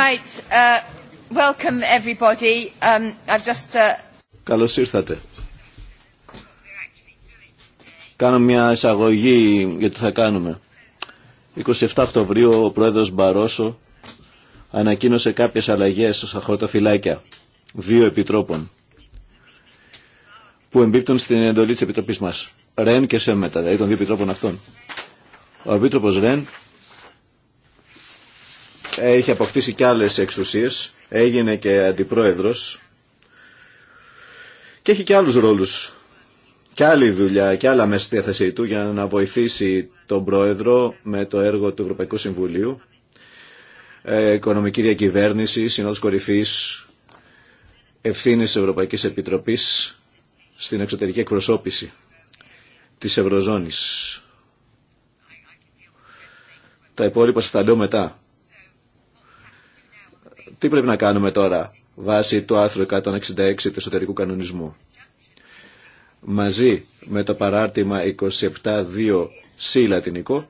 Right. Uh, um, uh, Καλώς ήρθατε. Κάνω μια εισαγωγή για το θα κάνουμε. 27 Οκτωβρίου ο πρόεδρος Μπαρόσο ανακοίνωσε κάποιες αλλαγές στα φυλάκια. δύο επιτρόπων που εμπίπτουν στην εντολή της Επιτροπής μας. Ρεν και Σέμετα, δηλαδή των δύο επιτρόπων αυτών. Ο Επίτροπος Ρεν έχει ε, αποκτήσει και άλλες εξουσίες, έγινε και αντιπρόεδρος και έχει και άλλους ρόλους και άλλη δουλειά και άλλα μέσα στη θέση του για να βοηθήσει τον πρόεδρο με το έργο του Ευρωπαϊκού Συμβουλίου, ε, οικονομική διακυβέρνηση, συνόδους κορυφής, ευθύνη της Ευρωπαϊκής Επιτροπής στην εξωτερική εκπροσώπηση της Ευρωζώνης. Τα υπόλοιπα λέω μετά. Τι πρέπει να κάνουμε τώρα βάσει του άρθρου 166 του εσωτερικού κανονισμού. Μαζί με το παράρτημα 27.2 σι λατινικό,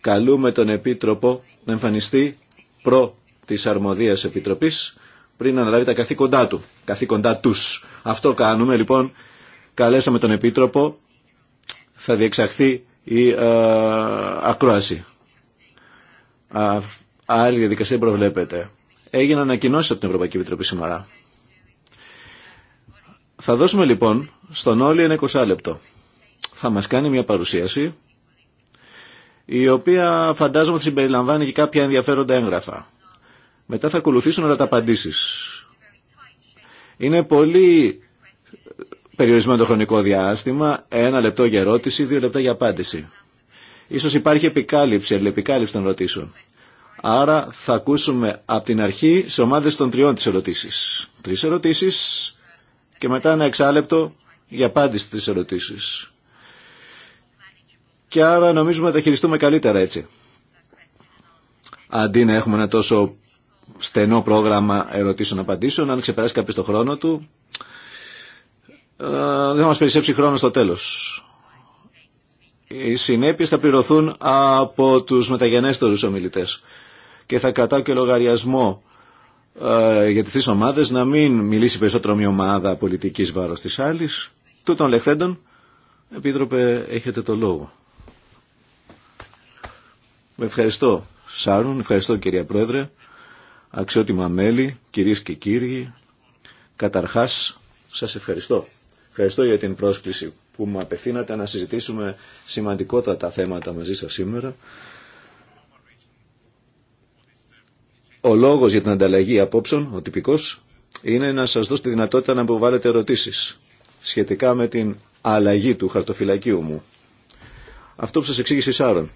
καλούμε τον Επίτροπο να εμφανιστεί προ της αρμοδίας επιτροπής πριν να αναλάβει τα καθήκοντά του, καθήκοντά τους. Αυτό κάνουμε λοιπόν, καλέσαμε τον Επίτροπο, θα διεξαχθεί η ε, ακρόαση. Α, άλλη διαδικασία προβλέπεται έγιναν ανακοινώσει από την Ευρωπαϊκή Επιτροπή σήμερα. Θα δώσουμε λοιπόν στον Όλη ένα 20 λεπτό. Θα μας κάνει μια παρουσίαση η οποία φαντάζομαι ότι συμπεριλαμβάνει και κάποια ενδιαφέροντα έγγραφα. Μετά θα ακολουθήσουν όλα τα απαντήσει. Είναι πολύ περιορισμένο το χρονικό διάστημα, ένα λεπτό για ερώτηση, δύο λεπτά για απάντηση. Ίσως υπάρχει επικάλυψη, αλληλεπικάλυψη των ερωτήσεων. Άρα θα ακούσουμε από την αρχή σε ομάδες των τριών τις ερωτήσεις. Τρεις ερωτήσεις και μετά ένα εξάλεπτο για απάντηση στις ερωτήσεις. Και άρα νομίζουμε ότι τα χειριστούμε καλύτερα έτσι. Αντί να έχουμε ένα τόσο στενό πρόγραμμα ερωτήσεων-απαντήσεων, αν ξεπεράσει κάποιος το χρόνο του, ε, δεν θα μας περισσέψει χρόνο στο τέλος. Οι συνέπειες θα πληρωθούν από τους μεταγενέστερους ομιλητές και θα κρατάω και λογαριασμό ε, για τις τρεις ομάδες να μην μιλήσει περισσότερο μια ομάδα πολιτικής βάρος της άλλης. Τούτων λεχθέντων, Επίτροπε, έχετε το λόγο. Ευχαριστώ Σάρουν, ευχαριστώ κυρία Πρόεδρε, αξιότιμα μέλη, κυρίες και κύριοι. Καταρχάς, σας ευχαριστώ. Ευχαριστώ για την πρόσκληση που μου απευθύνατε να συζητήσουμε σημαντικότατα θέματα μαζί σας σήμερα. Ο λόγος για την ανταλλαγή απόψεων, ο τυπικός, είναι να σας δώσω τη δυνατότητα να υποβάλλετε ερωτήσεις σχετικά με την αλλαγή του χαρτοφυλακίου μου. Αυτό που σα εξήγησε Σάρων.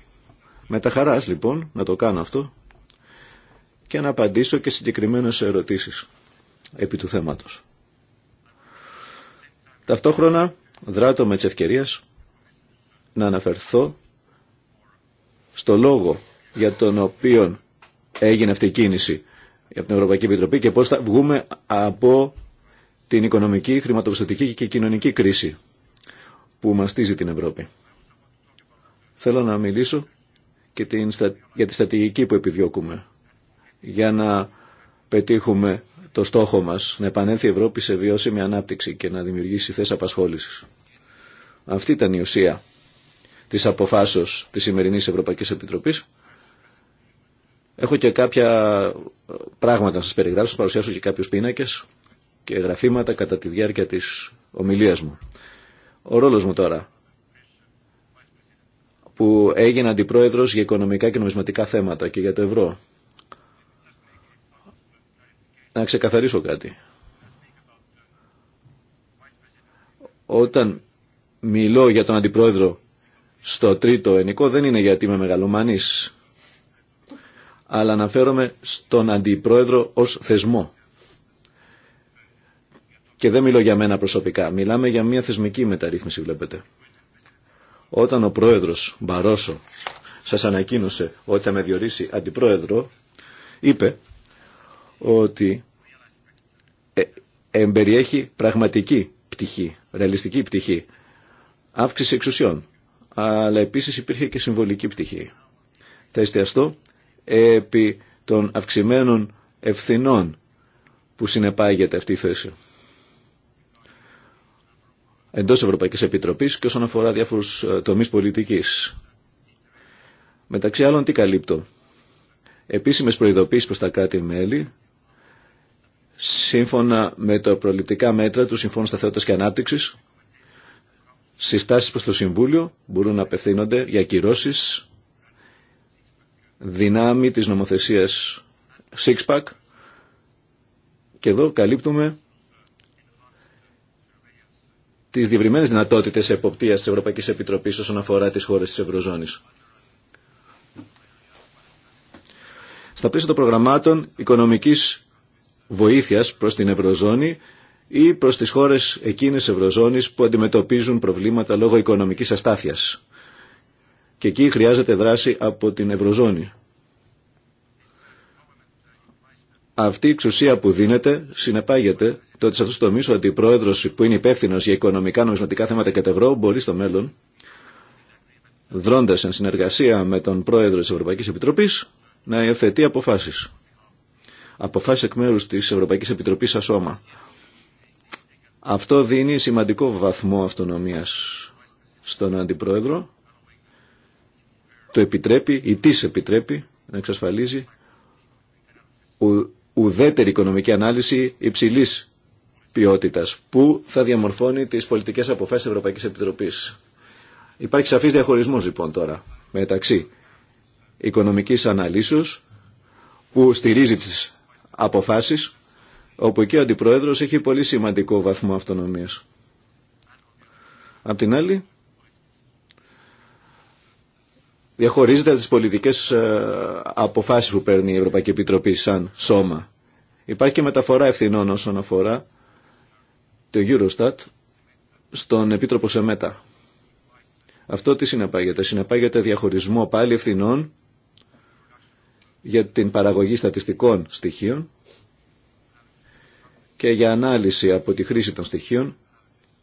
Με τα χαράς λοιπόν να το κάνω αυτό και να απαντήσω και συγκεκριμένε ερωτήσεις επί του θέματος. Ταυτόχρονα δράτω με τη ευκαιρία να αναφερθώ στο λόγο για τον οποίο έγινε αυτή η κίνηση από την Ευρωπαϊκή Επιτροπή και πώς θα βγούμε από την οικονομική, χρηματοπιστωτική και κοινωνική κρίση που μαστίζει την Ευρώπη. Θέλω να μιλήσω και για τη στρατηγική που επιδιώκουμε για να πετύχουμε το στόχο μας να επανέλθει η Ευρώπη σε βιώσιμη ανάπτυξη και να δημιουργήσει θέσεις απασχόλησης. Αυτή ήταν η ουσία της αποφάσεως της σημερινής Ευρωπαϊκής Επιτροπής Έχω και κάποια ε, πράγματα να σα περιγράψω, παρουσιάσω και κάποιους πίνακες και γραφήματα κατά τη διάρκεια της ομιλίας μου. Ο ρόλος μου τώρα, που έγινε αντιπρόεδρος για οικονομικά και νομισματικά θέματα και για το ευρώ. Να ξεκαθαρίσω κάτι. Όταν μιλώ για τον αντιπρόεδρο στο τρίτο ενικό δεν είναι γιατί είμαι μεγαλομανής αλλά αναφέρομαι στον αντιπρόεδρο ως θεσμό. Και δεν μιλώ για μένα προσωπικά, μιλάμε για μια θεσμική μεταρρύθμιση βλέπετε. Όταν ο πρόεδρος Μπαρόσο σας ανακοίνωσε ότι θα με διορίσει αντιπρόεδρο, είπε ότι ε, εμπεριέχει πραγματική πτυχή, ρεαλιστική πτυχή, αύξηση εξουσιών, αλλά επίσης υπήρχε και συμβολική πτυχή. Θα εστιαστώ επί των αυξημένων ευθυνών που συνεπάγεται αυτή η θέση εντός Ευρωπαϊκής Επιτροπής και όσον αφορά διάφορους ε, τομείς πολιτικής. Μεταξύ άλλων τι καλύπτω. Επίσημες προειδοποίησεις προς τα κράτη-μέλη σύμφωνα με τα προληπτικά μέτρα του Συμφώνου Σταθερότητας και Ανάπτυξης συστάσεις προς το Συμβούλιο μπορούν να απευθύνονται για κυρώσεις δυνάμει της νομοθεσιας Sixpack και εδώ καλύπτουμε τις διευρυμένες δυνατότητες εποπτείας της Ευρωπαϊκής Επιτροπής όσον αφορά τις χώρες της Ευρωζώνης. Στα πλαίσια των προγραμμάτων οικονομικής βοήθειας προς την Ευρωζώνη ή προς τις χώρες εκείνες Ευρωζώνης που αντιμετωπίζουν προβλήματα λόγω οικονομικής αστάθειας και εκεί χρειάζεται δράση από την Ευρωζώνη. Αυτή η εξουσία που δίνεται συνεπάγεται το ότι σε αυτού του τομεί ο αντιπρόεδρο που είναι υπεύθυνο για οικονομικά νομισματικά θέματα και το ευρώ μπορεί στο μέλλον, δρώντα εν συνεργασία με τον πρόεδρο τη Ευρωπαϊκή Επιτροπή, να υιοθετεί αποφάσει. Αποφάσει εκ μέρου τη Ευρωπαϊκή Επιτροπή σαν σώμα. Αυτό δίνει σημαντικό βαθμό αυτονομία στον αντιπρόεδρο το επιτρέπει ή τι επιτρέπει να εξασφαλίζει ουδέτερη οικονομική ανάλυση υψηλής ποιότητας που θα διαμορφώνει τις πολιτικές αποφάσεις Ευρωπαϊκής Επιτροπής. Υπάρχει σαφή διαχωρισμό λοιπόν τώρα μεταξύ οικονομικής αναλύσεως που στηρίζει τις αποφάσεις όπου εκεί ο Αντιπρόεδρος έχει πολύ σημαντικό βαθμό αυτονομίας. Απ' την άλλη, διαχωρίζεται από τις πολιτικές ε, αποφάσεις που παίρνει η Ευρωπαϊκή Επιτροπή σαν σώμα. Υπάρχει και μεταφορά ευθυνών όσον αφορά το Eurostat στον Επίτροπο Σεμέτα. Αυτό τι συνεπάγεται. Συνεπάγεται διαχωρισμό πάλι ευθυνών για την παραγωγή στατιστικών στοιχείων και για ανάλυση από τη χρήση των στοιχείων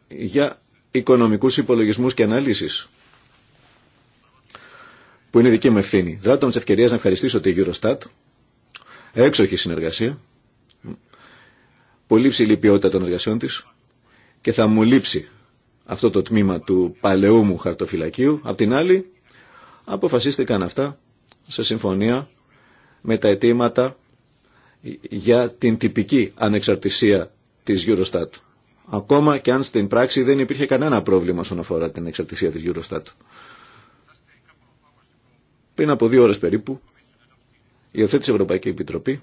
για οικονομικούς υπολογισμούς και αναλύσεις που είναι δική μου ευθύνη. Δράτω με τη ευκαιρία να ευχαριστήσω τη Eurostat. Έξοχη συνεργασία. Πολύ ψηλή ποιότητα των εργασιών τη. Και θα μου λείψει αυτό το τμήμα του παλαιού μου χαρτοφυλακίου. Απ' την άλλη, αποφασίστηκαν αυτά σε συμφωνία με τα αιτήματα για την τυπική ανεξαρτησία της Eurostat. Ακόμα και αν στην πράξη δεν υπήρχε κανένα πρόβλημα όσον αφορά την εξαρτησία της Eurostat. Πριν από δύο ώρες περίπου, υιοθέτησε η Ευρωπαϊκή Επιτροπή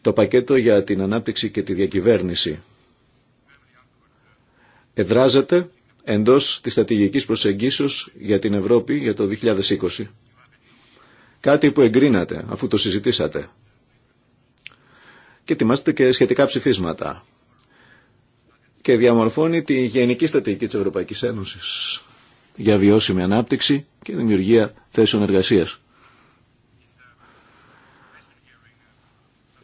το πακέτο για την ανάπτυξη και τη διακυβέρνηση. Εδράζεται εντός της στρατηγικής προσεγγίσεως για την Ευρώπη για το 2020. Κάτι που εγκρίνατε αφού το συζητήσατε. Και ετοιμάζεται και σχετικά ψηφίσματα. Και διαμορφώνει τη γενική στρατηγική της Ευρωπαϊκής Ένωσης για βιώσιμη ανάπτυξη και δημιουργία θέσεων εργασίας.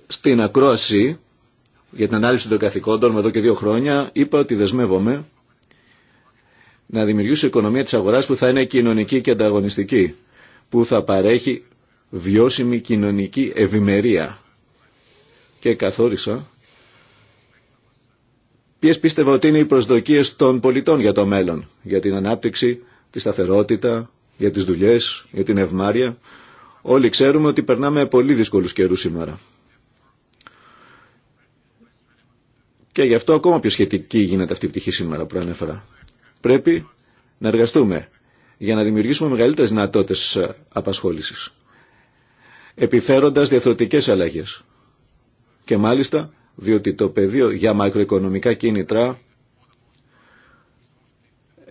Στην ακρόαση για την ανάλυση των καθηκόντων εδώ και δύο χρόνια είπα ότι δεσμεύομαι να δημιουργήσω οικονομία της αγοράς που θα είναι κοινωνική και ανταγωνιστική, που θα παρέχει βιώσιμη κοινωνική ευημερία. Και καθόρισα ποιε πίστευα ότι είναι οι προσδοκίε των πολιτών για το μέλλον, για την ανάπτυξη, τη σταθερότητα, για τι δουλειέ, για την ευμάρεια. Όλοι ξέρουμε ότι περνάμε πολύ δύσκολου καιρού σήμερα. Και γι' αυτό ακόμα πιο σχετική γίνεται αυτή η πτυχή σήμερα που ανέφερα. Πρέπει να εργαστούμε για να δημιουργήσουμε μεγαλύτερε δυνατότητε απασχόληση, επιφέροντα διαθροτικέ αλλαγέ. Και μάλιστα διότι το πεδίο για μακροοικονομικά κίνητρα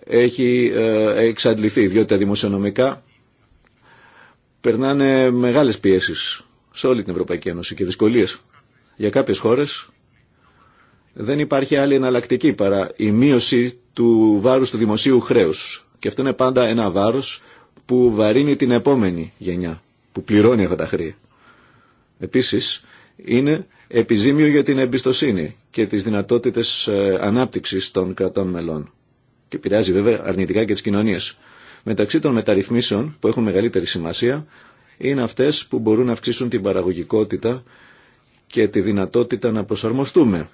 έχει ε, εξαντληθεί, διότι τα δημοσιονομικά περνάνε μεγάλες πιέσεις σε όλη την Ευρωπαϊκή Ένωση και δυσκολίες. Για κάποιες χώρες δεν υπάρχει άλλη εναλλακτική παρά η μείωση του βάρους του δημοσίου χρέους. Και αυτό είναι πάντα ένα βάρος που βαρύνει την επόμενη γενιά, που πληρώνει αυτά τα χρέη. Επίσης, είναι επιζήμιο για την εμπιστοσύνη και τις δυνατότητες ε, ανάπτυξης των κρατών μελών. Και επηρεάζει βέβαια αρνητικά και τις κοινωνίες. Μεταξύ των μεταρρυθμίσεων που έχουν μεγαλύτερη σημασία είναι αυτές που μπορούν να αυξήσουν την παραγωγικότητα και τη δυνατότητα να προσαρμοστούμε.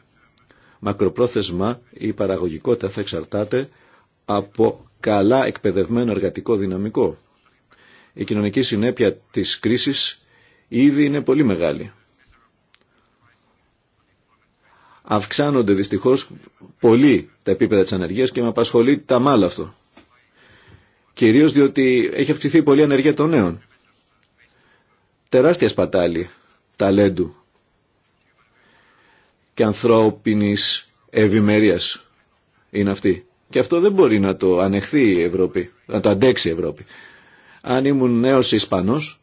Μακροπρόθεσμα η παραγωγικότητα θα εξαρτάται από καλά εκπαιδευμένο εργατικό δυναμικό. Η κοινωνική συνέπεια της κρίσης ήδη είναι πολύ μεγάλη. Αυξάνονται δυστυχώς πολύ τα επίπεδα της ανεργίας και με απασχολεί τα μάλα αυτό. Κυρίως διότι έχει αυξηθεί πολύ η ανεργία των νέων. Τεράστια σπατάλη ταλέντου και ανθρώπινης ευημερία είναι αυτή. Και αυτό δεν μπορεί να το ανεχθεί η Ευρώπη, να το αντέξει η Ευρώπη. Αν ήμουν νέος Ισπανός,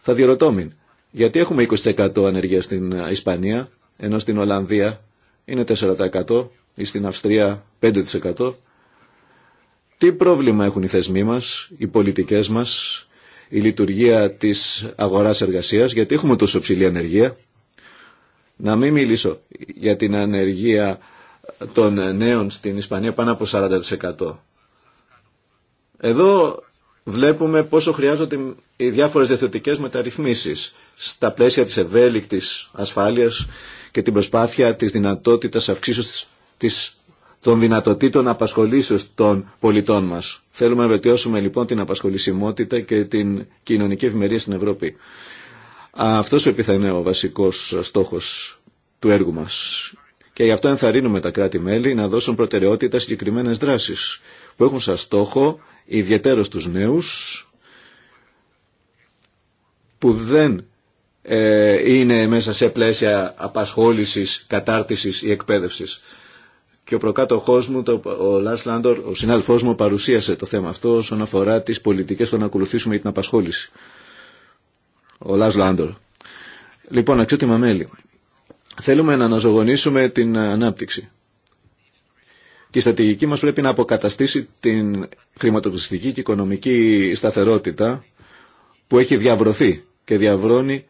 θα διερωτώ Γιατί έχουμε 20% ανεργία στην Ισπανία, ενώ στην Ολλανδία είναι 4% ή στην Αυστρία 5%. Τι πρόβλημα έχουν οι θεσμοί μας, οι πολιτικές μας, η λειτουργία της αγοράς εργασίας, γιατί έχουμε τόσο ψηλή ανεργία. Να μην μιλήσω για την ανεργία των νέων στην Ισπανία πάνω από 40%. Εδώ βλέπουμε πόσο χρειάζονται οι διάφορες διευθυντικές μεταρρυθμίσεις στα πλαίσια της ευέλικτης ασφάλειας και την προσπάθεια της δυνατότητας αυξήσεως της, των δυνατοτήτων απασχολήσεως των πολιτών μας. Θέλουμε να βελτιώσουμε λοιπόν την απασχολησιμότητα και την κοινωνική ευημερία στην Ευρώπη. Αυτός πρέπει θα είναι ο βασικός στόχος του έργου μας. Και γι' αυτό ενθαρρύνουμε τα κράτη-μέλη να δώσουν προτεραιότητα συγκεκριμένες δράσεις που έχουν σαν στόχο ιδιαίτερος τους νέους που δεν ε, είναι μέσα σε πλαίσια απασχόλησης, κατάρτισης ή εκπαίδευσης. Και ο προκάτοχός μου, το, ο Λάς Λάντορ, ο συνάδελφός μου παρουσίασε το θέμα αυτό όσον αφορά τις πολιτικές που να ακολουθήσουμε για την απασχόληση. Ο Λάς Λάντορ. Λοιπόν, αξιότιμα μέλη. Θέλουμε να αναζωογονήσουμε την ανάπτυξη. Και η στρατηγική μας πρέπει να αποκαταστήσει την χρηματοπιστική και οικονομική σταθερότητα που έχει διαβρωθεί και διαβρώνει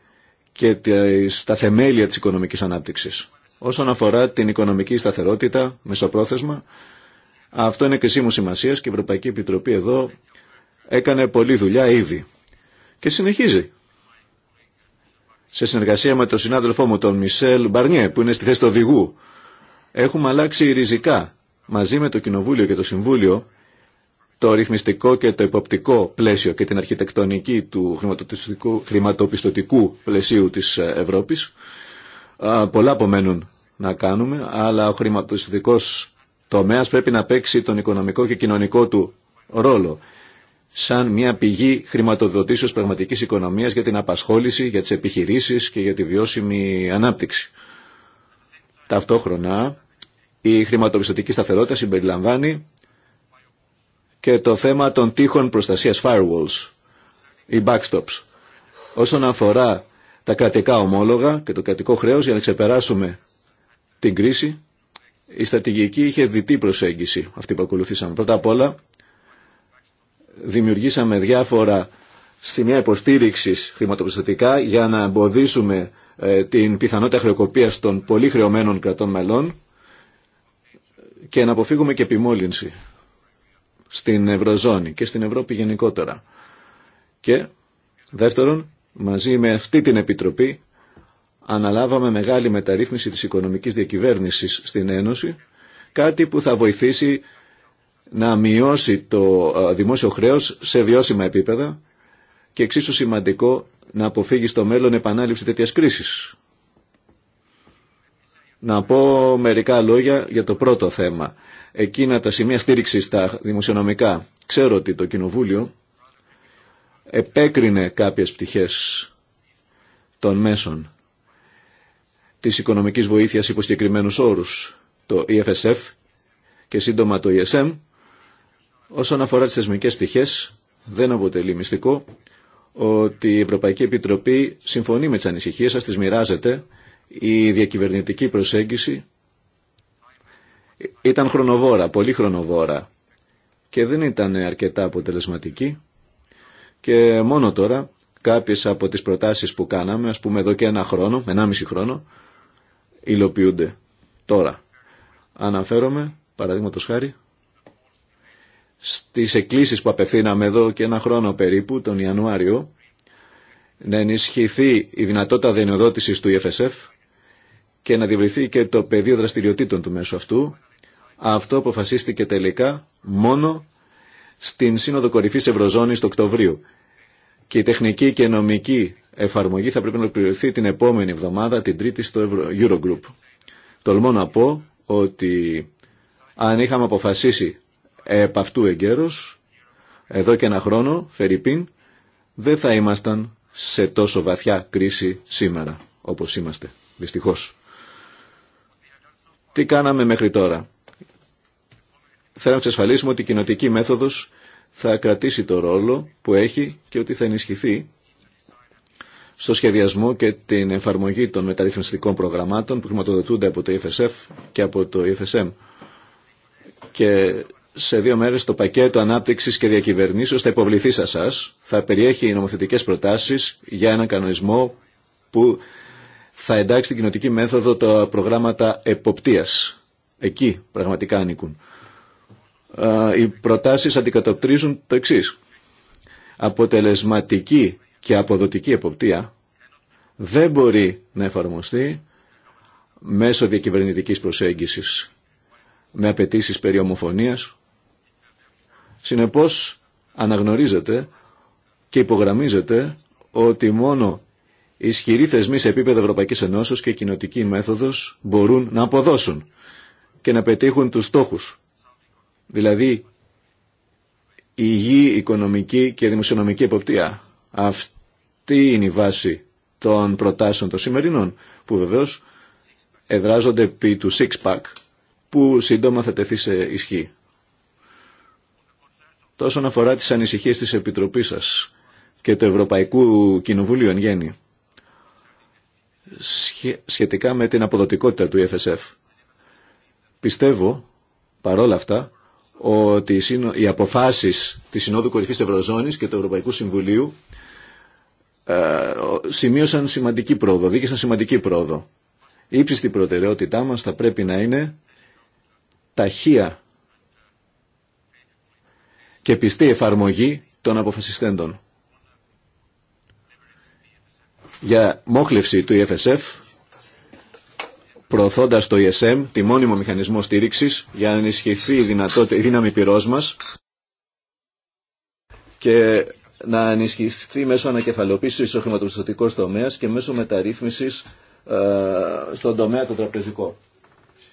και στα θεμέλια της οικονομικής ανάπτυξης. Όσον αφορά την οικονομική σταθερότητα, μεσοπρόθεσμα, αυτό είναι κρισίμου σημασία και η Ευρωπαϊκή Επιτροπή εδώ έκανε πολλή δουλειά ήδη. Και συνεχίζει. Σε συνεργασία με τον συνάδελφό μου, τον Μισελ Μπαρνιέ, που είναι στη θέση του οδηγού, έχουμε αλλάξει ριζικά μαζί με το Κοινοβούλιο και το Συμβούλιο το ρυθμιστικό και το υποπτικό πλαίσιο και την αρχιτεκτονική του χρηματοπιστωτικού πλαισίου της ε, Ευρώπης. Πολλά απομένουν να κάνουμε, αλλά ο χρηματοπιστωτικός τομέας πρέπει να παίξει τον οικονομικό και κοινωνικό του ρόλο σαν μια πηγή χρηματοδοτήσεως πραγματικής οικονομίας για την απασχόληση, για τις επιχειρήσεις και για τη βιώσιμη ανάπτυξη. Ταυτόχρονα, η χρηματοπιστωτική σταθερότητα συμπεριλαμβάνει και το θέμα των τείχων προστασίας firewalls ή backstops. Όσον αφορά τα κρατικά ομόλογα και το κρατικό χρέος για να ξεπεράσουμε την κρίση, η στρατηγική είχε διτή προσέγγιση αυτή που ακολουθήσαμε. Πρώτα απ' όλα δημιουργήσαμε διάφορα σημεία υποστήριξη χρηματοπιστωτικά για να εμποδίσουμε ε, την πιθανότητα χρεοκοπία των πολύ χρεωμένων κρατών μελών και να αποφύγουμε και επιμόλυνση στην Ευρωζώνη και στην Ευρώπη γενικότερα. Και δεύτερον, μαζί με αυτή την Επιτροπή αναλάβαμε μεγάλη μεταρρύθμιση της οικονομικής διακυβέρνησης στην Ένωση, κάτι που θα βοηθήσει να μειώσει το ε, δημόσιο χρέος σε βιώσιμα επίπεδα και εξίσου σημαντικό να αποφύγει στο μέλλον επανάληψη τέτοιας κρίσης. Να πω μερικά λόγια για το πρώτο θέμα εκείνα τα σημεία στήριξη τα δημοσιονομικά. Ξέρω ότι το Κοινοβούλιο επέκρινε κάποιες πτυχές των μέσων της οικονομικής βοήθειας υπό συγκεκριμένου όρους, το EFSF και σύντομα το ESM, όσον αφορά τις θεσμικές πτυχές, δεν αποτελεί μυστικό ότι η Ευρωπαϊκή Επιτροπή συμφωνεί με τις ανησυχίες σας, τις μοιράζεται, η διακυβερνητική προσέγγιση ήταν χρονοβόρα, πολύ χρονοβόρα και δεν ήταν αρκετά αποτελεσματική και μόνο τώρα κάποιες από τις προτάσεις που κάναμε, ας πούμε εδώ και ένα χρόνο, μισή χρόνο, υλοποιούνται τώρα. Αναφέρομαι, παραδείγματο χάρη, στις εκκλήσεις που απευθύναμε εδώ και ένα χρόνο περίπου, τον Ιανουάριο, να ενισχυθεί η δυνατότητα δενεοδότησης του EFSF και να διευρυθεί και το πεδίο δραστηριοτήτων του μέσου αυτού, αυτό αποφασίστηκε τελικά μόνο στην Σύνοδο Κορυφής Ευρωζώνης το Οκτωβρίου. Και η τεχνική και νομική εφαρμογή θα πρέπει να ολοκληρωθεί την επόμενη εβδομάδα, την Τρίτη, στο Eurogroup. Τολμώ να πω ότι αν είχαμε αποφασίσει επ' αυτού εδώ και ένα χρόνο, Φερρυπίν, δεν θα ήμασταν σε τόσο βαθιά κρίση σήμερα, όπως είμαστε, δυστυχώς. Τι κάναμε μέχρι τώρα. Θέλω να εξασφαλίσουμε ότι η κοινοτική μέθοδος θα κρατήσει το ρόλο που έχει και ότι θα ενισχυθεί στο σχεδιασμό και την εφαρμογή των μεταρρυθμιστικών προγραμμάτων που χρηματοδοτούνται από το EFSF και από το EFSM. Και σε δύο μέρες το πακέτο ανάπτυξης και διακυβερνήσεως θα υποβληθεί σε εσά. Θα περιέχει νομοθετικές προτάσεις για έναν κανονισμό που θα εντάξει την κοινοτική μέθοδο τα προγράμματα εποπτείας. Εκεί πραγματικά ανήκουν οι προτάσεις αντικατοπτρίζουν το εξή. Αποτελεσματική και αποδοτική εποπτεία δεν μπορεί να εφαρμοστεί μέσω διακυβερνητικής προσέγγισης με απαιτήσει περί ομοφωνίας. Συνεπώς αναγνωρίζεται και υπογραμμίζεται ότι μόνο ισχυροί θεσμοί σε επίπεδο Ευρωπαϊκής Ενώσεως και κοινοτική μέθοδος μπορούν να αποδώσουν και να πετύχουν τους στόχους Δηλαδή, υγιή οικονομική και δημοσιονομική εποπτεία. Αυτή είναι η βάση των προτάσεων των σημερινών, που βεβαίως εδράζονται επί του six-pack, που σύντομα θα τεθεί σε ισχύ. Τόσον αφορά τις ανησυχίες της Επιτροπής σας και του Ευρωπαϊκού Κοινοβουλίου εν γέννη, σχετικά με την αποδοτικότητα του EFSF. Πιστεύω, παρόλα αυτά, ότι οι αποφάσεις της Συνόδου Κορυφής Ευρωζώνης και του Ευρωπαϊκού Συμβουλίου ε, σημείωσαν σημαντική πρόοδο, δίκησαν σημαντική πρόοδο. Η ύψιστη προτεραιότητά μας θα πρέπει να είναι ταχεία και πιστή εφαρμογή των αποφασιστέντων. Για μόχλευση του EFSF προωθώντα το ESM, τη μόνιμο μηχανισμό στήριξη για να ενισχυθεί η, δυνατότητα, η δύναμη πυρό μα. και να ενισχυθεί μέσω ανακεφαλοποίηση ο χρηματοπιστωτικό τομέα και μέσω μεταρρύθμισης ε, στον τομέα το τραπεζικό.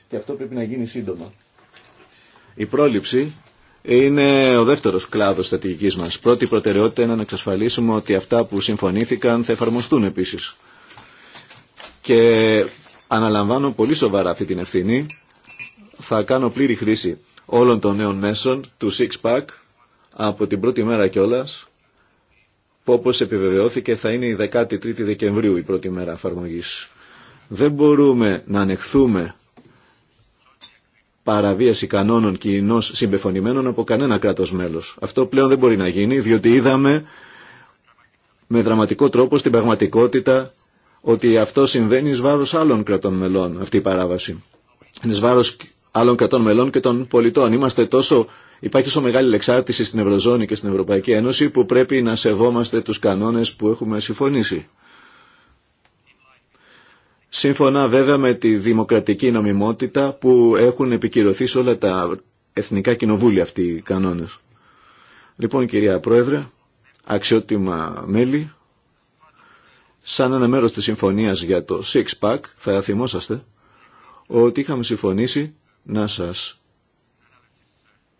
Και αυτό πρέπει να γίνει σύντομα. Η πρόληψη είναι ο δεύτερος κλάδος στρατηγικής μας. Πρώτη προτεραιότητα είναι να εξασφαλίσουμε ότι αυτά που συμφωνήθηκαν θα εφαρμοστούν επίση. Και Αναλαμβάνω πολύ σοβαρά αυτή την ευθύνη. Θα κάνω πλήρη χρήση όλων των νέων μέσων του Six Pack από την πρώτη μέρα κιόλα, που όπω επιβεβαιώθηκε θα είναι η 13η Δεκεμβρίου η πρώτη μέρα εφαρμογή. Δεν μπορούμε να ανεχθούμε παραβίαση κανόνων κοινώ συμπεφωνημένων από κανένα κράτο μέλο. Αυτό πλέον δεν μπορεί να γίνει, διότι είδαμε με δραματικό τρόπο στην πραγματικότητα ότι αυτό συμβαίνει εις βάρος άλλων κρατών μελών, αυτή η παράβαση. Είναι εις βάρος άλλων κρατών μελών και των πολιτών. Είμαστε τόσο, υπάρχει τόσο μεγάλη εξάρτηση στην Ευρωζώνη και στην Ευρωπαϊκή Ένωση που πρέπει να σεβόμαστε τους κανόνες που έχουμε συμφωνήσει. Σύμφωνα βέβαια με τη δημοκρατική νομιμότητα που έχουν επικυρωθεί σε όλα τα εθνικά κοινοβούλια αυτοί οι κανόνες. Λοιπόν κυρία Πρόεδρε, αξιότιμα μέλη, σαν ένα μέρος της συμφωνίας για το Six Pack, θα θυμόσαστε, ότι είχαμε συμφωνήσει να σας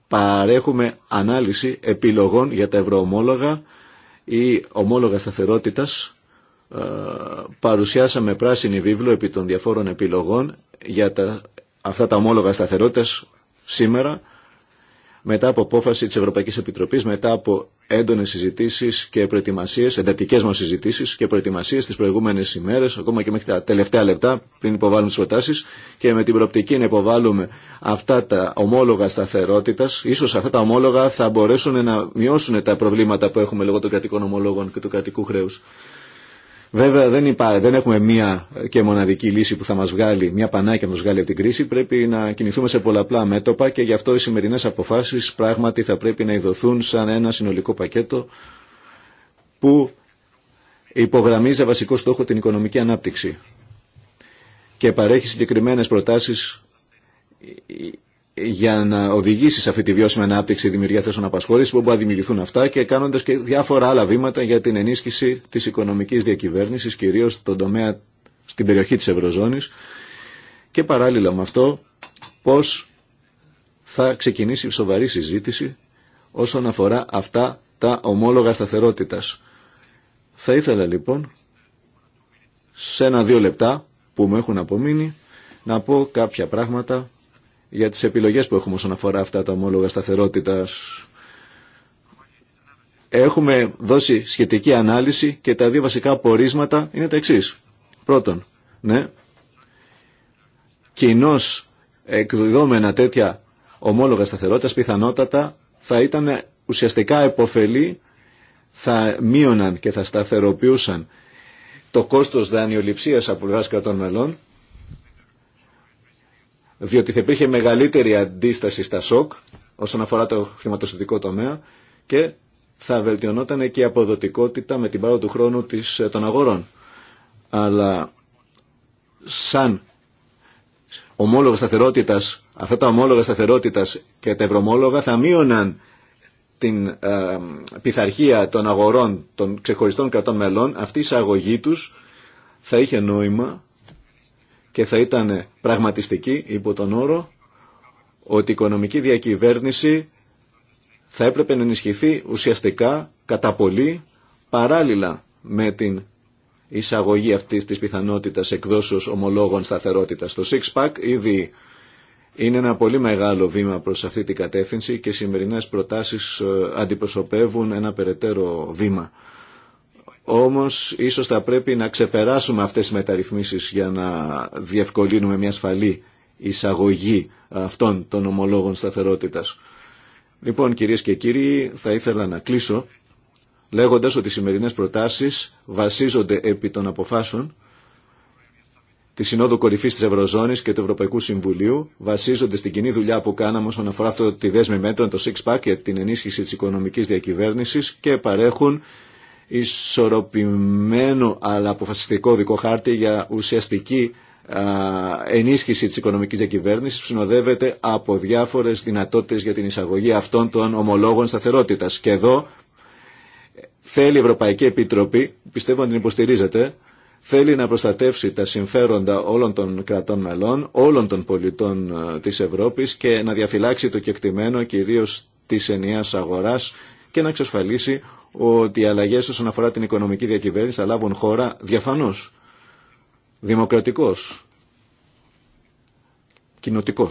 παρέχουμε ανάλυση επιλογών για τα ευρωομόλογα ή ομόλογα σταθερότητας. Ε, παρουσιάσαμε πράσινη βίβλο επί των διαφόρων επιλογών για τα, αυτά τα ομόλογα σταθερότητας σήμερα μετά από απόφαση της Ευρωπαϊκής Επιτροπή, μετά από έντονες συζητήσεις και προετοιμασίε, εντατικέ μα συζητήσει και προετοιμασίε τι προηγούμενε ημέρε, ακόμα και μέχρι τα τελευταία λεπτά πριν υποβάλουμε τι προτάσει, και με την προοπτική να υποβάλουμε αυτά τα ομόλογα σταθερότητας, ίσως αυτά τα ομόλογα θα μπορέσουν να μειώσουν τα προβλήματα που έχουμε λόγω των κρατικών ομολόγων και του κρατικού χρέου. Βέβαια δεν, δεν έχουμε μία και μοναδική λύση που θα μας βγάλει, μία πανάκια που μας βγάλει από την κρίση. Πρέπει να κινηθούμε σε πολλαπλά μέτωπα και γι' αυτό οι σημερινές αποφάσεις πράγματι θα πρέπει να ειδωθούν σαν ένα συνολικό πακέτο που υπογραμμίζει βασικό στόχο την οικονομική ανάπτυξη και παρέχει συγκεκριμένες προτάσεις για να οδηγήσει σε αυτή τη βιώσιμη ανάπτυξη δημιουργία θέσεων απασχόληση που μπορεί να δημιουργηθούν αυτά και κάνοντα και διάφορα άλλα βήματα για την ενίσχυση τη οικονομική διακυβέρνηση, κυρίω στον τομέα στην περιοχή τη Ευρωζώνη. Και παράλληλα με αυτό, πώ θα ξεκινήσει η σοβαρή συζήτηση όσον αφορά αυτά τα ομόλογα σταθερότητα. Θα ήθελα λοιπόν σε ένα-δύο λεπτά που μου έχουν απομείνει να πω κάποια πράγματα για τις επιλογές που έχουμε όσον αφορά αυτά τα ομόλογα σταθερότητας. Έχουμε δώσει σχετική ανάλυση και τα δύο βασικά πορίσματα είναι τα εξή. Πρώτον, ναι, κοινώς εκδομένα τέτοια ομόλογα σταθερότητας πιθανότατα θα ήταν ουσιαστικά επωφελή, θα μείωναν και θα σταθεροποιούσαν το κόστος δανειοληψίας από πλευράς κρατών μελών διότι θα υπήρχε μεγαλύτερη αντίσταση στα σοκ όσον αφορά το χρηματοσυντικό τομέα και θα βελτιωνόταν και η αποδοτικότητα με την πάροδο του χρόνου της, ε, των αγορών. Αλλά σαν ομόλογα σταθερότητας, αυτά τα ομόλογα σταθερότητας και τα ευρωμόλογα θα μείωναν την ε, πειθαρχία των αγορών των ξεχωριστών κρατών μελών, αυτή η εισαγωγή τους θα είχε νόημα και θα ήταν πραγματιστική υπό τον όρο ότι η οικονομική διακυβέρνηση θα έπρεπε να ενισχυθεί ουσιαστικά κατά πολύ παράλληλα με την εισαγωγή αυτής της πιθανότητας εκδόσεως ομολόγων σταθερότητας. Το Six Pack ήδη είναι ένα πολύ μεγάλο βήμα προς αυτή την κατεύθυνση και οι σημερινές προτάσεις ε, αντιπροσωπεύουν ένα περαιτέρω βήμα όμως ίσως θα πρέπει να ξεπεράσουμε αυτές τις μεταρρυθμίσεις για να διευκολύνουμε μια ασφαλή εισαγωγή αυτών των ομολόγων σταθερότητας. Λοιπόν κυρίες και κύριοι θα ήθελα να κλείσω λέγοντας ότι οι σημερινές προτάσεις βασίζονται επί των αποφάσεων τη Συνόδου Κορυφή τη Ευρωζώνη και του Ευρωπαϊκού Συμβουλίου βασίζονται στην κοινή δουλειά που κάναμε όσον αφορά αυτό τη δέσμη μέτρων, το Six Pack και την ενίσχυση τη οικονομική διακυβέρνηση και παρέχουν ισορροπημένο αλλά αποφασιστικό δικό χάρτη για ουσιαστική ενίσχυση της οικονομικής διακυβέρνησης που συνοδεύεται από διάφορες δυνατότητες για την εισαγωγή αυτών των ομολόγων σταθερότητας. Και εδώ θέλει η Ευρωπαϊκή Επιτροπή, πιστεύω να την υποστηρίζετε, θέλει να προστατεύσει τα συμφέροντα όλων των κρατών μελών, όλων των πολιτών της Ευρώπης και να διαφυλάξει το κεκτημένο κυρίως της ενιαίας αγοράς και να εξασφαλίσει ότι οι αλλαγές όσον αφορά την οικονομική διακυβέρνηση θα λάβουν χώρα διαφανώς, δημοκρατικός, κοινοτικό.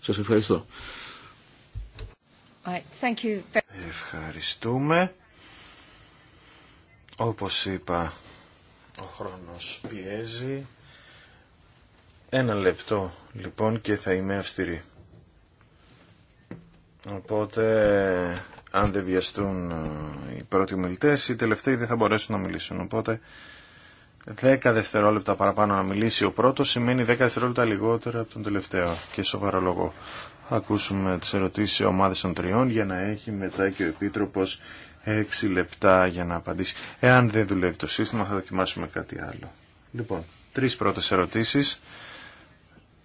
Σας ευχαριστώ. Ευχαριστούμε. Όπως είπα, ο χρόνος πιέζει. Ένα λεπτό λοιπόν και θα είμαι αυστηρή. Οπότε αν δεν βιαστούν ε, οι πρώτοι ομιλητές, οι τελευταίοι δεν θα μπορέσουν να μιλήσουν. Οπότε 10 δευτερόλεπτα παραπάνω να μιλήσει ο πρώτο σημαίνει 10 δευτερόλεπτα λιγότερα από τον τελευταίο και σοβαρό λόγο. Θα ακούσουμε τι ερωτήσει σε ομάδες των τριών για να έχει μετά και ο επίτροπο 6 λεπτά για να απαντήσει. Εάν δεν δουλεύει το σύστημα θα δοκιμάσουμε κάτι άλλο. Λοιπόν, τρει πρώτε ερωτήσει.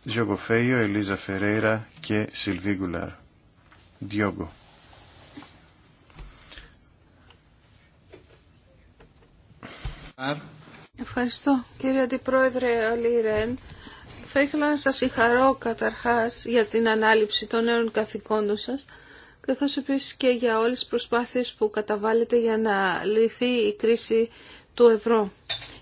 Διόγκο Φέιο, Ελίζα Φερέιρα και Σιλβί Γκουλάρ. Διόγκο. Ευχαριστώ κύριε Αντιπρόεδρε Αλή Ρεν. Θα ήθελα να σας συγχαρώ καταρχάς για την ανάληψη των νέων καθηκόντων σας καθώς επίσης και για όλες τις προσπάθειες που καταβάλλετε για να λυθεί η κρίση του ευρώ.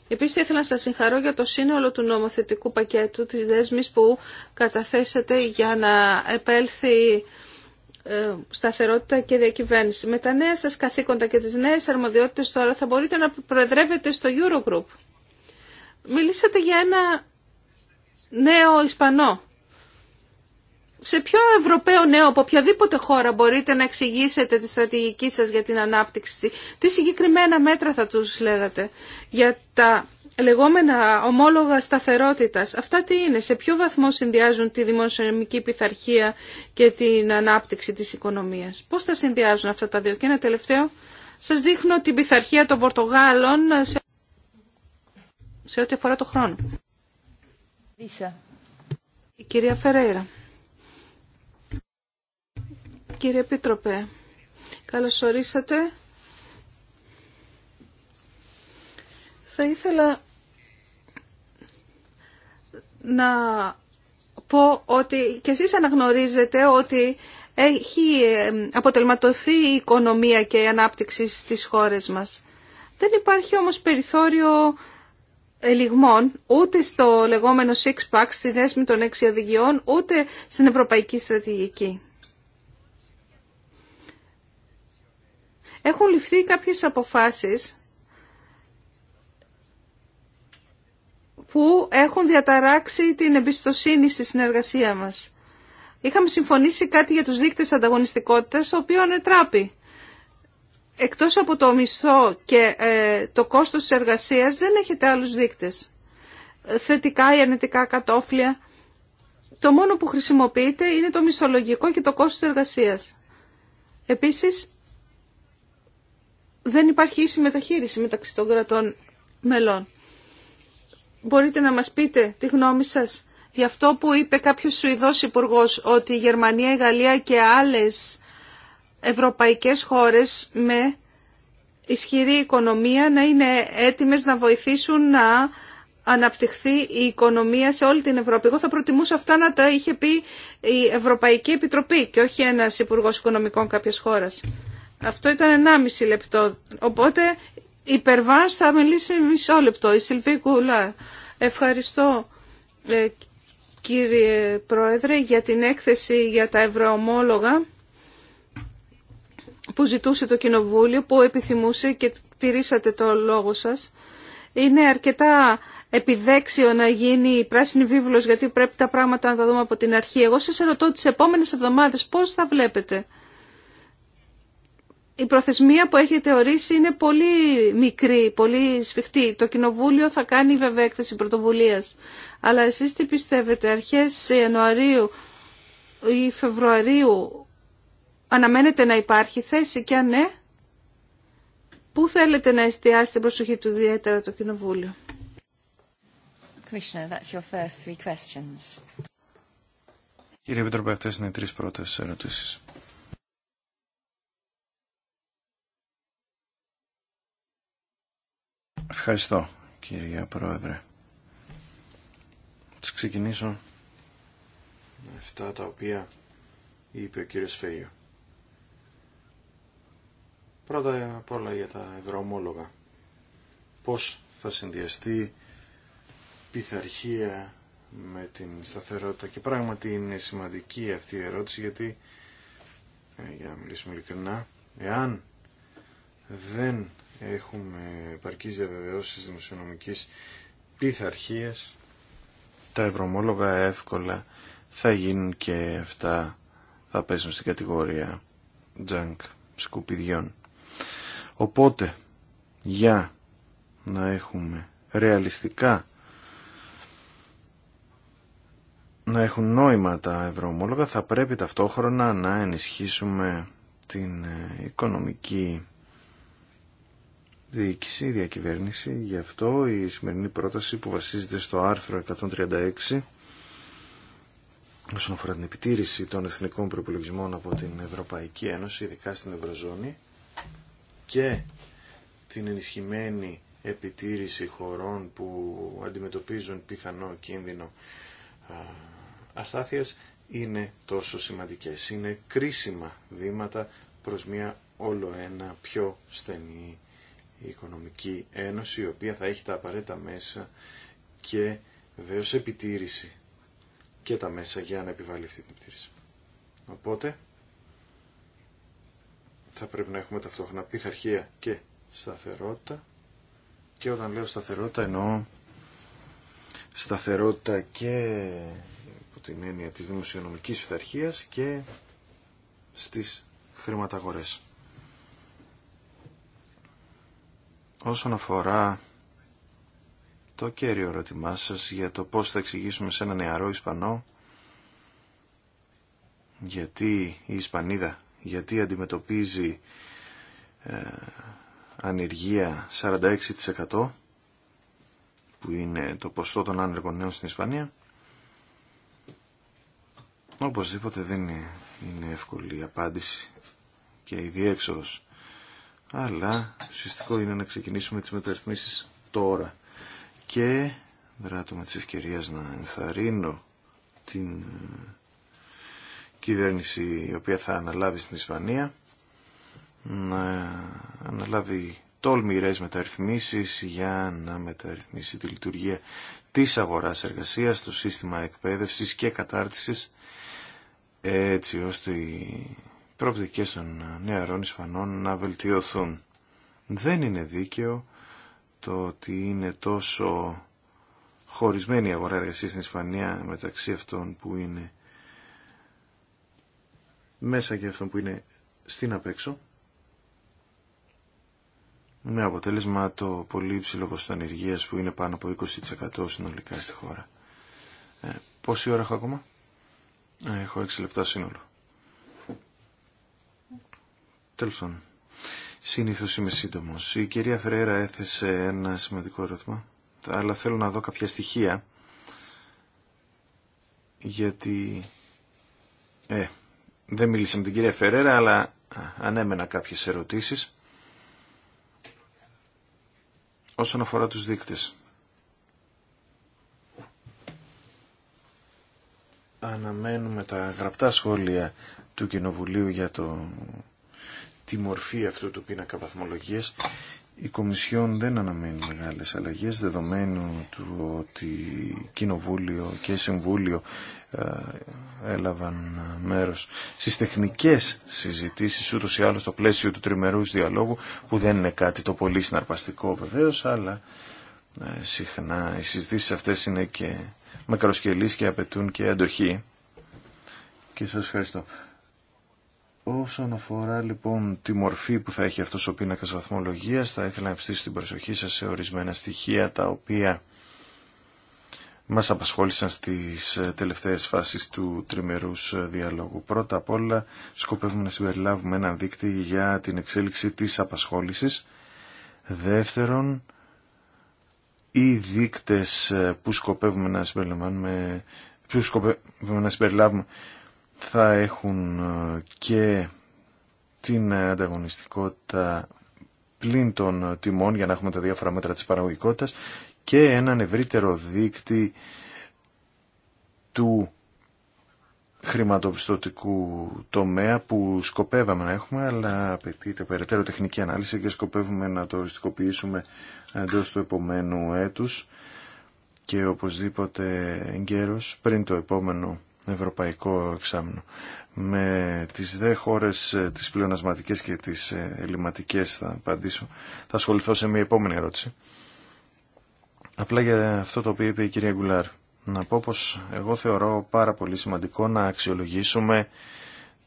Επίσης θα ήθελα να σας συγχαρώ για το σύνολο του νομοθετικού πακέτου της δέσμης που καταθέσατε για να επέλθει ε, σταθερότητα και διακυβέρνηση. Με τα νέα σας καθήκοντα και τις νέες αρμοδιότητες τώρα θα μπορείτε να προεδρεύετε στο Eurogroup. Μιλήσατε για ένα νέο Ισπανό. Σε ποιο Ευρωπαίο νέο από οποιαδήποτε χώρα μπορείτε να εξηγήσετε τη στρατηγική σας για την ανάπτυξη. Τι συγκεκριμένα μέτρα θα τους λέγατε για τα λεγόμενα ομόλογα σταθερότητας. Αυτά τι είναι, σε ποιο βαθμό συνδυάζουν τη δημοσιονομική πειθαρχία και την ανάπτυξη της οικονομίας. Πώς θα συνδυάζουν αυτά τα δύο. Και ένα τελευταίο, σας δείχνω την πειθαρχία των Πορτογάλων σε, ό,τι αφορά το χρόνο. Η κυρία Φερέιρα. Κύριε Επίτροπε, καλώς ορίσατε. Θα ήθελα να πω ότι και εσείς αναγνωρίζετε ότι έχει ε, αποτελματωθεί η οικονομία και η ανάπτυξη στις χώρες μας. Δεν υπάρχει όμως περιθώριο ελιγμών ούτε στο λεγόμενο six pack στη δέσμη των έξι οδηγιών ούτε στην ευρωπαϊκή στρατηγική. Έχουν ληφθεί κάποιες αποφάσεις που έχουν διαταράξει την εμπιστοσύνη στη συνεργασία μας. Είχαμε συμφωνήσει κάτι για τους δείκτες ανταγωνιστικότητας, το οποίο ανετράπη. Εκτός από το μισθό και ε, το κόστος της εργασίας δεν έχετε άλλους δείκτες. Θετικά ή αρνητικά κατόφλια. Το μόνο που χρησιμοποιείτε είναι το μισθολογικό και το κόστος της εργασίας. Επίσης, δεν υπάρχει ίση μεταχείριση μεταξύ των κρατών μελών. Μπορείτε να μας πείτε τη γνώμη σας για αυτό που είπε κάποιος Σουηδός υπουργό ότι η Γερμανία, η Γαλλία και άλλες ευρωπαϊκές χώρες με ισχυρή οικονομία να είναι έτοιμες να βοηθήσουν να αναπτυχθεί η οικονομία σε όλη την Ευρώπη. Εγώ θα προτιμούσα αυτά να τα είχε πει η Ευρωπαϊκή Επιτροπή και όχι ένας υπουργό Οικονομικών κάποιας χώρας. Αυτό ήταν 1,5 λεπτό. Οπότε υπερβάς θα μιλήσει μισό λεπτό η Σιλβί Κούλα. Ευχαριστώ ε, κύριε Πρόεδρε για την έκθεση για τα ευρωομόλογα που ζητούσε το Κοινοβούλιο, που επιθυμούσε και τηρήσατε το λόγο σας. Είναι αρκετά επιδέξιο να γίνει η πράσινη βίβλος γιατί πρέπει τα πράγματα να τα δούμε από την αρχή. Εγώ σας ρωτώ τις επόμενες εβδομάδες πώς θα βλέπετε η προθεσμία που έχετε ορίσει είναι πολύ μικρή, πολύ σφιχτή. Το Κοινοβούλιο θα κάνει βέβαια έκθεση πρωτοβουλία. Αλλά εσείς τι πιστεύετε, αρχές Ιανουαρίου ή Φεβρουαρίου αναμένετε να υπάρχει θέση και αν ναι, πού θέλετε να εστιάσετε την προσοχή του ιδιαίτερα το Κοινοβούλιο. That's your first three questions. Κύριε Επιτροπέ, αυτές είναι οι τρεις πρώτες ερωτήσεις. Ευχαριστώ κύριε Πρόεδρε. Θα ξεκινήσω με αυτά τα οποία είπε ο κύριος Φέιο. Πρώτα απ' όλα για τα ευρωομόλογα. Πώς θα συνδυαστεί πειθαρχία με την σταθερότητα και πράγματι είναι σημαντική αυτή η ερώτηση γιατί ε, για να μιλήσουμε ειλικρινά εάν δεν έχουμε επαρκείς διαβεβαιώσεις δημοσιονομικής πειθαρχία. τα ευρωμόλογα εύκολα θα γίνουν και αυτά θα πέσουν στην κατηγορία junk σκουπιδιών. Οπότε, για να έχουμε ρεαλιστικά να έχουν νόημα τα ευρωομόλογα θα πρέπει ταυτόχρονα να ενισχύσουμε την ε, οικονομική διοίκηση, διακυβέρνηση. Γι' αυτό η σημερινή πρόταση που βασίζεται στο άρθρο 136 όσον αφορά την επιτήρηση των εθνικών προπολογισμών από την Ευρωπαϊκή Ένωση, ειδικά στην Ευρωζώνη και την ενισχυμένη επιτήρηση χωρών που αντιμετωπίζουν πιθανό κίνδυνο αστάθειας είναι τόσο σημαντικές. Είναι κρίσιμα βήματα προς μια όλο ένα πιο στενή η Οικονομική Ένωση, η οποία θα έχει τα απαραίτητα μέσα και βεβαίω επιτήρηση και τα μέσα για να επιβάλλει αυτή την επιτήρηση. Οπότε θα πρέπει να έχουμε ταυτόχρονα πειθαρχία και σταθερότητα και όταν λέω σταθερότητα εννοώ σταθερότητα και από την έννοια της δημοσιονομικής πειθαρχίας και στις χρηματαγορές. Όσον αφορά το κέριο ερώτημά σα για το πώς θα εξηγήσουμε σε ένα νεαρό Ισπανό γιατί η Ισπανίδα, γιατί αντιμετωπίζει ε, ανεργία 46% που είναι το ποσό των άνεργων νέων στην Ισπανία οπωσδήποτε δεν είναι, είναι εύκολη η απάντηση και η διέξοδος αλλά ουσιαστικό είναι να ξεκινήσουμε τις μεταρρυθμίσεις τώρα. Και δράτω με τις ευκαιρίες να ενθαρρύνω την κυβέρνηση η οποία θα αναλάβει στην Ισπανία να αναλάβει τολμηρές μεταρρυθμίσεις για να μεταρρυθμίσει τη λειτουργία της αγοράς εργασίας, το σύστημα εκπαίδευσης και κατάρτισης έτσι ώστε προοπτικές των νεαρών Ισπανών να βελτιωθούν. Δεν είναι δίκαιο το ότι είναι τόσο χωρισμένη η αγορά εργασίας στην Ισπανία μεταξύ αυτών που είναι μέσα και αυτών που είναι στην απέξω με αποτέλεσμα το πολύ υψηλό ποσοστό που είναι πάνω από 20% συνολικά στη χώρα. Ε, πόση ώρα έχω ακόμα? Ε, έχω 6 λεπτά σύνολο. Τέλος πάντων. Συνήθως είμαι σύντομο. Η κυρία Φρέρα έθεσε ένα σημαντικό ερώτημα, αλλά θέλω να δω κάποια στοιχεία, γιατί... Ε, δεν μίλησα με την κυρία Φεραίρα αλλά ανέμενα κάποιες ερωτήσεις. Όσον αφορά τους δείκτες. Αναμένουμε τα γραπτά σχόλια του Κοινοβουλίου για το τη μορφή αυτού του πίνακα βαθμολογία. η Κομισιόν δεν αναμένει μεγάλες αλλαγές δεδομένου του ότι Κοινοβούλιο και Συμβούλιο ε, έλαβαν μέρος στις τεχνικές συζητήσεις ούτως ή άλλως στο πλαίσιο του τριμερούς διαλόγου που δεν είναι κάτι το πολύ συναρπαστικό βεβαίως αλλά ε, συχνά οι συζητήσεις αυτές είναι και μακροσκελείς και απαιτούν και αντοχή και σας ευχαριστώ. Όσον αφορά λοιπόν τη μορφή που θα έχει αυτός ο πίνακας βαθμολογίας, θα ήθελα να ευστήσω την προσοχή σας σε ορισμένα στοιχεία τα οποία μας απασχόλησαν στις ε, τελευταίες φάσεις του τριμερούς ε, διαλόγου. Πρώτα απ' όλα σκοπεύουμε να συμπεριλάβουμε έναν δείκτη για την εξέλιξη της απασχόλησης. Δεύτερον, οι δείκτες ε, που σκοπεύουμε να που σκοπεύουμε να συμπεριλάβουμε θα έχουν ε, και την ανταγωνιστικότητα πλην των ε, τιμών για να έχουμε τα διάφορα μέτρα της παραγωγικότητας και έναν ευρύτερο δίκτυ του χρηματοπιστωτικού τομέα που σκοπεύαμε να έχουμε αλλά απαιτείται περαιτέρω τεχνική ανάλυση και σκοπεύουμε να το οριστικοποιήσουμε εντό του επομένου έτους και οπωσδήποτε εγκαίρως πριν το επόμενο ευρωπαϊκό εξάμεινο. Με τις δε χώρες, ε, τις πλεονασματικές και τις ε, ελληματικές θα απαντήσω. Θα ασχοληθώ σε μια επόμενη ερώτηση. Απλά για αυτό το οποίο είπε η κυρία Γκουλάρ. Να πω πως εγώ θεωρώ πάρα πολύ σημαντικό να αξιολογήσουμε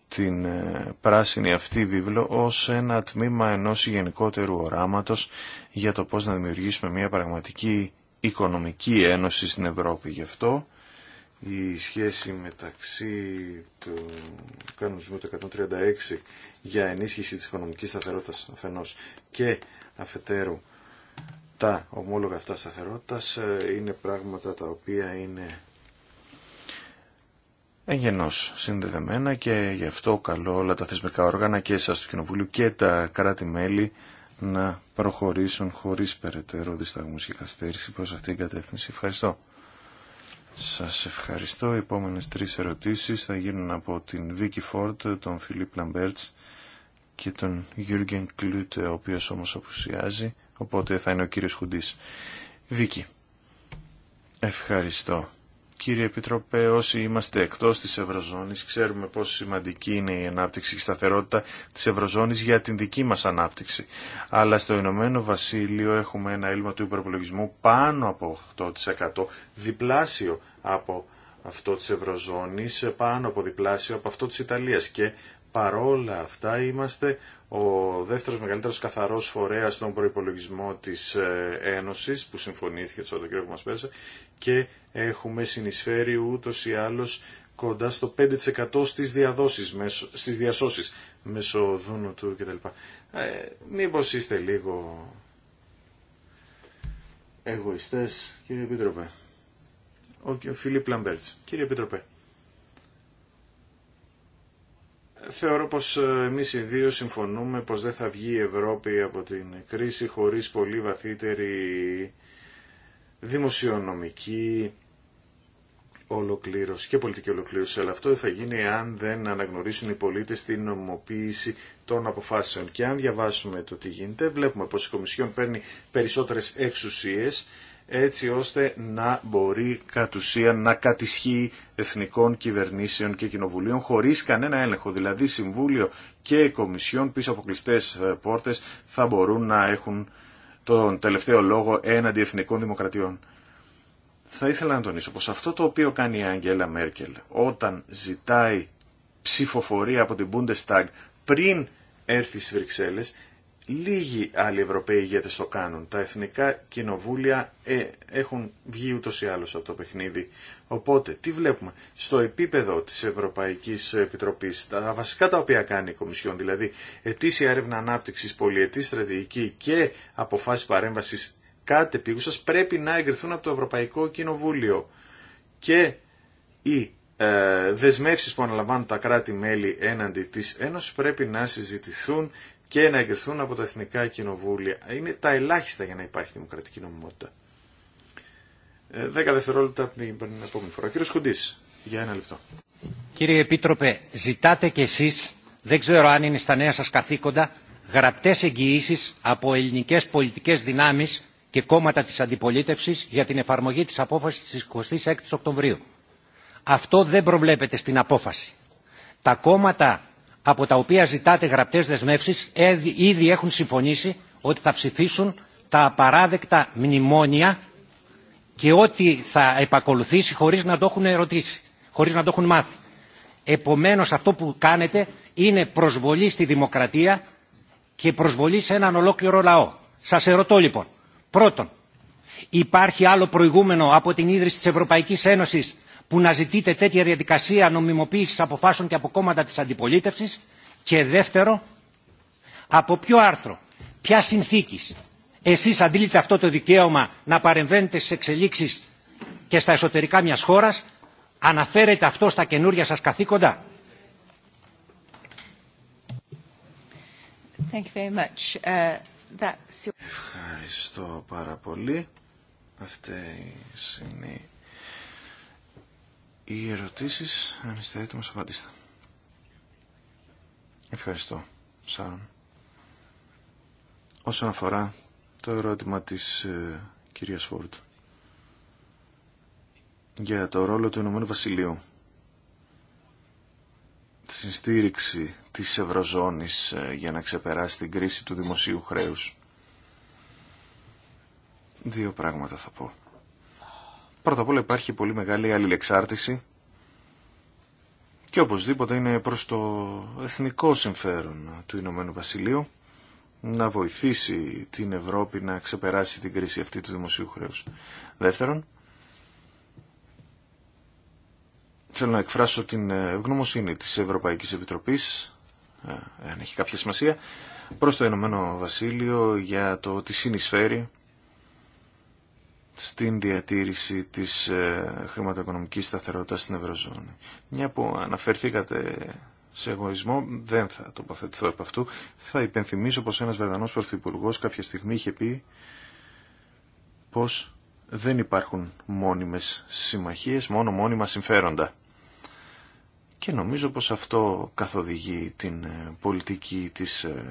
την ε, πράσινη αυτή βίβλο ως ένα τμήμα ενός γενικότερου οράματος για το πώς να δημιουργήσουμε μια πραγματική οικονομική ένωση στην Ευρώπη. Γι' αυτό η σχέση μεταξύ του κανονισμού του 136 για ενίσχυση της οικονομικής σταθερότητας αφενός και αφετέρου τα ομόλογα αυτά σταθερότητας ε, είναι πράγματα τα οποία είναι εγγενώς συνδεδεμένα και γι' αυτό καλό όλα τα θεσμικά όργανα και εσάς του Κοινοβουλίου και τα κράτη-μέλη να προχωρήσουν χωρίς περαιτέρω δισταγμούς και καθυστέρηση προς αυτήν την κατεύθυνση. Ευχαριστώ. Σας ευχαριστώ. Οι επόμενες τρεις ερωτήσεις θα γίνουν από την Βίκη Φόρτ, τον Φιλίπ Λαμπέρτς και τον Γιούργεν Κλούτε, ο οποίος όμως απουσιάζει, οπότε θα είναι ο κύριος Χουντής. Βίκη, ευχαριστώ. Κύριε Επιτροπέ, όσοι είμαστε εκτός της Ευρωζώνης, ξέρουμε πόσο σημαντική είναι η ανάπτυξη και η σταθερότητα της Ευρωζώνης για την δική μας ανάπτυξη. Αλλά στο Ηνωμένο Βασίλειο έχουμε ένα έλλειμμα του υπερπολογισμού πάνω από 8%, διπλάσιο από αυτό της Ευρωζώνης, πάνω από διπλάσιο από αυτό της Ιταλίας και παρόλα αυτά είμαστε ο δεύτερος μεγαλύτερος καθαρός φορέας στον προπολογισμό της ε, Ένωσης που συμφωνήθηκε το Σαββατοκύριακο που μας πέρασε και έχουμε συνεισφέρει ούτως ή άλλως κοντά στο 5% στις, διαδόσεις, στις διασώσεις μέσω δούνου του κτλ. Ε, μήπως είστε λίγο εγωιστές, κύριε Επίτροπε. Ο, Φιλίπ Λαμπέρτς. Κύριε Επίτροπε, θεωρώ πως ε, εμείς οι δύο συμφωνούμε πως δεν θα βγει η Ευρώπη από την κρίση χωρίς πολύ βαθύτερη δημοσιονομική ολοκλήρωση και πολιτική ολοκλήρωση, αλλά αυτό θα γίνει αν δεν αναγνωρίσουν οι πολίτε την νομοποίηση των αποφάσεων. Και αν διαβάσουμε το τι γίνεται, βλέπουμε πω η Κομισιόν παίρνει περισσότερε εξουσίε, έτσι ώστε να μπορεί κατ' ουσία να κατησχύει εθνικών κυβερνήσεων και κοινοβουλίων χωρίς κανένα έλεγχο. Δηλαδή Συμβούλιο και Κομισιόν πίσω από κλειστέ ε, πόρτες θα μπορούν να έχουν τον τελευταίο λόγο έναντι εθνικών δημοκρατιών θα ήθελα να τονίσω πως αυτό το οποίο κάνει η Αγγέλα Μέρκελ όταν ζητάει ψηφοφορία από την Bundestag πριν έρθει στις Βρυξέλλες, λίγοι άλλοι Ευρωπαίοι ηγέτες το κάνουν. Τα εθνικά κοινοβούλια ε, έχουν βγει ούτως ή άλλως από το παιχνίδι. Οπότε, τι βλέπουμε. Στο επίπεδο της Ευρωπαϊκής Επιτροπής, τα βασικά τα οποία κάνει η Κομισιόν, δηλαδή ετήσια έρευνα ανάπτυξης, πολιετή αναπτυξης πολυετη στρατηγικη και αποφάσεις παρέμβασης κάτι σα πρέπει να εγκριθούν από το Ευρωπαϊκό Κοινοβούλιο και οι ε, δεσμεύσεις που αναλαμβάνουν τα κράτη-μέλη έναντι της Ένωσης πρέπει να συζητηθούν και να εγκριθούν από τα Εθνικά Κοινοβούλια. Είναι τα ελάχιστα για να υπάρχει δημοκρατική νομιμότητα. Ε, δέκα δευτερόλεπτα από την επόμενη φορά. Κύριο Χουντή, για ένα λεπτό. Κύριε Επίτροπε, ζητάτε κι εσεί, δεν ξέρω αν είναι στα νέα σα καθήκοντα, γραπτέ εγγυήσει από ελληνικέ πολιτικέ δυνάμει και κόμματα της αντιπολίτευσης για την εφαρμογή της απόφασης της 26 Οκτωβρίου. Αυτό δεν προβλέπεται στην απόφαση. Τα κόμματα από τα οποία ζητάτε γραπτές δεσμεύσεις ήδη έχουν συμφωνήσει ότι θα ψηφίσουν τα απαράδεκτα μνημόνια και ό,τι θα επακολουθήσει χωρίς να το έχουν ερωτήσει, χωρίς να το έχουν μάθει. Επομένως αυτό που κάνετε είναι προσβολή στη δημοκρατία και προσβολή σε έναν ολόκληρο λαό. Σας ερωτώ λοιπόν, Πρώτον, υπάρχει άλλο προηγούμενο από την ίδρυση της Ευρωπαϊκής Ένωσης που να ζητείτε τέτοια διαδικασία νομιμοποίησης αποφάσεων και από κόμματα της αντιπολίτευσης. Και δεύτερο, από ποιο άρθρο, ποια συνθήκης εσείς αντίλητε αυτό το δικαίωμα να παρεμβαίνετε στις εξελίξεις και στα εσωτερικά μιας χώρας, αναφέρετε αυτό στα καινούρια σας καθήκοντα. Thank uh, Ευχαριστώ πάρα πολύ. Αυτέ είναι οι ερωτήσει Αν είστε έτοιμος, απαντήστε. Ευχαριστώ, Σάρων. Όσον αφορά το ερώτημα της ε, κυρίας Φόρτ για το ρόλο του Ηνωμένου Βασιλείου τη στήριξη της Ευρωζώνης ε, για να ξεπεράσει την κρίση του δημοσίου χρέους. Δύο πράγματα θα πω. Πρώτα απ' όλα υπάρχει πολύ μεγάλη αλληλεξάρτηση και οπωσδήποτε είναι προς το εθνικό συμφέρον του Ηνωμένου Βασιλείου να βοηθήσει την Ευρώπη να ξεπεράσει την κρίση αυτή του δημοσίου χρέους. Δεύτερον, Θέλω να εκφράσω την ε, γνωμοσύνη της Ευρωπαϊκής Επιτροπής, αν ε, έχει κάποια σημασία, προς το Ενωμένο Βασίλειο για το ότι συνεισφέρει στην διατήρηση της ε, χρηματοοικονομικής σταθερότητας στην Ευρωζώνη. Μια που αναφερθήκατε σε εγωισμό, δεν θα τοποθετηθώ από αυτού. Θα υπενθυμίσω πως ένας Βρετανός Πρωθυπουργός κάποια στιγμή είχε πει πως δεν υπάρχουν μόνιμες συμμαχίες, μόνο μόνιμα συμφέροντα. Και νομίζω πως αυτό καθοδηγεί την ε, πολιτική της, ε,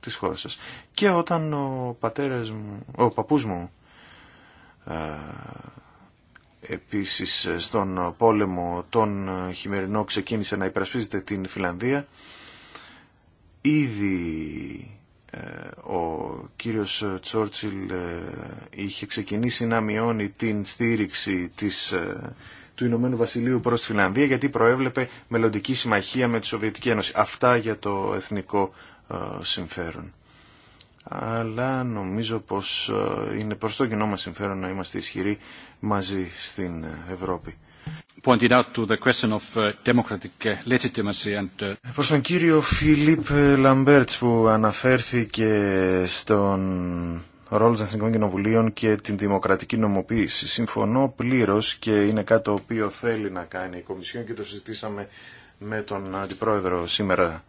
της χώρας σας. Και όταν ο πατέρας μου, ο παππούς μου, ε, επίσης στον πόλεμο τον χειμερινό ξεκίνησε να υπερασπίζεται την Φιλανδία, ήδη ο κύριος Τσόρτσιλ είχε ξεκινήσει να μειώνει την στήριξη της του Ηνωμένου Βασιλείου προς τη Φιλανδία γιατί προέβλεπε μελλοντική συμμαχία με τη Σοβιετική Ένωση. Αυτά για το εθνικό ε, συμφέρον. Αλλά νομίζω πως ε, είναι προς το κοινό μας συμφέρον να είμαστε ισχυροί μαζί στην Ευρώπη. Προς τον κύριο Φιλίπ Λαμπέρτς που αναφέρθηκε στον ρόλο των Εθνικών Κοινοβουλίων και την δημοκρατική νομοποίηση. Συμφωνώ πλήρω και είναι κάτι το οποίο θέλει να κάνει η Κομισιόν και το συζητήσαμε με τον Αντιπρόεδρο σήμερα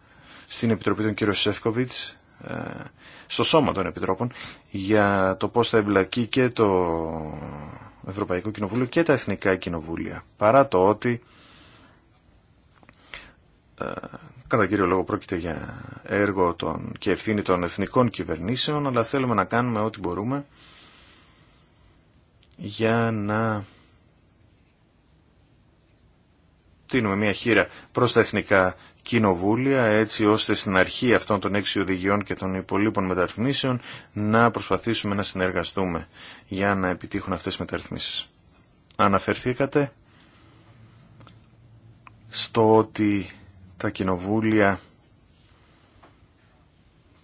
στην Επιτροπή των κ. Σεφκοβιτ, ε, στο σώμα των Επιτρόπων για το πώ θα εμπλακεί και το Ευρωπαϊκό Κοινοβούλιο και τα Εθνικά Κοινοβούλια παρά το ότι ε, Κατά κύριο λόγο πρόκειται για έργο των και ευθύνη των εθνικών κυβερνήσεων, αλλά θέλουμε να κάνουμε ό,τι μπορούμε για να τίνουμε μια χείρα προς τα εθνικά κοινοβούλια, έτσι ώστε στην αρχή αυτών των έξι οδηγιών και των υπολείπων μεταρρυθμίσεων να προσπαθήσουμε να συνεργαστούμε για να επιτύχουν αυτές τις μεταρρυθμίσεις. Αναφερθήκατε στο ότι τα κοινοβούλια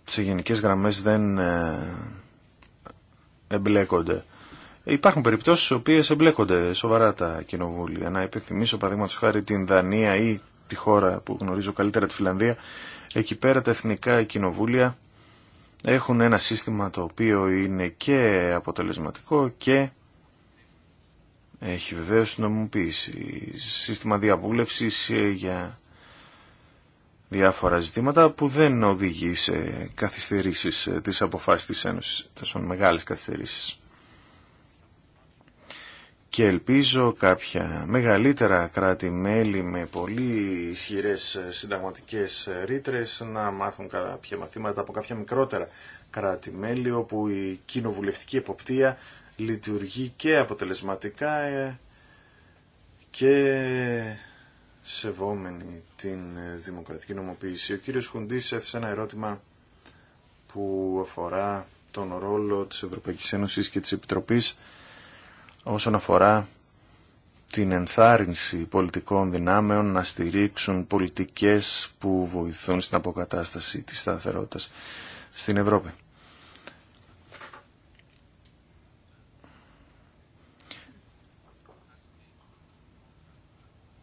σε γενικές γραμμές δεν ε, εμπλέκονται. Υπάρχουν περιπτώσεις στις οποίες εμπλέκονται σοβαρά τα κοινοβούλια. Να υπενθυμίσω παραδείγματος χάρη την Δανία ή τη χώρα που γνωρίζω καλύτερα τη Φιλανδία. Εκεί πέρα τα εθνικά κοινοβούλια έχουν ένα σύστημα το οποίο είναι και αποτελεσματικό και έχει βεβαίως νομιμοποίηση. Σύστημα διαβούλευσης ε, για διάφορα ζητήματα που δεν οδηγεί σε καθυστερήσεις ε, της αποφάσης της Ένωσης, τόσο μεγάλες καθυστερήσεις. Και ελπίζω κάποια μεγαλύτερα κράτη-μέλη με πολύ ισχυρές ε, συνταγματικές ε, ρήτρε να μάθουν κάποια μαθήματα από κάποια μικρότερα κράτη-μέλη όπου η κοινοβουλευτική εποπτεία λειτουργεί και αποτελεσματικά και Σεβόμενη την ε, δημοκρατική νομοποίηση. Ο κύριος Χουντής έθεσε ένα ερώτημα που αφορά τον ρόλο της Ευρωπαϊκής Ένωσης και της Επιτροπής όσον αφορά την ενθάρρυνση πολιτικών δυνάμεων να στηρίξουν πολιτικές που βοηθούν στην αποκατάσταση της σταθερότητας στην Ευρώπη.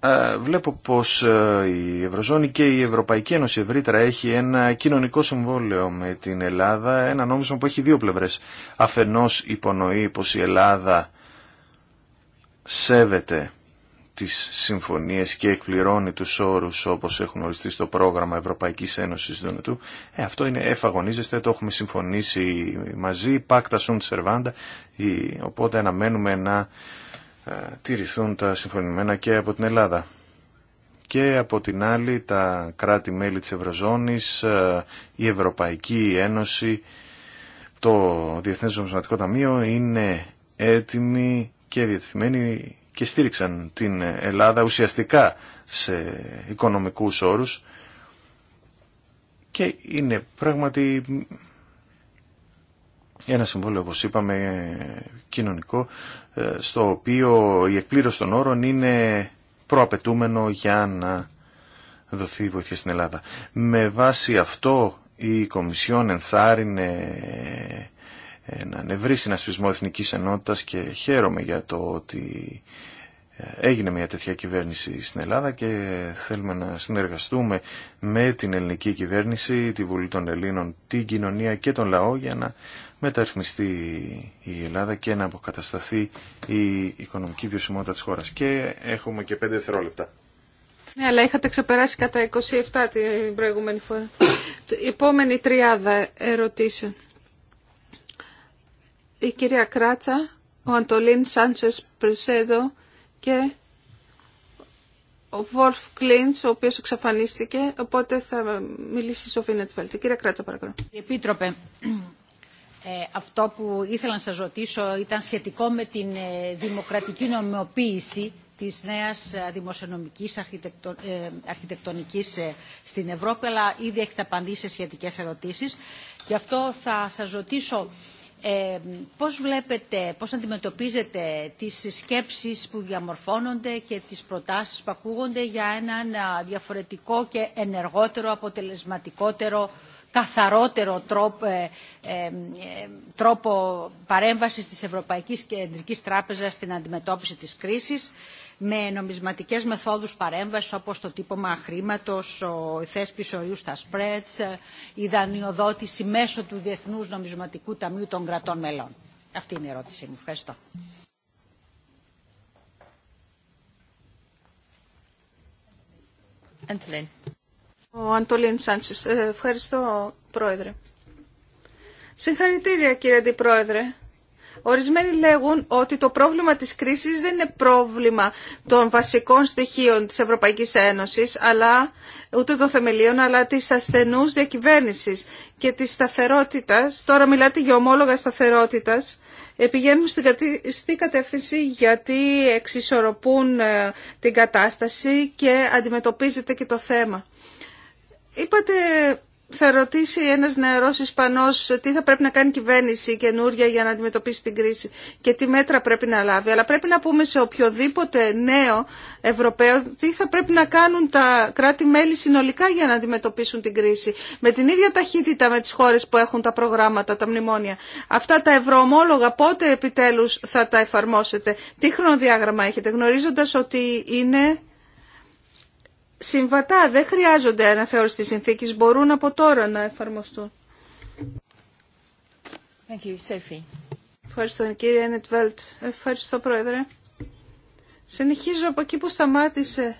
Ε, βλέπω πως ε, η Ευρωζώνη και η Ευρωπαϊκή Ένωση ευρύτερα έχει ένα κοινωνικό συμβόλαιο με την Ελλάδα, ένα νόμισμα που έχει δύο πλευρές. Αφενός υπονοεί πως η Ελλάδα σέβεται τις συμφωνίες και εκπληρώνει τους όρους όπως έχουν οριστεί στο πρόγραμμα Ευρωπαϊκής Ένωσης του Ε, αυτό είναι εφαγωνίζεστε, το έχουμε συμφωνήσει μαζί, πάκτα σουντ σερβάντα, οπότε αναμένουμε να ε, τηρηθούν τα συμφωνημένα και από την Ελλάδα. Και από την άλλη τα κράτη-μέλη της Ευρωζώνης, ε, η Ευρωπαϊκή Ένωση, το Διεθνές Νομισματικό Ταμείο είναι έτοιμοι και διατεθειμένοι και στήριξαν την Ελλάδα ουσιαστικά σε οικονομικούς όρους και είναι πράγματι ένα συμβόλαιο, όπως είπαμε, κοινωνικό, ε, στο οποίο η εκπλήρωση των όρων είναι προαπαιτούμενο για να δοθεί βοήθεια στην Ελλάδα. Με βάση αυτό η Κομισιόν ενθάρρυνε ε, έναν ευρύ συνασπισμό εθνικής ενότητας και χαίρομαι για το ότι ε, έγινε μια τέτοια κυβέρνηση στην Ελλάδα και θέλουμε να συνεργαστούμε με την ελληνική κυβέρνηση, τη Βουλή των Ελλήνων, την κοινωνία και τον λαό για να μεταρρυθμιστεί η Ελλάδα και να αποκατασταθεί η οικονομική βιωσιμότητα της χώρας. Και έχουμε και πέντε δευτερόλεπτα. Ναι, αλλά είχατε ξεπεράσει κατά 27 την προηγούμενη φορά. Η επόμενη τριάδα ερωτήσεων. Η κυρία Κράτσα, ο Αντολίν Σάντσες Πρεσέδο και ο Βόρφ Κλίντς, ο οποίος εξαφανίστηκε, οπότε θα μιλήσει η Σοφή Νετφέλτη. Κυρία Κράτσα, παρακαλώ. Επίτροπε, ε, αυτό που ήθελα να σας ρωτήσω ήταν σχετικό με την ε, δημοκρατική νομιμοποίηση της νέας ε, δημοσιονομικής αρχιτεκτονικής στην Ευρώπη, αλλά ήδη έχετε απαντήσει σε σχετικές ερωτήσεις. Γι' αυτό θα σας ρωτήσω ε, πώς βλέπετε, πώς αντιμετωπίζετε τις σκέψεις που διαμορφώνονται και τις προτάσεις που ακούγονται για έναν διαφορετικό και ενεργότερο, αποτελεσματικότερο καθαρότερο τρόπο, ε, ε, τρόπο παρέμβασης της Ευρωπαϊκής Κεντρικής Τράπεζας στην αντιμετώπιση της κρίσης με νομισματικές μεθόδους παρέμβασης όπως το τύπομα χρήματος, ο θέσπις ορίου στα σπρέτς, η δανειοδότηση μέσω του Διεθνούς Νομισματικού Ταμείου των κρατών μελών. Αυτή είναι η ερώτησή μου. Ευχαριστώ. Ο Αντολίν Σάντσες. Ε, ευχαριστώ, Πρόεδρε. Συγχαρητήρια, κύριε Αντιπρόεδρε. Ορισμένοι λέγουν ότι το πρόβλημα της κρίσης δεν είναι πρόβλημα των βασικών στοιχείων της Ευρωπαϊκής Ένωσης, αλλά ούτε των θεμελίων, αλλά της ασθενούς διακυβέρνησης και της σταθερότητας. Τώρα μιλάτε για ομόλογα σταθερότητας. Ε, Πηγαίνουν στην κατεύθυνση γιατί εξισορροπούν ε, την κατάσταση και αντιμετωπίζεται και το θέμα. Είπατε θα ρωτήσει ένας νεαρός Ισπανός τι θα πρέπει να κάνει η κυβέρνηση καινούρια για να αντιμετωπίσει την κρίση και τι μέτρα πρέπει να λάβει. Αλλά πρέπει να πούμε σε οποιοδήποτε νέο Ευρωπαίο τι θα πρέπει να κάνουν τα κράτη-μέλη συνολικά για να αντιμετωπίσουν την κρίση. Με την ίδια ταχύτητα με τις χώρες που έχουν τα προγράμματα, τα μνημόνια. Αυτά τα ευρωομόλογα πότε επιτέλους θα τα εφαρμόσετε. Τι χρονοδιάγραμμα έχετε γνωρίζοντας ότι είναι συμβατά, δεν χρειάζονται αναθεώρηση της συνθήκης, μπορούν από τώρα να εφαρμοστούν. Thank you, Ευχαριστώ κύριε Ενετβέλτ. Ευχαριστώ πρόεδρε. Συνεχίζω από εκεί που σταμάτησε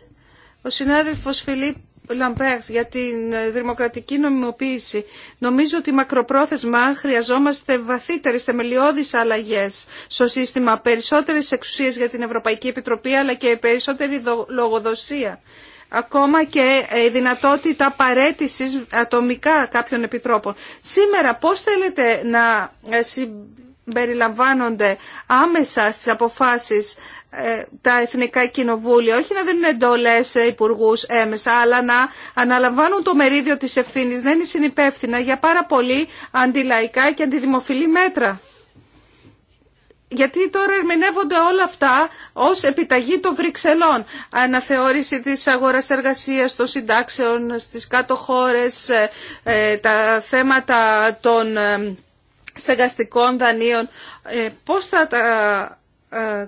ο συνάδελφος Φιλίπ Λαμπέρς για την δημοκρατική νομιμοποίηση. Νομίζω ότι μακροπρόθεσμα χρειαζόμαστε βαθύτερες θεμελιώδεις αλλαγές στο σύστημα, περισσότερες εξουσίες για την Ευρωπαϊκή Επιτροπή αλλά και περισσότερη λογοδοσία ακόμα και ε, η δυνατότητα παρέτησης ατομικά κάποιων επιτρόπων. Σήμερα πώς θέλετε να ε, συμπεριλαμβάνονται άμεσα στις αποφάσεις ε, τα εθνικά κοινοβούλια, όχι να δίνουν εντολέ σε υπουργού έμεσα, αλλά να αναλαμβάνουν το μερίδιο τη ευθύνη, να είναι συνυπεύθυνα για πάρα πολύ αντιλαϊκά και αντιδημοφιλή μέτρα γιατί τώρα ερμηνεύονται όλα αυτά ως επιταγή των Βρυξελών. Αναθεώρηση της αγοράς εργασίας, των συντάξεων στις κάτω χώρες, ε, ε, τα θέματα των ε, στεγαστικών δανείων. Πώς θα τα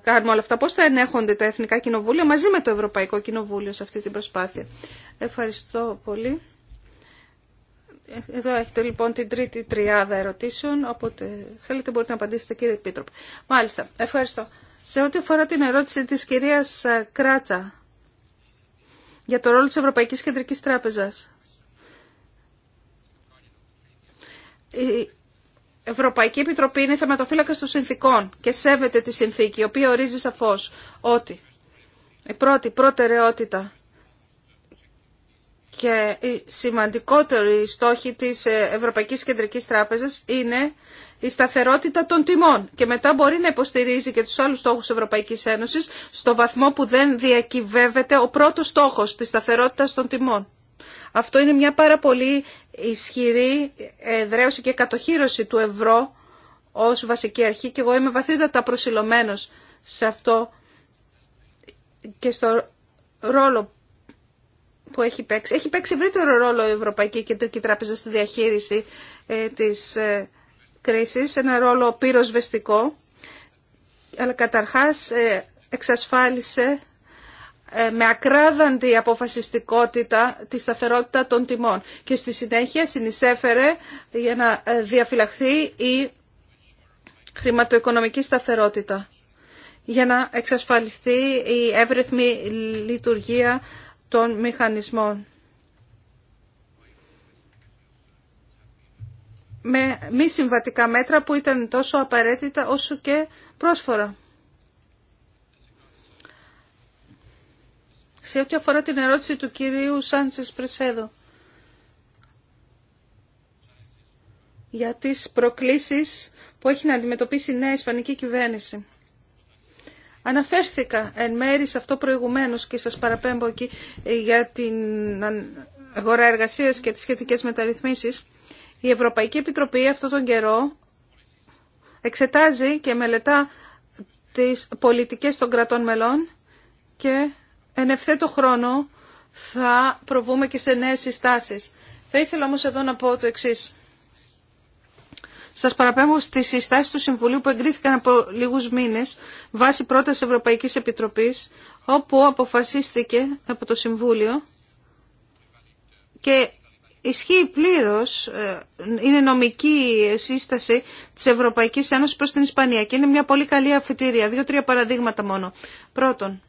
κάνουμε όλα αυτά, πώς θα ενέχονται τα Εθνικά Κοινοβούλια μαζί με το Ευρωπαϊκό Κοινοβούλιο σε αυτή την προσπάθεια. Ευχαριστώ πολύ. Εδώ έχετε λοιπόν την τρίτη τριάδα ερωτήσεων, οπότε θέλετε μπορείτε να απαντήσετε κύριε Επίτροπε. Μάλιστα, ευχαριστώ. Σε ό,τι αφορά την ερώτηση της κυρίας ε, Κράτσα για το ρόλο της Ευρωπαϊκής Κεντρικής Τράπεζας. Η Ευρωπαϊκή Επιτροπή είναι θεματοφύλακα των συνθήκων και σέβεται τη συνθήκη, η οποία ορίζει σαφώς ότι η πρώτη προτεραιότητα και η σημαντικότερη στόχη της ε, Ευρωπαϊκής Κεντρικής Τράπεζας είναι η σταθερότητα των τιμών και μετά μπορεί να υποστηρίζει και τους άλλους στόχους της Ευρωπαϊκής Ένωσης στο βαθμό που δεν διακυβεύεται ο πρώτος στόχος της σταθερότητας των τιμών. Αυτό είναι μια πάρα πολύ ισχυρή ε, δρέωση και κατοχύρωση του ευρώ ως βασική αρχή και εγώ είμαι βαθύτατα προσιλωμένος σε αυτό και στο ρόλο έχει παίξει. Έχει παίξει ευρύτερο ρόλο η Ευρωπαϊκή Κεντρική Τράπεζα στη διαχείριση ε, της ε, κρίσης, ένα ρόλο πυροσβεστικό, αλλά καταρχάς ε, εξασφάλισε με ακράδαντη αποφασιστικότητα τη σταθερότητα των τιμών και στη συνέχεια συνεισέφερε για να διαφυλαχθεί η χρηματοοικονομική σταθερότητα για να εξασφαλιστεί η εύρυθμη λειτουργία των μηχανισμών. με μη συμβατικά μέτρα που ήταν τόσο απαραίτητα όσο και πρόσφορα. Σε ό,τι αφορά την ερώτηση του κυρίου Σάντσες Πρεσέδο για τις προκλήσεις που έχει να αντιμετωπίσει η νέα Ισπανική κυβέρνηση. Αναφέρθηκα εν μέρη σε αυτό προηγουμένως και σας παραπέμπω εκεί ε, για την αγορά εργασίας και τις σχετικές μεταρρυθμίσεις. Η Ευρωπαϊκή Επιτροπή αυτόν τον καιρό εξετάζει και μελετά τις πολιτικές των κρατών μελών και εν ευθέτω χρόνο θα προβούμε και σε νέες συστάσεις. Θα ήθελα όμως εδώ να πω το εξής. Σα παραπέμπω στι συστάση του Συμβουλίου που εγκρίθηκαν από λιγου μήνε βάσει πρόταση Ευρωπαϊκής Επιτροπής όπου αποφασίστηκε από το Συμβούλιο και ισχύει πλήρω ε, είναι νομική σύσταση της Ευρωπαϊκής Ένωση προς την Ισπανία και είναι μια πολύ καλή αφετηρία. Δύο-τρία παραδείγματα μόνο. Πρώτον,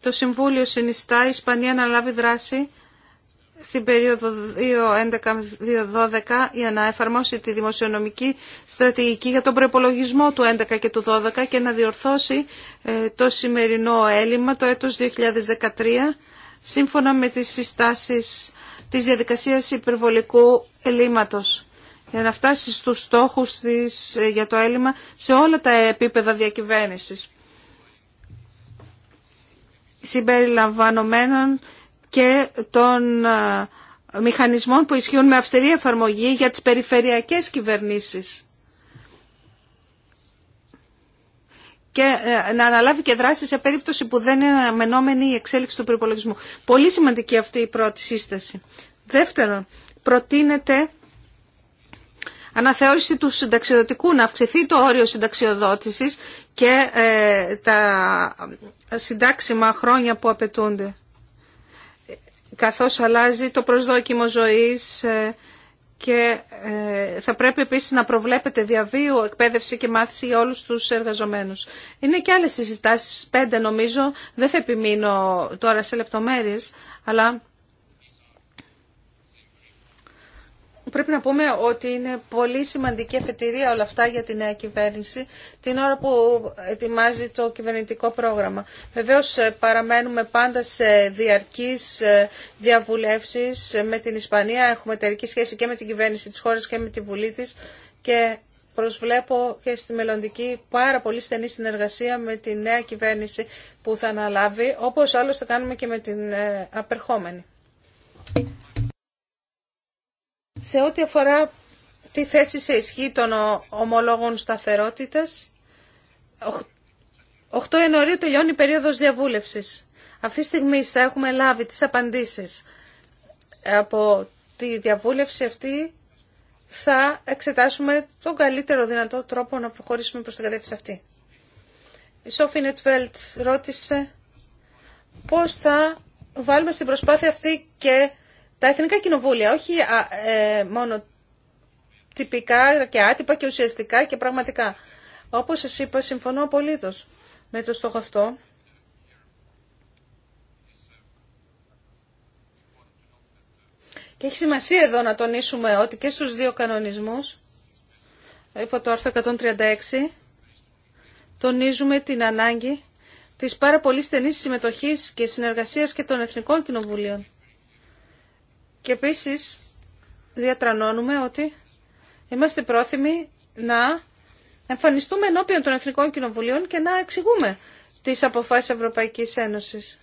το Συμβούλιο συνιστά η Ισπανία να λάβει δράση στην περίοδο 2011-2012 για να εφαρμόσει τη δημοσιονομική στρατηγική για τον προπολογισμό του 2011 και του 2012 και να διορθώσει ε, το σημερινό έλλειμμα το έτος 2013 σύμφωνα με τις συστάσεις της διαδικασίας υπερβολικού ελλείμματος για να φτάσει στους στόχους της ε, για το έλλειμμα σε όλα τα επίπεδα διακυβέρνησης συμπεριλαμβανομένων και των ε, μηχανισμών που ισχύουν με αυστηρή εφαρμογή για τις περιφερειακές κυβερνήσεις. και ε, να αναλάβει και δράση σε περίπτωση που δεν είναι αναμενόμενη η εξέλιξη του προπολογισμού. Πολύ σημαντική αυτή η πρώτη σύσταση. Δεύτερον, προτείνεται αναθεώρηση του συνταξιοδοτικού, να αυξηθεί το όριο συνταξιοδότησης και ε, τα συντάξιμα χρόνια που απαιτούνται καθώς αλλάζει το προσδόκιμο ζωής ε, και ε, θα πρέπει επίσης να προβλέπετε διαβίου εκπαίδευση και μάθηση για όλους τους εργαζομένους. Είναι και άλλες συζητάσεις, πέντε νομίζω, δεν θα επιμείνω τώρα σε λεπτομέρειες, αλλά πρέπει να πούμε ότι είναι πολύ σημαντική εφετηρία όλα αυτά για τη νέα κυβέρνηση την ώρα που ετοιμάζει το κυβερνητικό πρόγραμμα. Βεβαίω ε, παραμένουμε πάντα σε διαρκεί ε, διαβουλεύσεις ε, με την Ισπανία. Έχουμε εταιρική σχέση και με την κυβέρνηση της χώρας και με τη Βουλή τη και προσβλέπω και στη μελλοντική πάρα πολύ στενή συνεργασία με τη νέα κυβέρνηση που θα αναλάβει, όπως θα κάνουμε και με την απερχόμενη. Σε ό,τι αφορά τη θέση σε ισχύ των ομολόγων σταθερότητας, 8 Ιανουαρίου τελειώνει η περίοδος διαβούλευσης. Αυτή τη στιγμή θα έχουμε λάβει τις απαντήσεις από τη διαβούλευση αυτή θα εξετάσουμε τον καλύτερο δυνατό τρόπο να προχωρήσουμε προς την κατεύθυνση αυτή. Η Σόφι Νετβέλτ ρώτησε πώς θα βάλουμε στην προσπάθεια αυτή και τα εθνικά κοινοβούλια, όχι ε, μόνο τυπικά και άτυπα και ουσιαστικά και πραγματικά. Όπως σας είπα, συμφωνώ απολύτως με το στόχο αυτό. Και έχει σημασία εδώ να τονίσουμε ότι και στους δύο κανονισμούς, υπό το άρθρο 136, τονίζουμε την ανάγκη της πάρα πολύ στενής συμμετοχής και συνεργασίας και των Εθνικών Κοινοβουλίων. Και επίσης διατρανώνουμε ότι είμαστε πρόθυμοι να εμφανιστούμε ενώπιον των Εθνικών Κοινοβουλίων και να εξηγούμε τις αποφάσεις Ευρωπαϊκής Ένωσης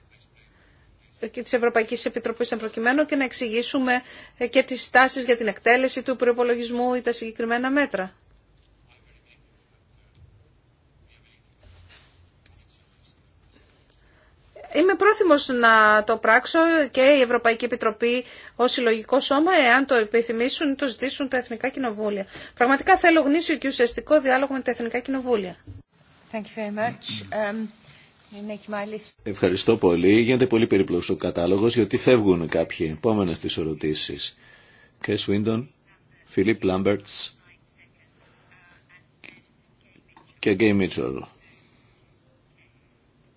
και της Ευρωπαϊκής Επιτροπής εν προκειμένου και να εξηγήσουμε και τις στάσεις για την εκτέλεση του προπολογισμού ή τα συγκεκριμένα μέτρα. Είμαι πρόθυμος να το πράξω και η Ευρωπαϊκή Επιτροπή ως συλλογικό σώμα, εάν το επιθυμήσουν, ή το ζητήσουν τα Εθνικά Κοινοβούλια. Πραγματικά θέλω γνήσιο και ουσιαστικό διάλογο με τα Εθνικά Κοινοβούλια. Um, Ευχαριστώ πολύ. Γίνεται πολύ περίπλοκο ο κατάλογος, γιατί φεύγουν κάποιοι. Επόμενες τις ερωτήσεις. Κέ Σουίντον, Φιλίπ Λάμπερτς και Γκέι Μίτσολ.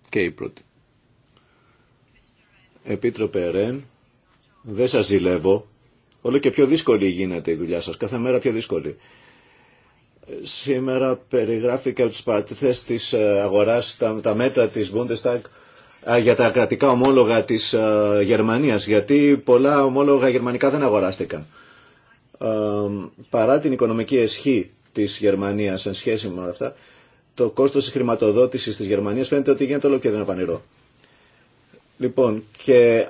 Και η πρώτη. Επίτροπε Ρεν, δεν σας ζηλεύω. Όλο και πιο δύσκολη γίνεται η δουλειά σας, κάθε μέρα πιο δύσκολη. Σήμερα περιγράφηκα από τις παρατηθές της ε, αγοράς τα, τα μέτρα της Bundestag για τα κρατικά ομόλογα της ε, Γερμανίας, γιατί πολλά ομόλογα γερμανικά δεν αγοράστηκαν. Ε, παρά την οικονομική ισχύ της Γερμανίας σε σχέση με όλα αυτά, το κόστος της χρηματοδότησης της Γερμανίας φαίνεται ότι γίνεται όλο και δεν απανηρώ. Λοιπόν, και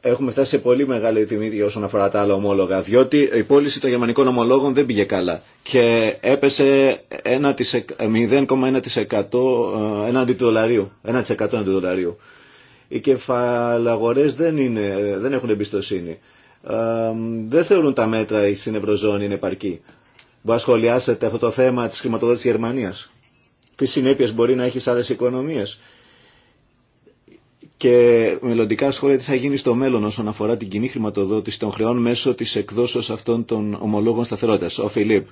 έχουμε φτάσει σε πολύ μεγάλη τιμή όσον αφορά τα άλλα ομόλογα, διότι η πώληση των γερμανικών ομολόγων δεν πήγε καλά και έπεσε 0,1% ε, έναντι του δολαρίου. 1% έναντι του δολαρίου. Οι κεφαλαγορές δεν, δεν έχουν εμπιστοσύνη. δεν θεωρούν τα μέτρα στην Ευρωζώνη είναι επαρκή. Μπορεί να σχολιάσετε αυτό το θέμα της χρηματοδότησης της Γερμανίας. Τι συνέπειες μπορεί να έχει σε άλλες οικονομίες και μελλοντικά σχόλια τι θα γίνει στο μέλλον όσον αφορά την κοινή χρηματοδότηση των χρεών μέσω της εκδόσεως αυτών των ομολόγων σταθερότητα. Ο Φιλίπ,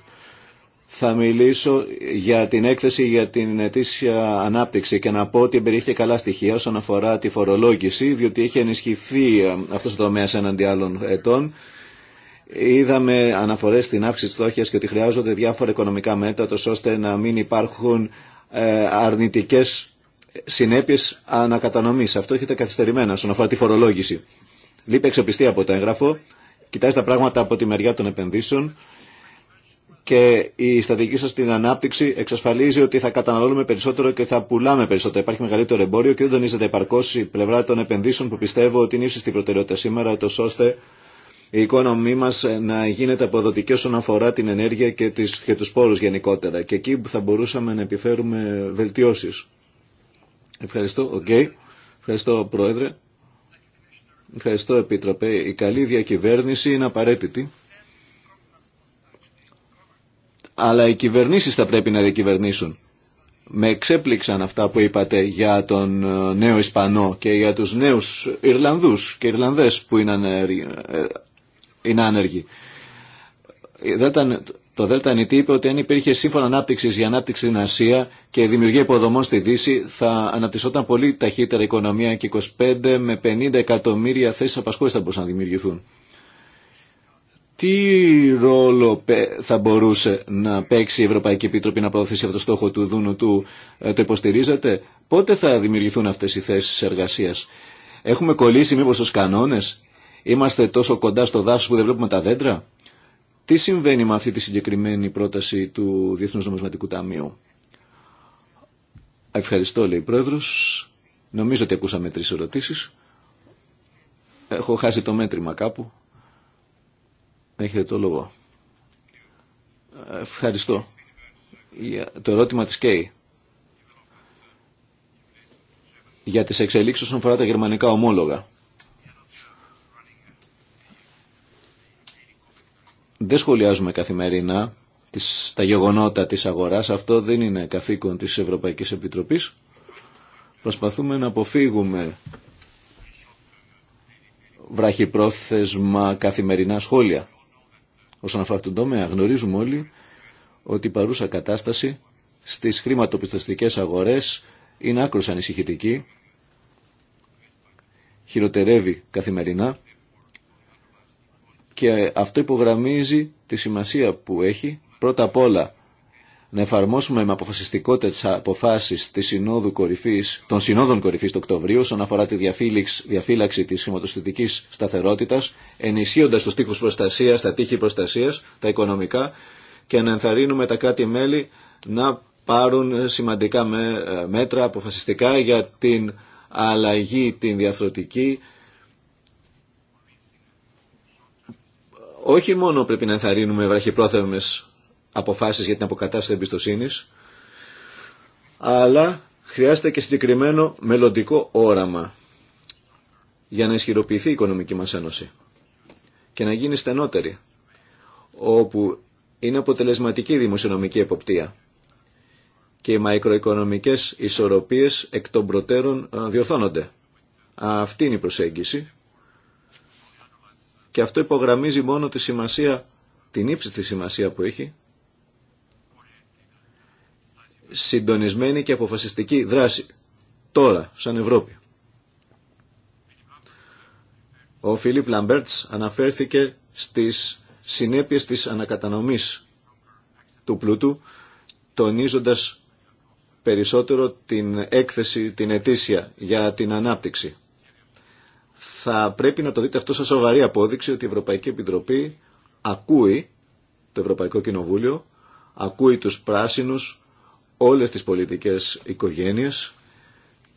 θα μιλήσω για την έκθεση για την ετήσια ανάπτυξη και να πω ότι περιέχει καλά στοιχεία όσον αφορά τη φορολόγηση, διότι έχει ενισχυθεί ε, αυτός ο τομέας έναντι άλλων ετών. Είδαμε αναφορές στην αύξηση της στόχια και ότι χρειάζονται διάφορα οικονομικά μέτρα, ώστε να μην υπάρχουν ε, αρνητικές συνέπειε ανακατανομή. Αυτό έχετε καθυστερημένα όσον αφορά τη φορολόγηση. Λείπει εξοπιστία από το έγγραφο, κοιτάζει τα πράγματα από τη μεριά των επενδύσεων και η στρατηγική σα στην ανάπτυξη εξασφαλίζει ότι θα καταναλώνουμε περισσότερο και θα πουλάμε περισσότερο. Υπάρχει μεγαλύτερο εμπόριο και δεν τονίζεται επαρκώ η πλευρά των επενδύσεων που πιστεύω ότι είναι στην προτεραιότητα σήμερα, ώστε η οικόνομη μα να γίνεται αποδοτική όσον αφορά την ενέργεια και, και του πόρου γενικότερα. Και εκεί που θα μπορούσαμε να επιφέρουμε βελτιώσει. Ευχαριστώ, οκ. Okay. Ευχαριστώ, Πρόεδρε. Ευχαριστώ, Επίτροπε. Η καλή διακυβέρνηση είναι απαραίτητη. Αλλά οι κυβερνήσει θα πρέπει να διακυβερνήσουν. Με εξέπληξαν αυτά που είπατε για τον ε, νέο Ισπανό και για τους νέους Ιρλανδούς και Ιρλανδές που είναι άνεργοι. Ε, ε, είναι άνεργοι. Δεν ήταν το Νητή είπε ότι αν υπήρχε σύμφωνο ανάπτυξη για ανάπτυξη στην Ασία και δημιουργία υποδομών στη Δύση, θα αναπτυσσόταν πολύ ταχύτερα η οικονομία και 25 με 50 εκατομμύρια θέσει απασχόληση θα μπορούσαν να δημιουργηθούν. Τι ρόλο θα μπορούσε να παίξει η Ευρωπαϊκή Επίτροπη να προωθήσει αυτό το στόχο του Δούνου του, ε, το υποστηρίζετε, πότε θα δημιουργηθούν αυτές οι θέσεις εργασίας. Έχουμε κολλήσει μήπως στους κανόνες, είμαστε τόσο κοντά στο δάσο που δεν βλέπουμε τα δέντρα. Τι συμβαίνει με αυτή τη συγκεκριμένη πρόταση του Διεθνούς Νομισματικού Ταμείου. Ευχαριστώ, λέει η Πρόεδρος. Νομίζω ότι ακούσαμε τρεις ερωτήσεις. Έχω χάσει το μέτρημα κάπου. Έχετε το λόγο. Ευχαριστώ. το ερώτημα της ΚΕΙ. Για τις εξελίξεις όσον αφορά τα γερμανικά ομόλογα. δεν σχολιάζουμε καθημερινά τις, τα γεγονότα της αγοράς. Αυτό δεν είναι καθήκον της Ευρωπαϊκής Επιτροπής. Προσπαθούμε να αποφύγουμε βραχυπρόθεσμα καθημερινά σχόλια. Όσον αφορά τον τομέα, γνωρίζουμε όλοι ότι η παρούσα κατάσταση στις χρηματοπιστωτικές αγορές είναι άκρως ανησυχητική, χειροτερεύει καθημερινά και αυτό υπογραμμίζει τη σημασία που έχει πρώτα απ' όλα να εφαρμόσουμε με αποφασιστικότητα τις αποφάσεις της συνόδου κορυφής, των συνόδων κορυφής του Οκτωβρίου όσον αφορά τη διαφύλαξη της χρηματοστητικής σταθερότητας, ενισχύοντας τους τείχους προστασίας, τα τείχη προστασίας, τα οικονομικά και να ενθαρρύνουμε τα κράτη-μέλη να πάρουν σημαντικά ε, μέτρα αποφασιστικά για την αλλαγή την διαθροτική όχι μόνο πρέπει να ενθαρρύνουμε βραχυπρόθεσμες αποφάσεις για την αποκατάσταση εμπιστοσύνης, αλλά χρειάζεται και συγκεκριμένο μελλοντικό όραμα για να ισχυροποιηθεί η οικονομική μας ένωση και να γίνει στενότερη, όπου είναι αποτελεσματική η δημοσιονομική εποπτεία και οι μαϊκροοικονομικές ισορροπίες εκ των προτέρων ε, διορθώνονται. Αυτή είναι η προσέγγιση και αυτό υπογραμμίζει μόνο τη σημασία, την ύψιστη σημασία που έχει συντονισμένη και αποφασιστική δράση τώρα, σαν Ευρώπη. Ο Φιλίπ Λαμπέρτς αναφέρθηκε στις συνέπειες της ανακατανομής του πλούτου, τονίζοντας περισσότερο την έκθεση, την ετήσια για την ανάπτυξη θα πρέπει να το δείτε αυτό σαν σοβαρή απόδειξη ότι η Ευρωπαϊκή Επιτροπή ακούει το Ευρωπαϊκό Κοινοβούλιο, ακούει τους πράσινους, όλες τις πολιτικές οικογένειες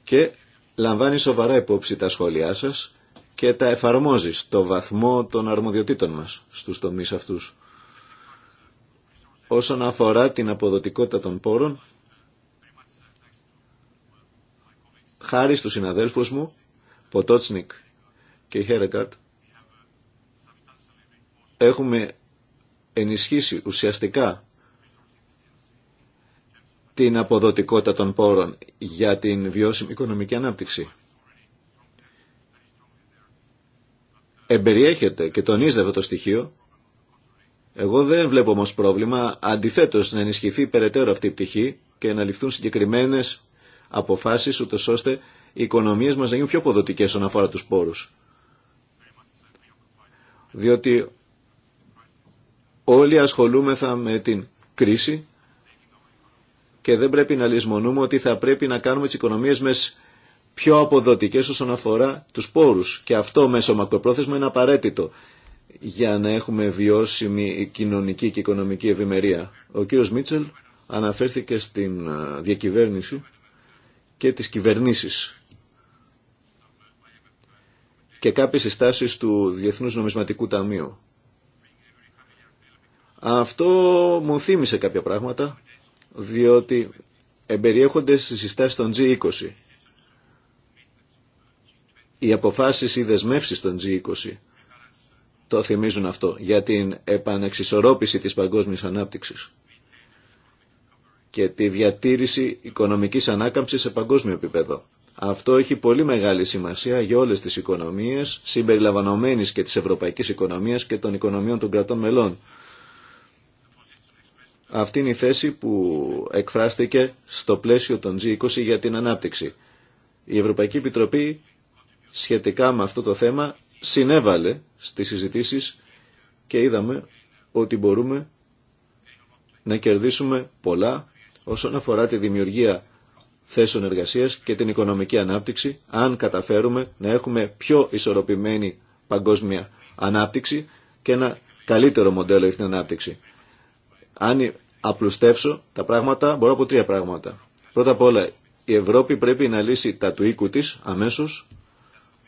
και λαμβάνει σοβαρά υπόψη τα σχόλιά σας και τα εφαρμόζει στο βαθμό των αρμοδιοτήτων μας στους τομείς αυτούς. Όσον αφορά την αποδοτικότητα των πόρων, χάρη στους συναδέλφους μου, Ποτότσνικ και η Χέρεκαρτ έχουμε ενισχύσει ουσιαστικά την αποδοτικότητα των πόρων για την βιώσιμη οικονομική ανάπτυξη. Εμπεριέχεται και τονίζεται αυτό το στοιχείο. Εγώ δεν βλέπω όμως πρόβλημα, αντιθέτως να ενισχυθεί περαιτέρω αυτή η πτυχή και να ληφθούν συγκεκριμένες αποφάσεις ούτως ώστε οι οικονομίες μας να γίνουν πιο αποδοτικές όσον αφορά τους πόρους διότι όλοι ασχολούμεθα με την κρίση και δεν πρέπει να λησμονούμε ότι θα πρέπει να κάνουμε τις οικονομίες μας πιο αποδοτικές όσον αφορά τους πόρους και αυτό μέσω μακροπρόθεσμα είναι απαραίτητο για να έχουμε βιώσιμη κοινωνική και οικονομική ευημερία. Ο κύριος Μίτσελ αναφέρθηκε στην ε, διακυβέρνηση και τις κυβερνήσεις και κάποιες συστάσεις του Διεθνούς Νομισματικού Ταμείου. Αυτό μου θύμισε κάποια πράγματα, διότι εμπεριέχονται στι συστάσεις των G20. Οι αποφάσεις ή δεσμεύσεις των G20 το θυμίζουν αυτό για την επανεξισορρόπηση της παγκόσμιας ανάπτυξης και τη διατήρηση οικονομικής ανάκαμψης σε παγκόσμιο επίπεδο. Αυτό έχει πολύ μεγάλη σημασία για όλες τις οικονομίες, συμπεριλαμβανομένης και τη Ευρωπαϊκή οικονομία και των οικονομιών των κρατών μελών. Αυτή είναι η θέση που εκφράστηκε στο πλαίσιο των G20 για την ανάπτυξη. Η Ευρωπαϊκή Επιτροπή σχετικά με αυτό το θέμα συνέβαλε στις συζητήσεις και είδαμε ότι μπορούμε να κερδίσουμε πολλά όσον αφορά τη δημιουργία θέσεων εργασίας και την οικονομική ανάπτυξη αν καταφέρουμε να έχουμε πιο ισορροπημένη παγκόσμια ανάπτυξη και ένα καλύτερο μοντέλο για την ανάπτυξη. Αν απλουστεύσω τα πράγματα, μπορώ από τρία πράγματα. Πρώτα απ' όλα, η Ευρώπη πρέπει να λύσει τα του οίκου της αμέσως,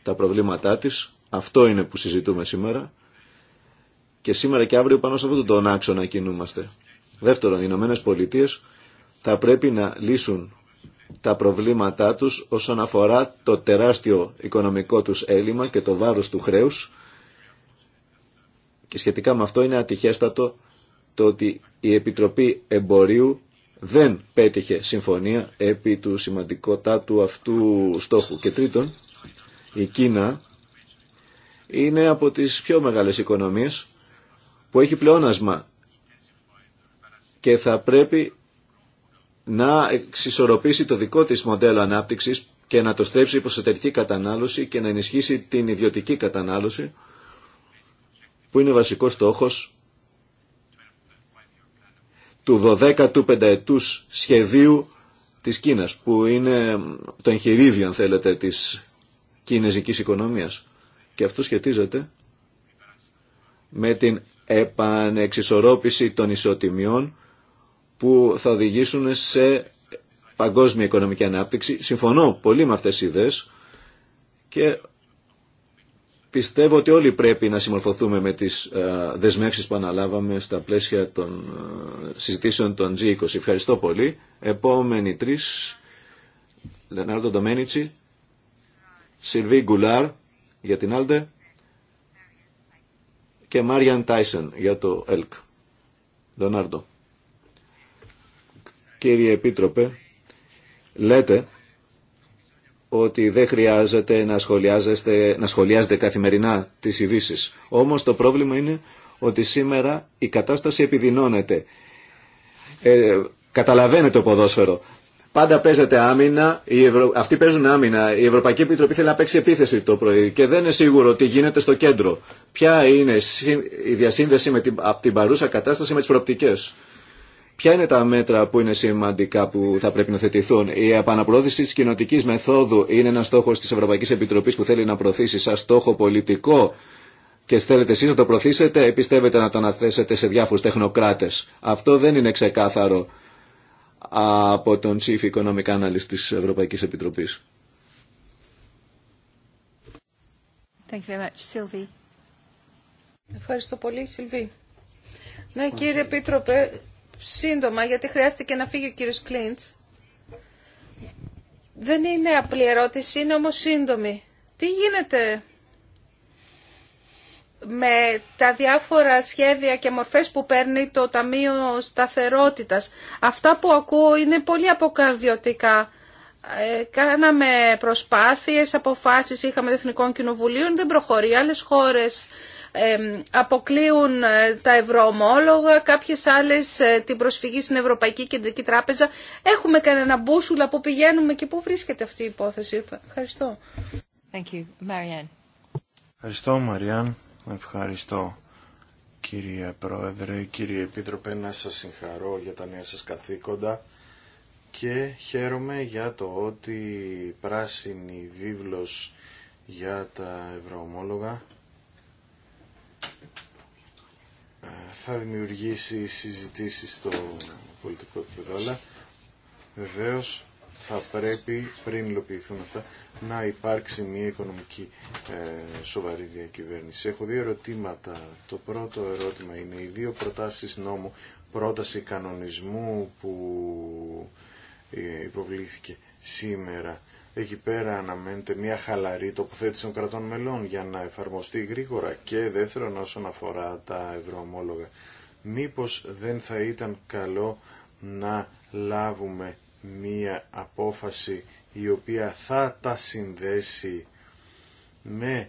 τα προβλήματά της. Αυτό είναι που συζητούμε σήμερα. Και σήμερα και αύριο πάνω σε αυτόν τον άξονα κινούμαστε. Δεύτερον, οι Ηνωμένε Πολιτείε θα πρέπει να λύσουν τα προβλήματά τους όσον αφορά το τεράστιο οικονομικό τους έλλειμμα και το βάρος του χρέους και σχετικά με αυτό είναι ατυχέστατο το ότι η Επιτροπή Εμπορίου δεν πέτυχε συμφωνία επί του σημαντικότατου αυτού στόχου. Και τρίτον, η Κίνα είναι από τις πιο μεγάλες οικονομίες που έχει πλεόνασμα και θα πρέπει να εξισορροπήσει το δικό της μοντέλο ανάπτυξης και να το στρέψει προς κατανάλωση και να ενισχύσει την ιδιωτική κατανάλωση που είναι βασικό στόχος του 12ου πενταετούς σχεδίου της Κίνας που είναι το εγχειρίδιο αν θέλετε της κινέζικης οικονομίας και αυτό σχετίζεται με την επανεξισορρόπηση των ισοτιμιών που θα οδηγήσουν σε παγκόσμια οικονομική ανάπτυξη. Συμφωνώ πολύ με αυτές τις ιδέες και πιστεύω ότι όλοι πρέπει να συμμορφωθούμε με τις ε, δεσμεύσεις που αναλάβαμε στα πλαίσια των ε, συζητήσεων των G20. Ευχαριστώ πολύ. Επόμενοι τρεις, Λενάρντο Ντομένιτσι, Σιλβί Γκουλάρ για την Άλτε και Μάριαν Τάισεν για το ΕΛΚ. Λενάρντο. Κύριε Επίτροπε, λέτε ότι δεν χρειάζεται να σχολιάζεστε, να σχολιάζετε καθημερινά τις ειδήσει. Όμως το πρόβλημα είναι ότι σήμερα η κατάσταση επιδεινώνεται. Ε, καταλαβαίνετε το ποδόσφαιρο. Πάντα παίζεται άμυνα, αυτοί παίζουν άμυνα. Η Ευρωπαϊκή Επιτροπή θέλει να παίξει επίθεση το πρωί και δεν είναι σίγουρο τι γίνεται στο κέντρο. Ποια είναι η διασύνδεση με την... από την παρούσα κατάσταση με τις προοπτικές. Ποια είναι τα μέτρα που είναι σημαντικά που θα πρέπει να θετηθούν. Η επαναπρόθεση τη κοινοτική μεθόδου είναι ένα στόχο τη Ευρωπαϊκή Επιτροπή που θέλει να προωθήσει σαν στόχο πολιτικό και θέλετε εσεί να το προωθήσετε ή πιστεύετε να το αναθέσετε σε διάφορου τεχνοκράτε. Αυτό δεν είναι ξεκάθαρο από τον Chief Economic Analyst της Ευρωπαϊκής Επιτροπής. Ευχαριστώ πολύ, Σιλβί. Ναι, κύριε Επίτροπε, σύντομα, γιατί χρειάστηκε να φύγει ο κύριος Κλίντς. Δεν είναι απλή ερώτηση, είναι όμως σύντομη. Τι γίνεται με τα διάφορα σχέδια και μορφές που παίρνει το Ταμείο Σταθερότητας. Αυτά που ακούω είναι πολύ αποκαρδιωτικά. Ε, κάναμε προσπάθειες, αποφάσεις είχαμε εθνικών κοινοβουλίων, δεν προχωρεί. Άλλες χώρες αποκλείουν ε, τα ευρωομόλογα, κάποιες άλλες ε, την προσφυγή στην Ευρωπαϊκή Κεντρική Τράπεζα. Έχουμε κανένα μπούσουλα που πηγαίνουμε και πού βρίσκεται αυτή η υπόθεση. Ευχαριστώ. Thank you. Ευχαριστώ Μαριάν, ευχαριστώ κύριε Πρόεδρε, κύριε Επίτροπε, να σας συγχαρώ για τα νέα σας καθήκοντα και χαίρομαι για το ότι πράσινη βίβλος για τα ευρωομόλογα θα δημιουργήσει συζητήσεις στο πολιτικό επίπεδο, αλλά Βεβαίω θα πρέπει πριν υλοποιηθούν αυτά να υπάρξει μια οικονομική ε, σοβαρή διακυβέρνηση. Έχω δύο ερωτήματα. Το πρώτο ερώτημα είναι οι δύο προτάσεις νόμου, πρόταση κανονισμού που ε, υποβλήθηκε σήμερα εκεί πέρα αναμένεται μια χαλαρή τοποθέτηση των κρατών μελών για να εφαρμοστεί γρήγορα και δεύτερον όσον αφορά τα ευρωομόλογα. Μήπως δεν θα ήταν καλό να λάβουμε μία απόφαση η οποία θα τα συνδέσει με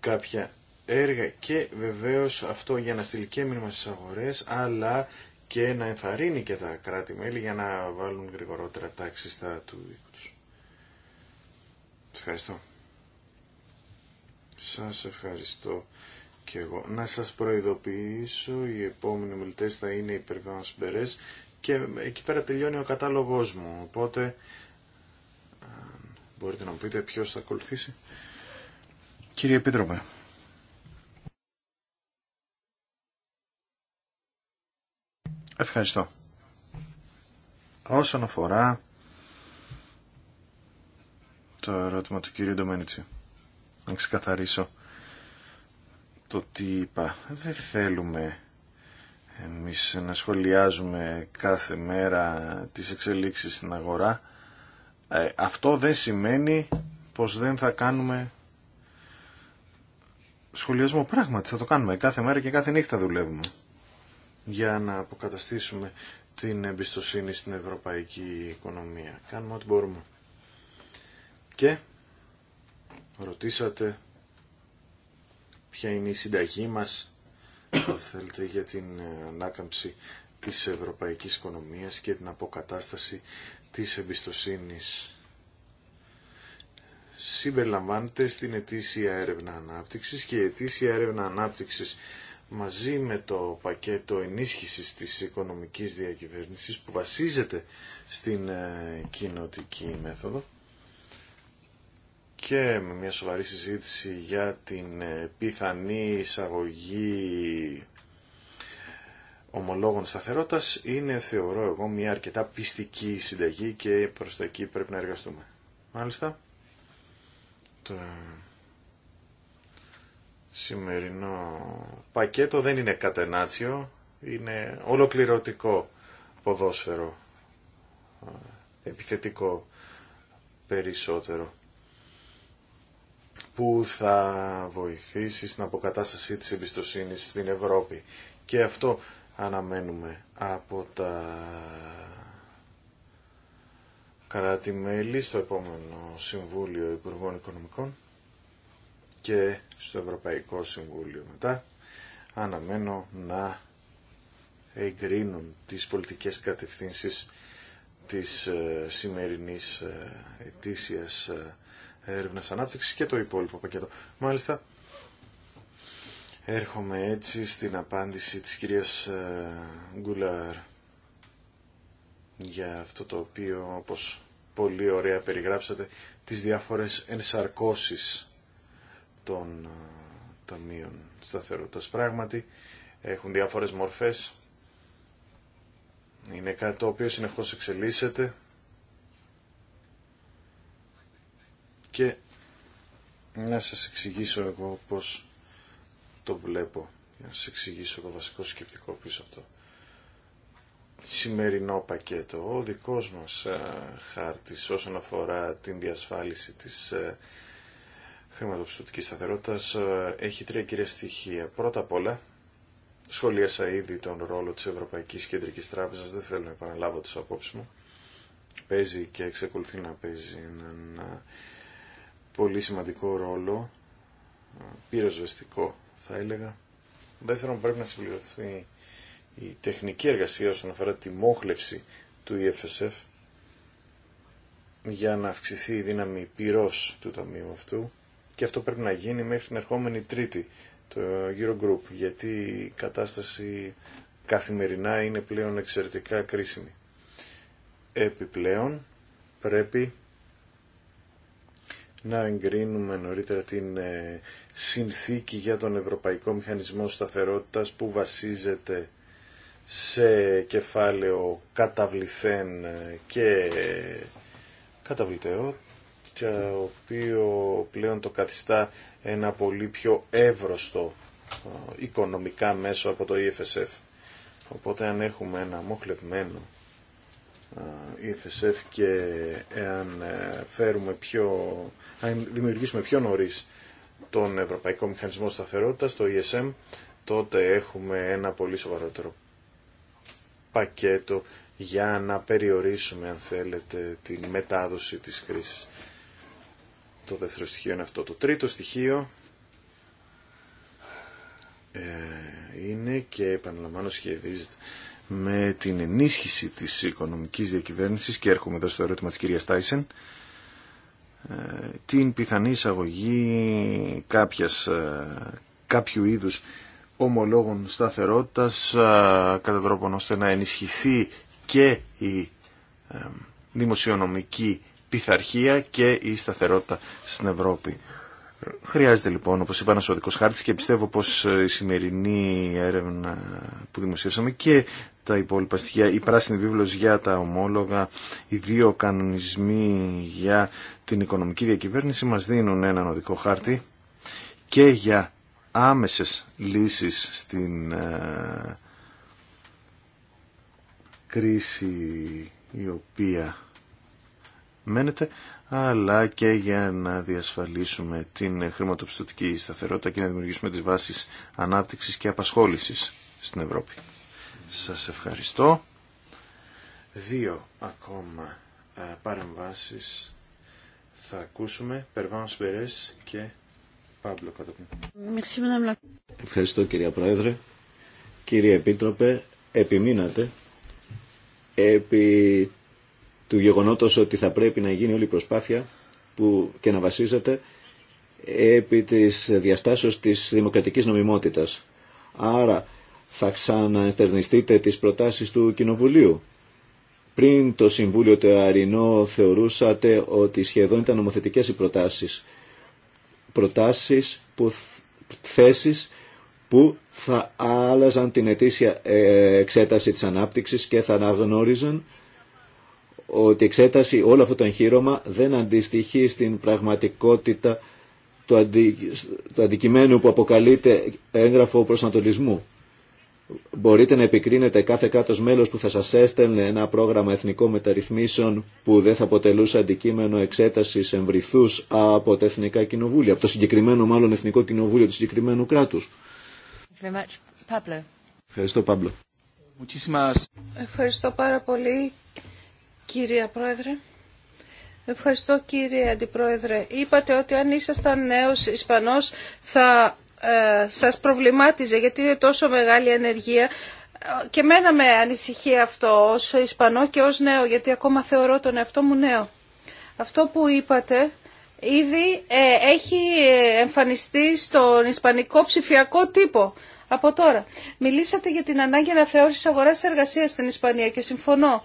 κάποια έργα και βεβαίως αυτό για να στείλει και μήνυμα στις αγορές αλλά και να ενθαρρύνει και τα κράτη-μέλη για να βάλουν γρηγορότερα τάξη στα του οίκου τους. Ευχαριστώ. Σας ευχαριστώ και εγώ. Να σας προειδοποιήσω, οι επόμενοι μιλητές θα είναι οι και εκεί πέρα τελειώνει ο κατάλογός μου, οπότε μπορείτε να μου πείτε ποιος θα ακολουθήσει. Κύριε Επίτροπε. Ευχαριστώ. Όσον αφορά το ερώτημα του κύριου Ντομένιτσι, να ξεκαθαρίσω το τι είπα. Δεν θέλουμε εμείς να σχολιάζουμε κάθε μέρα τις εξελίξεις στην αγορά. Ε, αυτό δεν σημαίνει πως δεν θα κάνουμε σχολιασμό. Πράγματι θα το κάνουμε. Κάθε μέρα και κάθε νύχτα δουλεύουμε για να αποκαταστήσουμε την εμπιστοσύνη στην ευρωπαϊκή οικονομία. Κάνουμε ό,τι μπορούμε. Και ρωτήσατε ποια είναι η συνταγή μας θέλετε, για την ανάκαμψη της ευρωπαϊκής οικονομίας και την αποκατάσταση της εμπιστοσύνης. Συμπεριλαμβάνεται στην ετήσια έρευνα ανάπτυξης και η ετήσια έρευνα ανάπτυξης μαζί με το πακέτο ενίσχυσης της οικονομικής διακυβέρνησης που βασίζεται στην ε, κοινοτική μέθοδο και με μια σοβαρή συζήτηση για την ε, πιθανή εισαγωγή ομολόγων σταθερότητας είναι θεωρώ εγώ μια αρκετά πιστική συνταγή και προς τα εκεί πρέπει να εργαστούμε. Μάλιστα σημερινό πακέτο δεν είναι κατενάτσιο, είναι ολοκληρωτικό ποδόσφαιρο, ε, επιθετικό περισσότερο που θα βοηθήσει στην αποκατάσταση της εμπιστοσύνης στην Ευρώπη. Και αυτό αναμένουμε από τα κράτη-μέλη στο επόμενο Συμβούλιο Υπουργών Οικονομικών και στο Ευρωπαϊκό Συμβούλιο. Μετά αναμένω να εγκρίνουν τις πολιτικές κατευθύνσεις της ε, σημερινής ε, ετήσιας ε, έρευνας ανάπτυξης και το υπόλοιπο πακέτο. Μάλιστα, έρχομαι έτσι στην απάντηση της κυρίας Γκουλάρ για αυτό το οποίο, όπως πολύ ωραία περιγράψατε, τις διάφορες ενσαρκώσεις των ε, ταμείων σταθερότητας. Πράγματι έχουν διάφορες μορφές. Είναι κάτι το οποίο συνεχώς εξελίσσεται και να σας εξηγήσω εγώ πώς το βλέπω. Να σας εξηγήσω το βασικό σκεπτικό πίσω από το σημερινό πακέτο. Ο δικός μας ε, χάρτης όσον αφορά την διασφάλιση της ε, χρηματοπιστωτικής σταθερότητας ε, έχει τρία κυρία στοιχεία. Πρώτα απ' όλα, σχολίασα ήδη τον ρόλο της Ευρωπαϊκής Κεντρικής Τράπεζας, δεν θέλω να επαναλάβω τις απόψεις μου. Παίζει και εξεκολουθεί να παίζει έναν ε, πολύ σημαντικό ρόλο, ε, πυροσβεστικό θα έλεγα. Δεύτερον, πρέπει να συμπληρωθεί η τεχνική εργασία όσον αφορά τη μόχλευση του EFSF για να αυξηθεί η δύναμη πυρός του ταμείου αυτού και αυτό πρέπει να γίνει μέχρι την ερχόμενη Τρίτη, το Eurogroup, γιατί η κατάσταση καθημερινά είναι πλέον εξαιρετικά κρίσιμη. Επιπλέον πρέπει να εγκρίνουμε νωρίτερα την ε, συνθήκη για τον Ευρωπαϊκό Μηχανισμό Σταθερότητας που βασίζεται σε κεφάλαιο καταβληθέν ε, και καταβλητέο το οποίο πλέον το καθιστά ένα πολύ πιο εύρωστο ε, οικονομικά μέσο από το EFSF. Οπότε αν έχουμε ένα μοχλευμένο ε, EFSF και εάν ε, φέρουμε πιο, αν δημιουργήσουμε πιο νωρίς τον Ευρωπαϊκό Μηχανισμό Σταθερότητας, το ESM, τότε έχουμε ένα πολύ σοβαρότερο πακέτο για να περιορίσουμε, αν θέλετε, την μετάδοση της κρίσης. Το δεύτερο στοιχείο είναι αυτό. Το τρίτο στοιχείο ε, είναι και επαναλαμβάνω σχεδίζεται με την ενίσχυση της οικονομικής διακυβέρνησης και έρχομαι εδώ στο ερώτημα της κυρίας Τάισεν ε, την πιθανή εισαγωγή κάποιας, ε, κάποιου είδους ομολόγων σταθερότητας κατά τρόπον ώστε να ενισχυθεί και η δημοσιονομική πειθαρχία και η σταθερότητα στην Ευρώπη. Χρειάζεται λοιπόν, όπως είπα, ένας οδικός χάρτης και πιστεύω πως ε, η σημερινή έρευνα που δημοσίευσαμε και τα υπόλοιπα στοιχεία, η πράσινη βίβλος για τα ομόλογα, οι δύο κανονισμοί για την οικονομική διακυβέρνηση μας δίνουν έναν οδικό χάρτη και για άμεσες λύσεις στην ε, κρίση η οποία μένετε, αλλά και για να διασφαλίσουμε την χρηματοπιστωτική σταθερότητα και να δημιουργήσουμε τις βάσεις ανάπτυξης και απασχόλησης στην Ευρώπη. Σας ευχαριστώ. Δύο ακόμα ε, παρεμβάσεις θα ακούσουμε. Περβάνο Μπερές και Παύλο Κατοπίν. Ευχαριστώ κυρία Πρόεδρε. Κύριε Επίτροπε, επιμείνατε επί του γεγονότος ότι θα πρέπει να γίνει όλη η προσπάθεια που και να βασίζεται επί της διαστάσεως της δημοκρατικής νομιμότητας. Άρα θα ξαναενστερνιστείτε τις προτάσεις του Κοινοβουλίου. Πριν το Συμβούλιο του Αρινό θεωρούσατε ότι σχεδόν ήταν νομοθετικές οι προτάσεις. Προτάσεις, που, θέσεις που θα άλλαζαν την ετήσια ε, εξέταση της ανάπτυξης και θα αναγνώριζαν ότι η εξέταση όλο αυτό το εγχείρωμα δεν αντιστοιχεί στην πραγματικότητα του, αντι... του αντικειμένου που αποκαλείται έγγραφο προσανατολισμού. Μπορείτε να επικρίνετε κάθε κάτω μέλος που θα σας έστελνε ένα πρόγραμμα εθνικών μεταρρυθμίσεων που δεν θα αποτελούσε αντικείμενο εξέτασης εμβριθούς από τα εθνικά κοινοβούλια, από το συγκεκριμένο μάλλον εθνικό κοινοβούλιο του συγκεκριμένου κράτους. Ευχαριστώ πάρα πολύ Κυρία Πρόεδρε. Ευχαριστώ κύριε Αντιπρόεδρε. Είπατε ότι αν ήσασταν νέος Ισπανός θα ε, σας προβλημάτιζε γιατί είναι τόσο μεγάλη ενεργεία. Και μένα με ανησυχεί αυτό ως Ισπανό και ως νέο γιατί ακόμα θεωρώ τον εαυτό μου νέο. Αυτό που είπατε ήδη ε, έχει εμφανιστεί στον Ισπανικό ψηφιακό τύπο. Από τώρα. Μιλήσατε για την ανάγκη αναθεώρησης αγοράς εργασίας στην Ισπανία και συμφωνώ.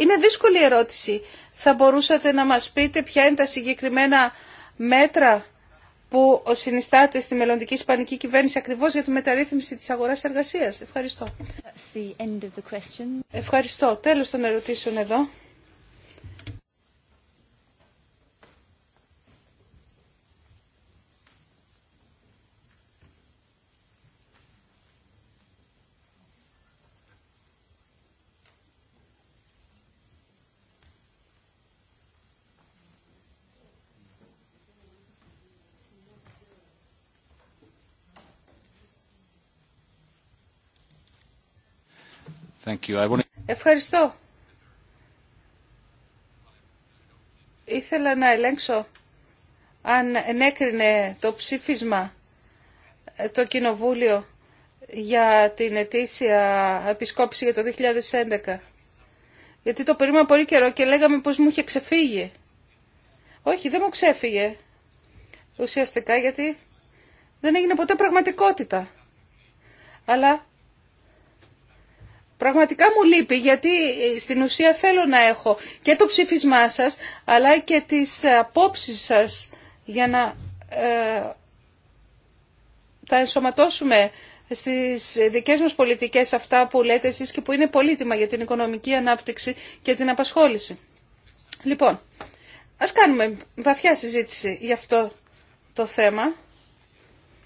Είναι δύσκολη ερώτηση. Θα μπορούσατε να μας πείτε ποια είναι τα συγκεκριμένα μέτρα που συνιστάτε στη μελλοντική ισπανική κυβέρνηση ακριβώς για τη μεταρρύθμιση της αγοράς εργασίας. Ευχαριστώ. Ευχαριστώ. Τέλος των ερωτήσεων εδώ. Ευχαριστώ. Ήθελα να ελέγξω αν ενέκρινε το ψήφισμα ε, το Κοινοβούλιο για την ετήσια επισκόπηση για το 2011. Γιατί το περίμενα πολύ καιρό και λέγαμε πως μου είχε ξεφύγει. Όχι, δεν μου ξέφυγε. Ουσιαστικά γιατί δεν έγινε ποτέ πραγματικότητα. Αλλά Πραγματικά μου λείπει γιατί ε, στην ουσία θέλω να έχω και το ψήφισμά σας αλλά και τις απόψεις σας για να ε, τα ενσωματώσουμε στις δικές μας πολιτικές αυτά που λέτε εσείς και που είναι πολύτιμα για την οικονομική ανάπτυξη και την απασχόληση. Λοιπόν, ας κάνουμε βαθιά συζήτηση για αυτό το θέμα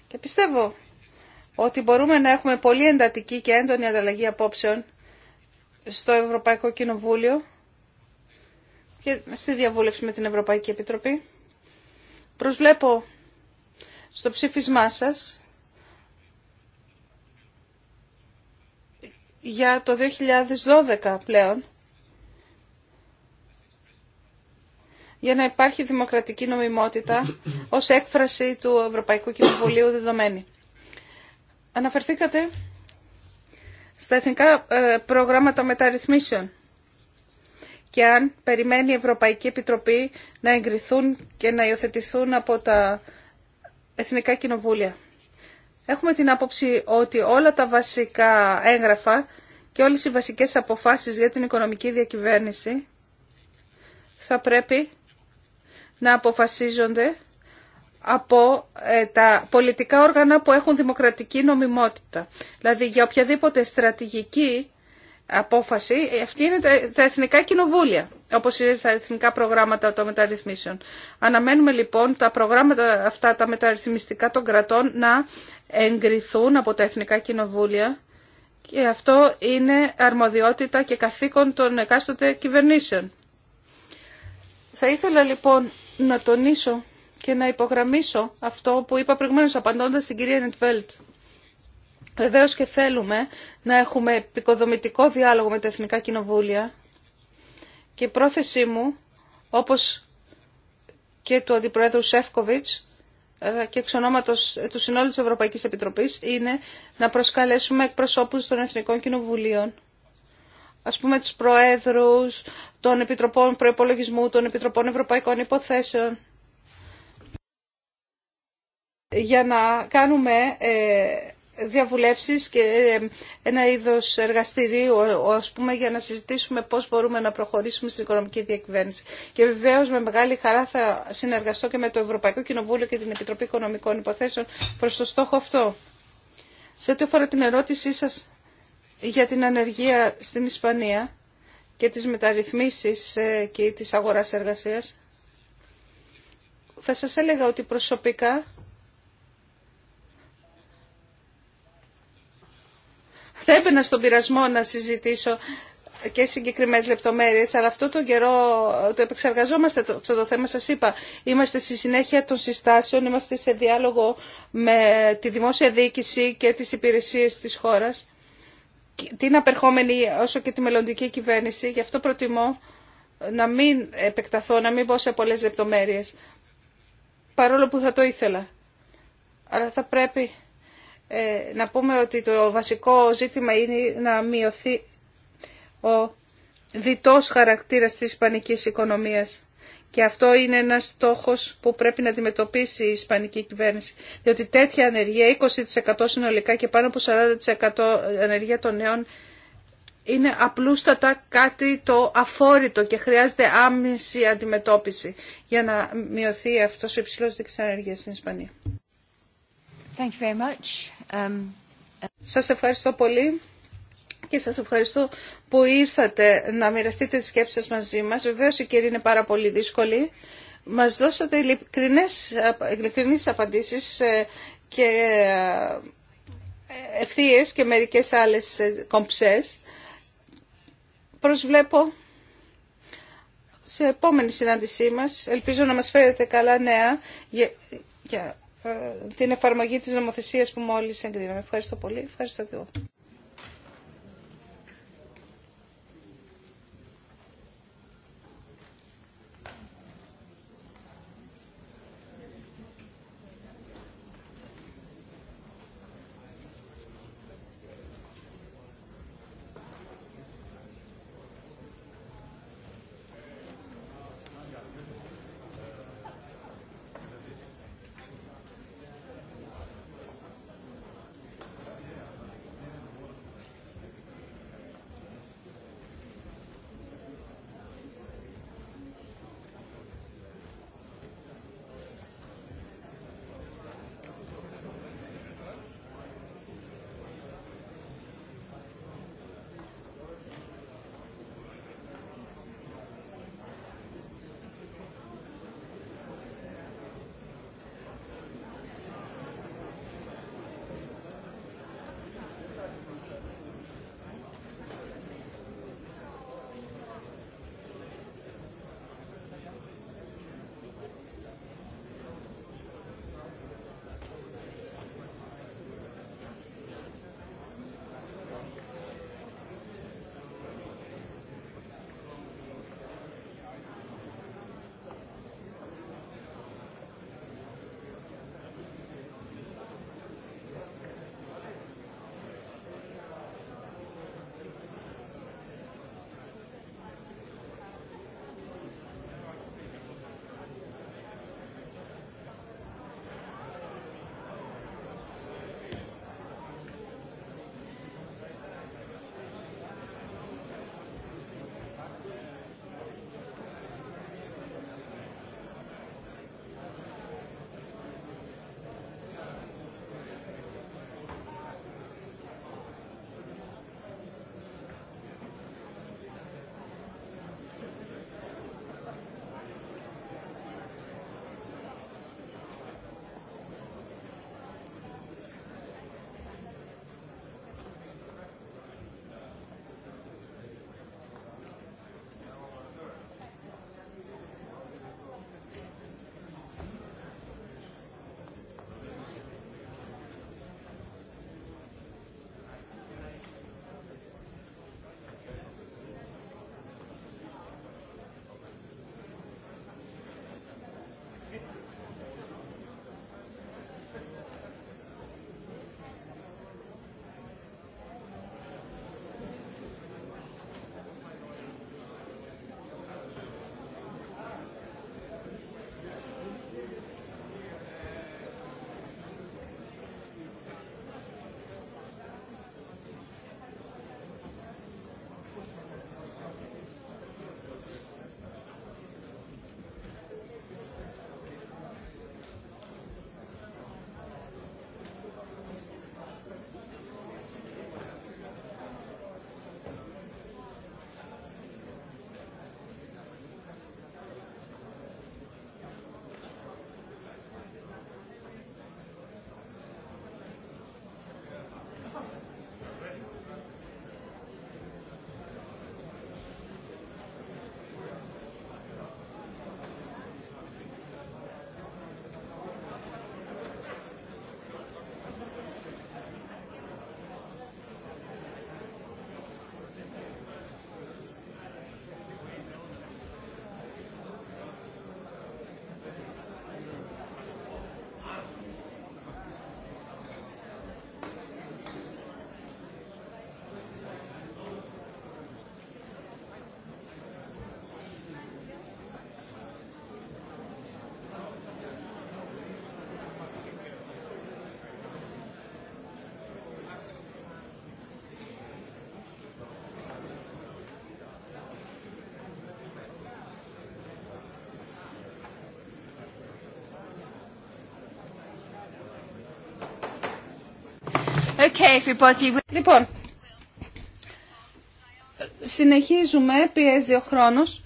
και πιστεύω ότι μπορούμε να έχουμε πολύ εντατική και έντονη ανταλλαγή απόψεων στο Ευρωπαϊκό Κοινοβούλιο και στη διαβούλευση με την Ευρωπαϊκή Επιτροπή. Προσβλέπω στο ψήφισμά σας για το 2012 πλέον για να υπάρχει δημοκρατική νομιμότητα ως έκφραση του Ευρωπαϊκού Κοινοβουλίου δεδομένη. Αναφερθήκατε στα εθνικά ε, προγράμματα μεταρρυθμίσεων και αν περιμένει η Ευρωπαϊκή Επιτροπή να εγκριθούν και να υιοθετηθούν από τα εθνικά κοινοβούλια. Έχουμε την άποψη ότι όλα τα βασικά έγγραφα και όλες οι βασικές αποφάσεις για την οικονομική διακυβέρνηση θα πρέπει να αποφασίζονται από ε, τα πολιτικά όργανα που έχουν δημοκρατική νομιμότητα. Δηλαδή για οποιαδήποτε στρατηγική απόφαση, ε, αυτή είναι τα εθνικά κοινοβούλια, όπως είναι τα εθνικά προγράμματα των μεταρρυθμίσεων. Αναμένουμε λοιπόν τα προγράμματα αυτά, τα μεταρρυθμιστικά των κρατών, να εγκριθούν από τα εθνικά κοινοβούλια και αυτό είναι αρμοδιότητα και καθήκον των εκάστοτε κυβερνήσεων. Θα ήθελα λοιπόν να τονίσω και να υπογραμμίσω αυτό που είπα προηγουμένω απαντώντα στην κυρία Νιτβέλτ. Βεβαίω και θέλουμε να έχουμε επικοδομητικό διάλογο με τα Εθνικά Κοινοβούλια και η πρόθεσή μου, όπω και του Αντιπροέδρου Σεύκοβιτς ε, και εξ ονόματος ε, του Συνόλου της Ευρωπαϊκής Επιτροπής, είναι να προσκαλέσουμε εκπροσώπους των Εθνικών Κοινοβουλίων ας πούμε τους προέδρους των Επιτροπών Προϋπολογισμού, των Επιτροπών Ευρωπαϊκών Υποθέσεων για να κάνουμε ε, διαβουλεύσεις και ε, ένα είδος εργαστηρίου ας πούμε, για να συζητήσουμε πώς μπορούμε να προχωρήσουμε στην οικονομική διακυβέρνηση. Και βεβαίως με μεγάλη χαρά θα συνεργαστώ και με το Ευρωπαϊκό Κοινοβούλιο και την Επιτροπή Οικονομικών Υποθέσεων προς το στόχο αυτό. Σε ό,τι αφορά την ερώτησή σας για την ανεργία στην Ισπανία και τις μεταρρυθμίσεις ε, και της αγοράς εργασίας, θα σας έλεγα ότι προσωπικά Θα έμπαινα στον πειρασμό να συζητήσω και συγκεκριμένες λεπτομέρειες, αλλά αυτό το καιρό το επεξεργαζόμαστε το, αυτό το θέμα. σας είπα, είμαστε στη συνέχεια των συστάσεων, είμαστε σε διάλογο με τη δημόσια διοίκηση και τι υπηρεσίε τη χώρα, την απερχόμενη όσο και τη μελλοντική κυβέρνηση. Γι' αυτό προτιμώ να μην επεκταθώ, να μην μπω σε πολλέ λεπτομέρειε. Παρόλο που θα το ήθελα. Αλλά θα πρέπει ε, να πούμε ότι το βασικό ζήτημα είναι να μειωθεί ο διτός χαρακτήρας της ισπανικής οικονομίας. Και αυτό είναι ένας στόχος που πρέπει να αντιμετωπίσει η ισπανική κυβέρνηση. Διότι τέτοια ανεργία, 20% συνολικά και πάνω από 40% ανεργία των νέων, είναι απλούστατα κάτι το αφόρητο και χρειάζεται άμεση αντιμετώπιση για να μειωθεί αυτός ο υψηλός δείξης ανεργίας στην Ισπανία. Σας ευχαριστώ πολύ και σας ευχαριστώ που ήρθατε να μοιραστείτε τις σκέψεις σας μαζί μας. Βεβαίως η κυρία είναι πάρα πολύ δύσκολη. Μας δώσατε ειλικρινές, ειλικρινείς απαντήσεις ε, και ε, ευθείε και μερικές άλλες ε, κομψές. Προσβλέπω σε επόμενη συνάντησή μας. Ελπίζω να μας φέρετε καλά νέα την εφαρμογή της νομοθεσίας που μόλις εγκρίναμε. Ευχαριστώ πολύ. Ευχαριστώ και εγώ. Okay, Λοιπόν, συνεχίζουμε, πιέζει ο χρόνος.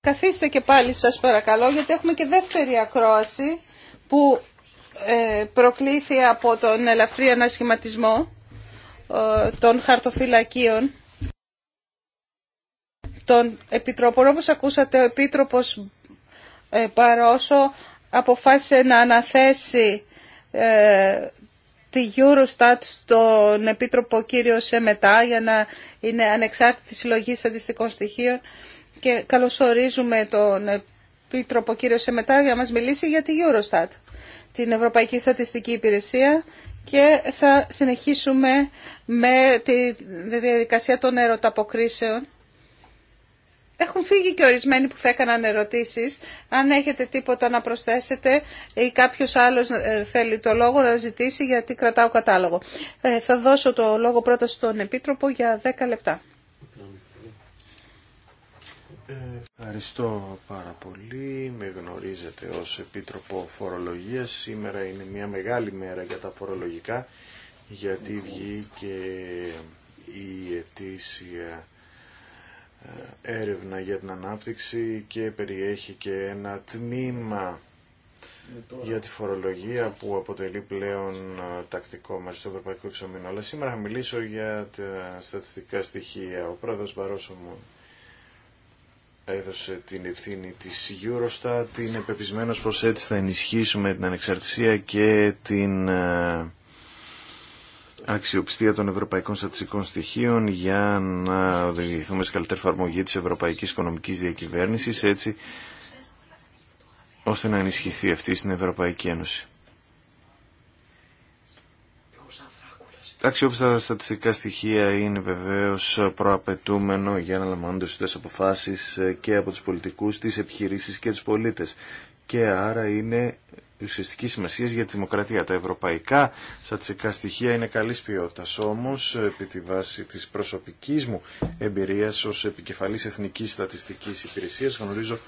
Καθίστε και πάλι σας παρακαλώ, γιατί έχουμε και δεύτερη ακρόαση που ε, προκλήθη από τον ελαφρύ ανασχηματισμό ε, των χαρτοφυλακίων Τον επιτρόπων. Όπως ακούσατε, ο Επίτροπος ε, Παρόσο αποφάσισε να αναθέσει ε, τη Eurostat στον Επίτροπο κύριο Σεμετά για να είναι ανεξάρτητη συλλογή στατιστικών στοιχείων και καλωσορίζουμε τον Επίτροπο κύριο Σεμετά για να μας μιλήσει για τη Eurostat, την Ευρωπαϊκή Στατιστική Υπηρεσία και θα συνεχίσουμε με τη διαδικασία των ερωταποκρίσεων έχουν φύγει και ορισμένοι που θα έκαναν ερωτήσεις. Αν έχετε τίποτα να προσθέσετε ή κάποιος άλλος ε, θέλει το λόγο να ζητήσει γιατί κρατάω κατάλογο. Ε, θα δώσω το λόγο πρώτα στον Επίτροπο για 10 λεπτά. Ευχαριστώ πάρα πολύ. Με γνωρίζετε ως Επίτροπο Φορολογίας. Σήμερα είναι μια μεγάλη μέρα για τα φορολογικά γιατί βγήκε η αιτήσια έρευνα για την ανάπτυξη και περιέχει και ένα τμήμα ε, για τη φορολογία που αποτελεί πλέον ε, τακτικό μέρος στο Ευρωπαϊκό Εξωμήνου. Αλλά σήμερα θα μιλήσω για τα στατιστικά στοιχεία. Ο πρόεδρος Μπαρόσο μου έδωσε την ευθύνη της Eurostat. Είναι πεπισμένος πως έτσι θα ενισχύσουμε την ανεξαρτησία και την ε, αξιοπιστία των ευρωπαϊκών στατιστικών στοιχείων για να οδηγηθούμε σε καλύτερη εφαρμογή της ευρωπαϊκής οικονομικής διακυβέρνησης έτσι ώστε να ενισχυθεί αυτή στην Ευρωπαϊκή Ένωση. Αξιόπιστα στατιστικά στοιχεία είναι βεβαίως προαπαιτούμενο για να λαμβάνονται σωστές αποφάσεις και από τους πολιτικούς, τις επιχειρήσεις και τους πολίτες και άρα είναι ουσιαστική σημασία για τη δημοκρατία. Τα ευρωπαϊκά στατιστικά στοιχεία είναι καλή ποιότητα. Όμω, επί τη βάση τη προσωπική μου εμπειρία ω επικεφαλή Εθνική Στατιστική Υπηρεσία, γνωρίζω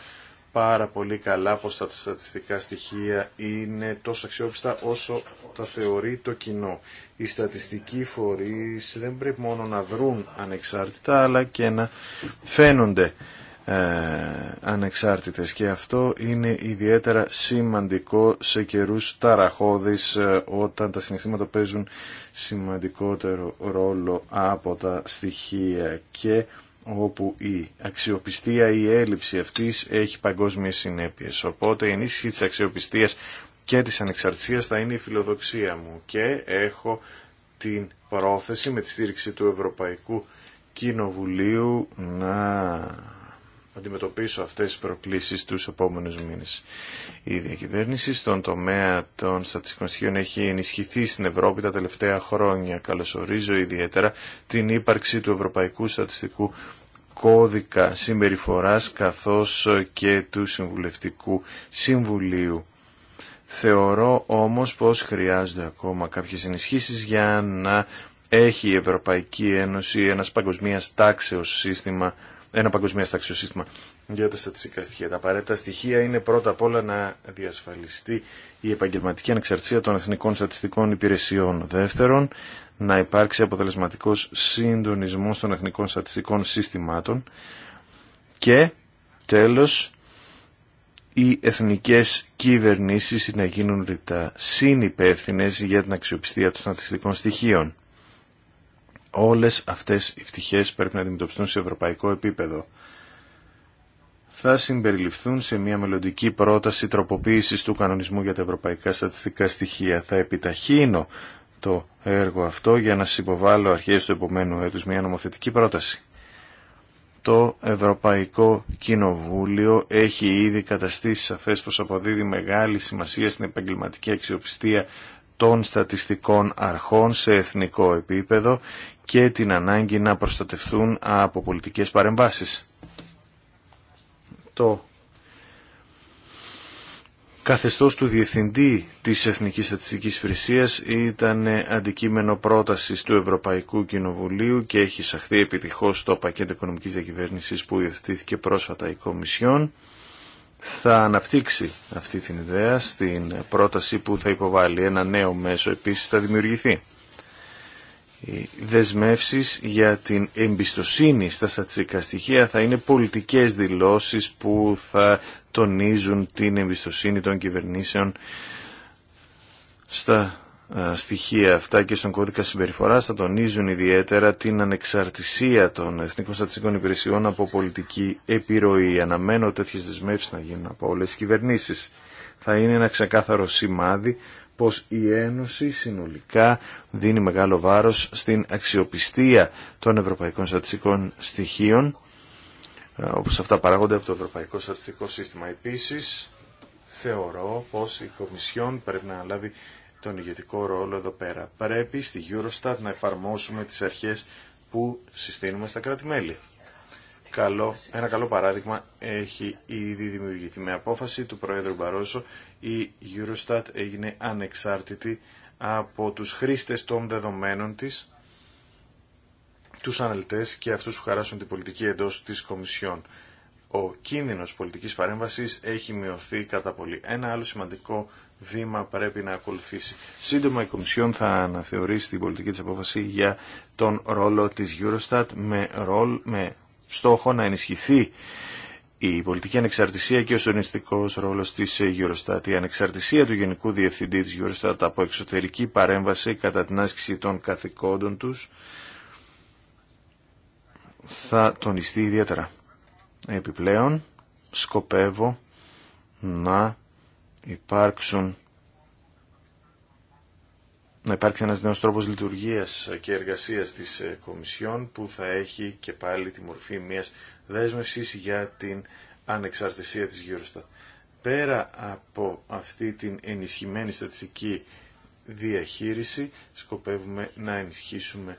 πάρα πολύ καλά πως τα στατιστικά στοιχεία είναι τόσο αξιόπιστα όσο τα θεωρεί το κοινό. Οι στατιστικοί φορείς δεν πρέπει μόνο να δρούν ανεξάρτητα αλλά και να φαίνονται ε, ανεξάρτητες και αυτό είναι ιδιαίτερα σημαντικό σε καιρούς ταραχώδης ε, όταν τα συναισθήματα παίζουν σημαντικότερο ρόλο από τα στοιχεία και όπου η αξιοπιστία ή η έλλειψη αυτής έχει παγκόσμιες συνέπειες. Οπότε η ενίσχυση της αξιοπιστίας και της ανεξαρτησίας θα είναι η φιλοδοξία μου και έχω την πρόθεση με τη στήριξη του Ευρωπαϊκού Κοινοβουλίου να αντιμετωπίσω αυτές τις προκλήσεις τους επόμενους μήνες. Η διακυβέρνηση στον τομέα των στατιστικών στοιχείων έχει ενισχυθεί στην Ευρώπη τα τελευταία χρόνια. Καλωσορίζω ιδιαίτερα την ύπαρξη του Ευρωπαϊκού Στατιστικού Κώδικα Συμπεριφοράς καθώς και του Συμβουλευτικού Συμβουλίου. Θεωρώ όμως πως χρειάζονται ακόμα κάποιες ενισχύσεις για να έχει η Ευρωπαϊκή Ένωση ένας παγκοσμίας τάξεως σύστημα ένα τάξιο σύστημα για τα στατιστικά στοιχεία. Τα απαραίτητα στοιχεία είναι πρώτα απ' όλα να διασφαλιστεί η επαγγελματική ανεξαρτησία των εθνικών στατιστικών υπηρεσιών. Δεύτερον, να υπάρξει αποτελεσματικό συντονισμό των εθνικών στατιστικών συστημάτων και τέλος οι εθνικές κυβερνήσει να γίνουν ρητά συνυπεύθυνε για την αξιοπιστία των στατιστικών στοιχείων. Όλες αυτές οι πτυχές πρέπει να αντιμετωπιστούν σε ευρωπαϊκό επίπεδο. Θα συμπεριληφθούν σε μια μελλοντική πρόταση τροποποίησης του κανονισμού για τα ευρωπαϊκά στατιστικά στοιχεία. Θα επιταχύνω το έργο αυτό για να συμποβάλλω αρχές του επομένου έτους μια νομοθετική πρόταση. Το Ευρωπαϊκό Κοινοβούλιο έχει ήδη καταστήσει σαφές πως αποδίδει μεγάλη σημασία στην επαγγελματική αξιοπιστία των στατιστικών αρχών σε εθνικό επίπεδο και την ανάγκη να προστατευθούν από πολιτικές παρεμβάσεις. Το καθεστώς του Διευθυντή της Εθνικής Στατιστικής Υπηρεσίας ήταν αντικείμενο πρότασης του Ευρωπαϊκού Κοινοβουλίου και έχει εισαχθεί επιτυχώς στο πακέτο οικονομικής διακυβέρνησης που υιοθετήθηκε πρόσφατα η Κομισιόν. Θα αναπτύξει αυτή την ιδέα στην πρόταση που θα υποβάλει ένα νέο μέσο επίσης θα δημιουργηθεί οι δεσμεύσεις για την εμπιστοσύνη στα στατιστικά στοιχεία θα είναι πολιτικές δηλώσεις που θα τονίζουν την εμπιστοσύνη των κυβερνήσεων στα ε, στοιχεία αυτά και στον κώδικα συμπεριφοράς θα τονίζουν ιδιαίτερα την ανεξαρτησία των Εθνικών Στατιστικών Υπηρεσιών από πολιτική επιρροή. Αναμένω τέτοιες δεσμεύσεις να γίνουν από όλες τις κυβερνήσεις. Θα είναι ένα ξεκάθαρο σημάδι πως η Ένωση συνολικά δίνει μεγάλο βάρος στην αξιοπιστία των ευρωπαϊκών στατιστικών στοιχείων ε, όπως αυτά παράγονται από το Ευρωπαϊκό Στατιστικό Σύστημα. Επίσης, θεωρώ πως η Κομισιόν πρέπει να λάβει τον ηγετικό ρόλο εδώ πέρα. Πρέπει στη Eurostat να εφαρμόσουμε τις αρχές που συστήνουμε στα κράτη-μέλη ένα καλό παράδειγμα έχει ήδη δημιουργηθεί. Με απόφαση του Προέδρου Μπαρόσο η Eurostat έγινε ανεξάρτητη από τους χρήστες των δεδομένων της, τους αναλυτές και αυτούς που χαράσουν την πολιτική εντός της Κομισιόν. Ο κίνδυνος πολιτικής παρέμβασης έχει μειωθεί κατά πολύ. Ένα άλλο σημαντικό βήμα πρέπει να ακολουθήσει. Σύντομα η Κομισιόν θα αναθεωρήσει την πολιτική της απόφαση για τον ρόλο της Eurostat με, ρόλ, με στόχο να ενισχυθεί η πολιτική ανεξαρτησία και ο σωρινιστικό ρόλο τη Eurostat. Η ανεξαρτησία του Γενικού Διευθυντή τη Eurostat από εξωτερική παρέμβαση κατά την άσκηση των καθηκόντων του θα τονιστεί ιδιαίτερα. Επιπλέον, σκοπεύω να υπάρξουν να υπάρξει ένας νέος τρόπος λειτουργίας και εργασίας της ε, Κομισιόν που θα έχει και πάλι τη μορφή μιας δέσμευσης για την ανεξαρτησία της Eurostat. Πέρα από αυτή την ενισχυμένη στατιστική διαχείριση σκοπεύουμε να ενισχύσουμε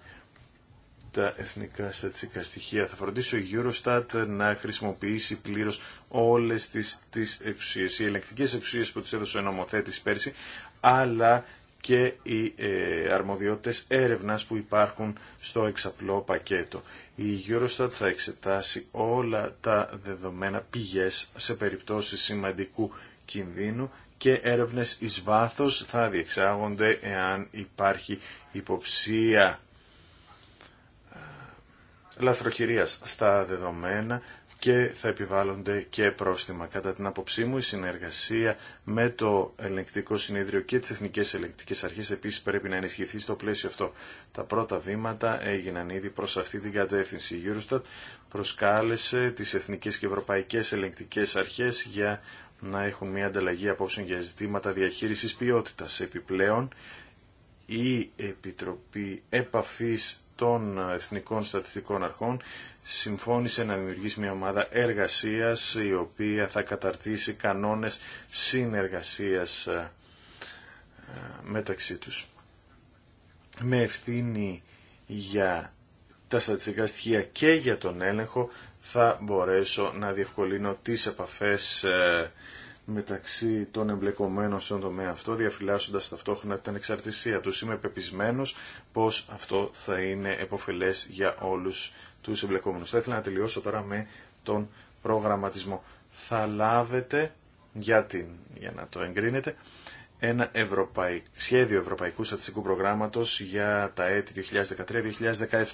τα εθνικά στατιστικά στοιχεία. Θα φροντίσω η Eurostat να χρησιμοποιήσει πλήρως όλες τις, τις εξουσίες, οι ελεγκτικές εξουσίες που της έδωσε ο νομοθέτης πέρσι, αλλά και οι ε, αρμοδιότητες έρευνας που υπάρχουν στο εξαπλό πακέτο. Η Eurostat θα εξετάσει όλα τα δεδομένα πηγές σε περιπτώσεις σημαντικού κινδύνου και έρευνες εις βάθος θα διεξάγονται εάν υπάρχει υποψία ε, λαθροχειρίας στα δεδομένα και θα επιβάλλονται και πρόστιμα. Κατά την άποψή μου, η συνεργασία με το Ελεγκτικό Συνέδριο και τι Εθνικέ Ελεγκτικές Αρχές επίσης πρέπει να ενισχυθεί στο πλαίσιο αυτό. Τα πρώτα βήματα έγιναν ήδη προς αυτή την κατεύθυνση. Η Eurostat προσκάλεσε τις Εθνικές και Ευρωπαϊκές Ελεγκτικές Αρχές για να έχουν μια ανταλλαγή απόψεων για ζητήματα διαχείρισης ποιότητας. Επιπλέον, η Επιτροπή Επαφής των Εθνικών Στατιστικών Αρχών συμφώνησε να δημιουργήσει μια ομάδα εργασίας η οποία θα καταρτήσει κανόνες συνεργασίας ε, μεταξύ τους. Με ευθύνη για τα στατιστικά στοιχεία και για τον έλεγχο θα μπορέσω να διευκολύνω τις επαφές ε, μεταξύ των εμπλεκομένων στον τομέα αυτό, διαφυλάσσοντας ταυτόχρονα την εξαρτησία τους. Είμαι πεπισμένος πως αυτό θα είναι επωφελές για όλους τους εμπλεκόμενους. Θα ήθελα να τελειώσω τώρα με τον προγραμματισμό. Θα λάβετε, για, την, για να το εγκρίνετε, ένα ευρωπαϊκ, σχέδιο Ευρωπαϊκού Στατιστικού Προγράμματος για τα έτη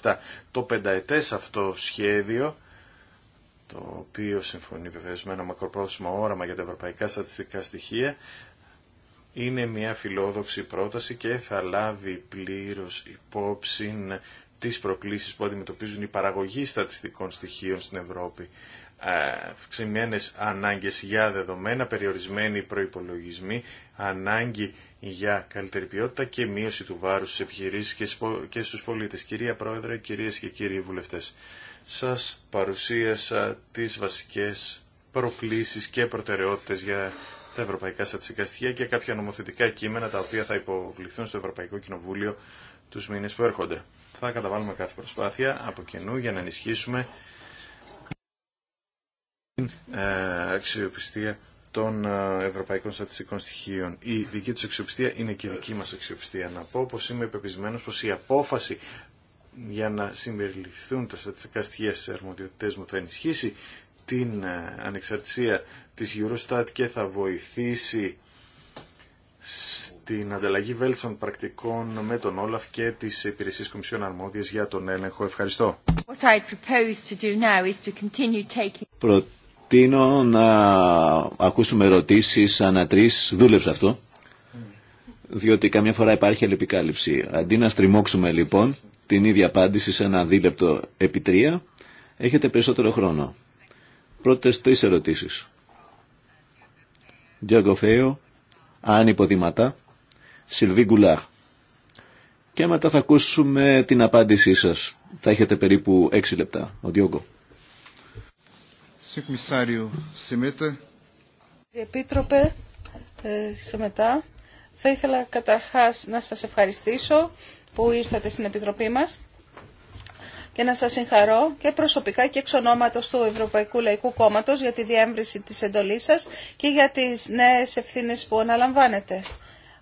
2013-2017. Το πενταετές αυτό σχέδιο το οποίο συμφωνεί βεβαίως με ένα μακροπρόθεσμο όραμα για τα ευρωπαϊκά στατιστικά στοιχεία, είναι μια φιλόδοξη πρόταση και θα λάβει πλήρως υπόψη τις προκλήσεις που αντιμετωπίζουν οι παραγωγή στατιστικών στοιχείων στην Ευρώπη. Ε, αυξημένες ανάγκες για δεδομένα, περιορισμένοι προϋπολογισμοί, ανάγκη για καλύτερη ποιότητα και μείωση του βάρους στι επιχειρήσεις και στους πολίτες. Κυρία Πρόεδρε, κυρίες και κύριοι βουλευτές, σας παρουσίασα τις βασικές προκλήσεις και προτεραιότητες για τα ευρωπαϊκά στατιστικά στοιχεία και κάποια νομοθετικά κείμενα τα οποία θα υποβληθούν στο Ευρωπαϊκό Κοινοβούλιο τους μήνες που έρχονται. Θα καταβάλουμε κάθε προσπάθεια από καινού για να ενισχύσουμε την ε, αξιοπιστία των ε, ευρωπαϊκών στατιστικών στοιχείων. Η δική του αξιοπιστία είναι και η δική μα αξιοπιστία. Να πω πως είμαι πεπισμένος πω η απόφαση για να συμπεριληφθούν τα στατιστικά στοιχεία στις αρμοδιότητέ μου θα ενισχύσει την ε, ανεξαρτησία τη Eurostat και θα βοηθήσει στην ανταλλαγή βέλτιστων πρακτικών με τον Όλαφ και τις υπηρεσίε Κομισιών Αρμόδιες για τον έλεγχο. Ευχαριστώ. What I propose to do now is to continue taking προτείνω να ακούσουμε ερωτήσεις ανά τρεις, δούλεψε αυτό, διότι καμιά φορά υπάρχει αλληλεπικάλυψη. Αντί να στριμώξουμε λοιπόν την ίδια απάντηση σε ένα δίλεπτο επί τρία, έχετε περισσότερο χρόνο. Πρώτες τρεις ερωτήσεις. Φέο, Άννη Ποδηματά, Σιλβί Γκουλάχ. Και μετά θα ακούσουμε την απάντησή σας. Θα έχετε περίπου έξι λεπτά. Ο Διόγκο. Επίτροπε, ε, σε Θα ήθελα καταρχάς να σας ευχαριστήσω που ήρθατε στην Επιτροπή μας και να σας συγχαρώ και προσωπικά και εξ ονόματος του Ευρωπαϊκού Λαϊκού Κόμματος για τη διέμβρηση της εντολής σας και για τις νέες ευθύνες που αναλαμβάνετε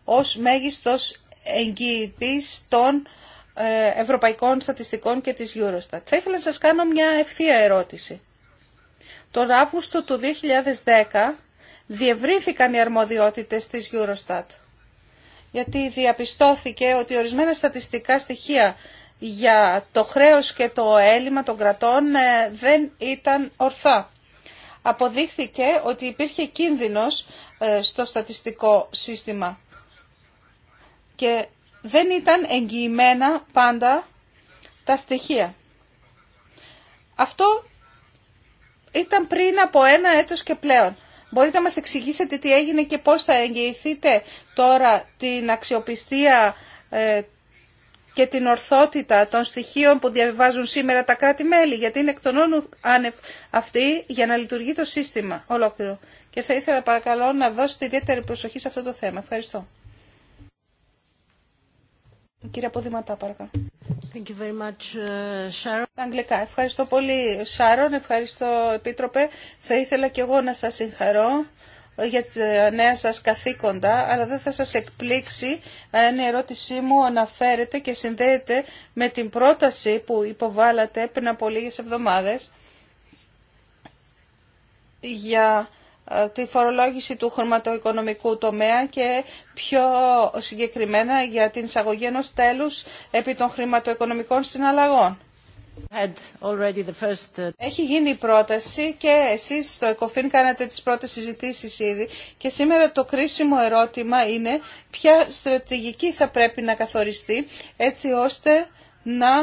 ως μέγιστος εγγυητής των ε, Ευρωπαϊκών Στατιστικών και της Eurostat. Θα ήθελα να σας κάνω μια ευθεία ερώτηση. Τον Αύγουστο του 2010 διευρύθηκαν οι αρμοδιότητες της Eurostat. Γιατί διαπιστώθηκε ότι ορισμένα στατιστικά στοιχεία για το χρέος και το έλλειμμα των κρατών ε, δεν ήταν ορθά. Αποδείχθηκε ότι υπήρχε κίνδυνος ε, στο στατιστικό σύστημα και δεν ήταν εγγυημένα πάντα τα στοιχεία. Αυτό ήταν πριν από ένα έτος και πλέον. Μπορείτε να μας εξηγήσετε τι έγινε και πώς θα εγγυηθείτε τώρα την αξιοπιστία ε, και την ορθότητα των στοιχείων που διαβιβάζουν σήμερα τα κράτη-μέλη, γιατί είναι εκ των όνων αυτή για να λειτουργεί το σύστημα ολόκληρο. Και θα ήθελα παρακαλώ να δώσετε ιδιαίτερη προσοχή σε αυτό το θέμα. Ευχαριστώ. Κύριε Αποδηματά, παρακαλώ. Thank you very much, uh, Sharon. Ευχαριστώ πολύ, Σάρον. Ευχαριστώ, Επίτροπε. Θα ήθελα κι εγώ να σας συγχαρώ για τα νέα σας καθήκοντα, αλλά δεν θα σας εκπλήξει αν η ερώτησή μου αναφέρεται και συνδέεται με την πρόταση που υποβάλατε πριν από λίγες εβδομάδες για ε, τη φορολόγηση του χρηματοοικονομικού τομέα και πιο συγκεκριμένα για την εισαγωγή ενός τέλους επί των χρηματοοικονομικών συναλλαγών. Uh, Έχει γίνει η πρόταση και εσείς στο ΕΚΟΦΗΝ κάνατε τις πρώτες συζητήσεις ήδη και σήμερα το κρίσιμο ερώτημα είναι ποια στρατηγική θα πρέπει να καθοριστεί έτσι ώστε να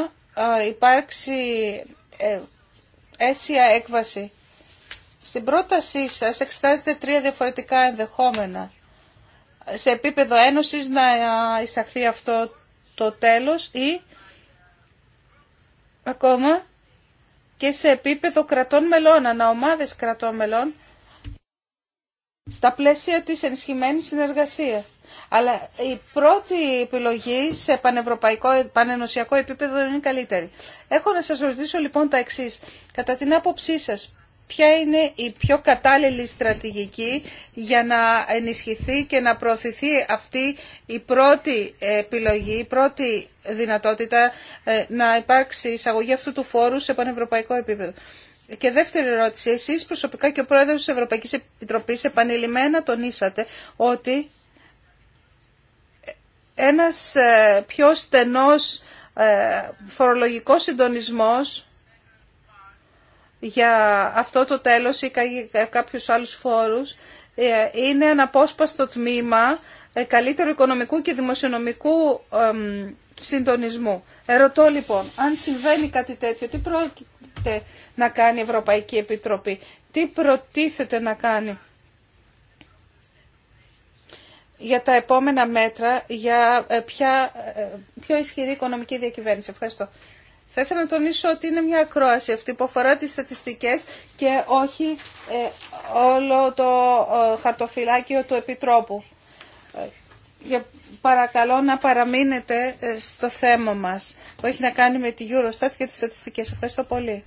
ε, υπάρξει ε, αίσια έκβαση στην πρότασή σας εξετάζετε τρία διαφορετικά ενδεχόμενα. Σε επίπεδο ένωσης να εισαχθεί αυτό το τέλος ή ακόμα και σε επίπεδο κρατών μελών, αναομάδες κρατών μελών, στα πλαίσια της ενισχυμένης συνεργασίας. Αλλά η πρώτη επιλογή σε πανευρωπαϊκό, πανενωσιακό επίπεδο είναι καλύτερη. Έχω να σας ρωτήσω λοιπόν τα εξής. Κατά την άποψή σας, ποια είναι η πιο κατάλληλη στρατηγική για να ενισχυθεί και να προωθηθεί αυτή η πρώτη επιλογή, η πρώτη δυνατότητα ε, να υπάρξει εισαγωγή αυτού του φόρου σε πανευρωπαϊκό επίπεδο. Και δεύτερη ερώτηση, εσείς προσωπικά και ο Πρόεδρος της Ευρωπαϊκής Επιτροπής επανειλημμένα τονίσατε ότι ένας ε, πιο στενός ε, φορολογικός συντονισμός για αυτό το τέλος ή κάποιους άλλους φόρους ε, είναι αναπόσπαστο τμήμα ε, καλύτερου οικονομικού και δημοσιονομικού συντονισμού. Ερωτώ λοιπόν, αν συμβαίνει κάτι τέτοιο, τι πρόκειται να κάνει η Ευρωπαϊκή Επιτροπή, τι προτίθεται να κάνει για τα επόμενα μέτρα, για ε, ποια, πιο ισχυρή οικονομική διακυβέρνηση. Ευχαριστώ. Θα ήθελα να τονίσω ότι είναι μια ακρόαση αυτή που αφορά τις στατιστικές και όχι ε, όλο το ε, χαρτοφυλάκιο του Επιτρόπου. Ε, παρακαλώ να παραμείνετε ε, στο θέμα μας που έχει να κάνει με τη Eurostat και τις στατιστικές. Ευχαριστώ πολύ.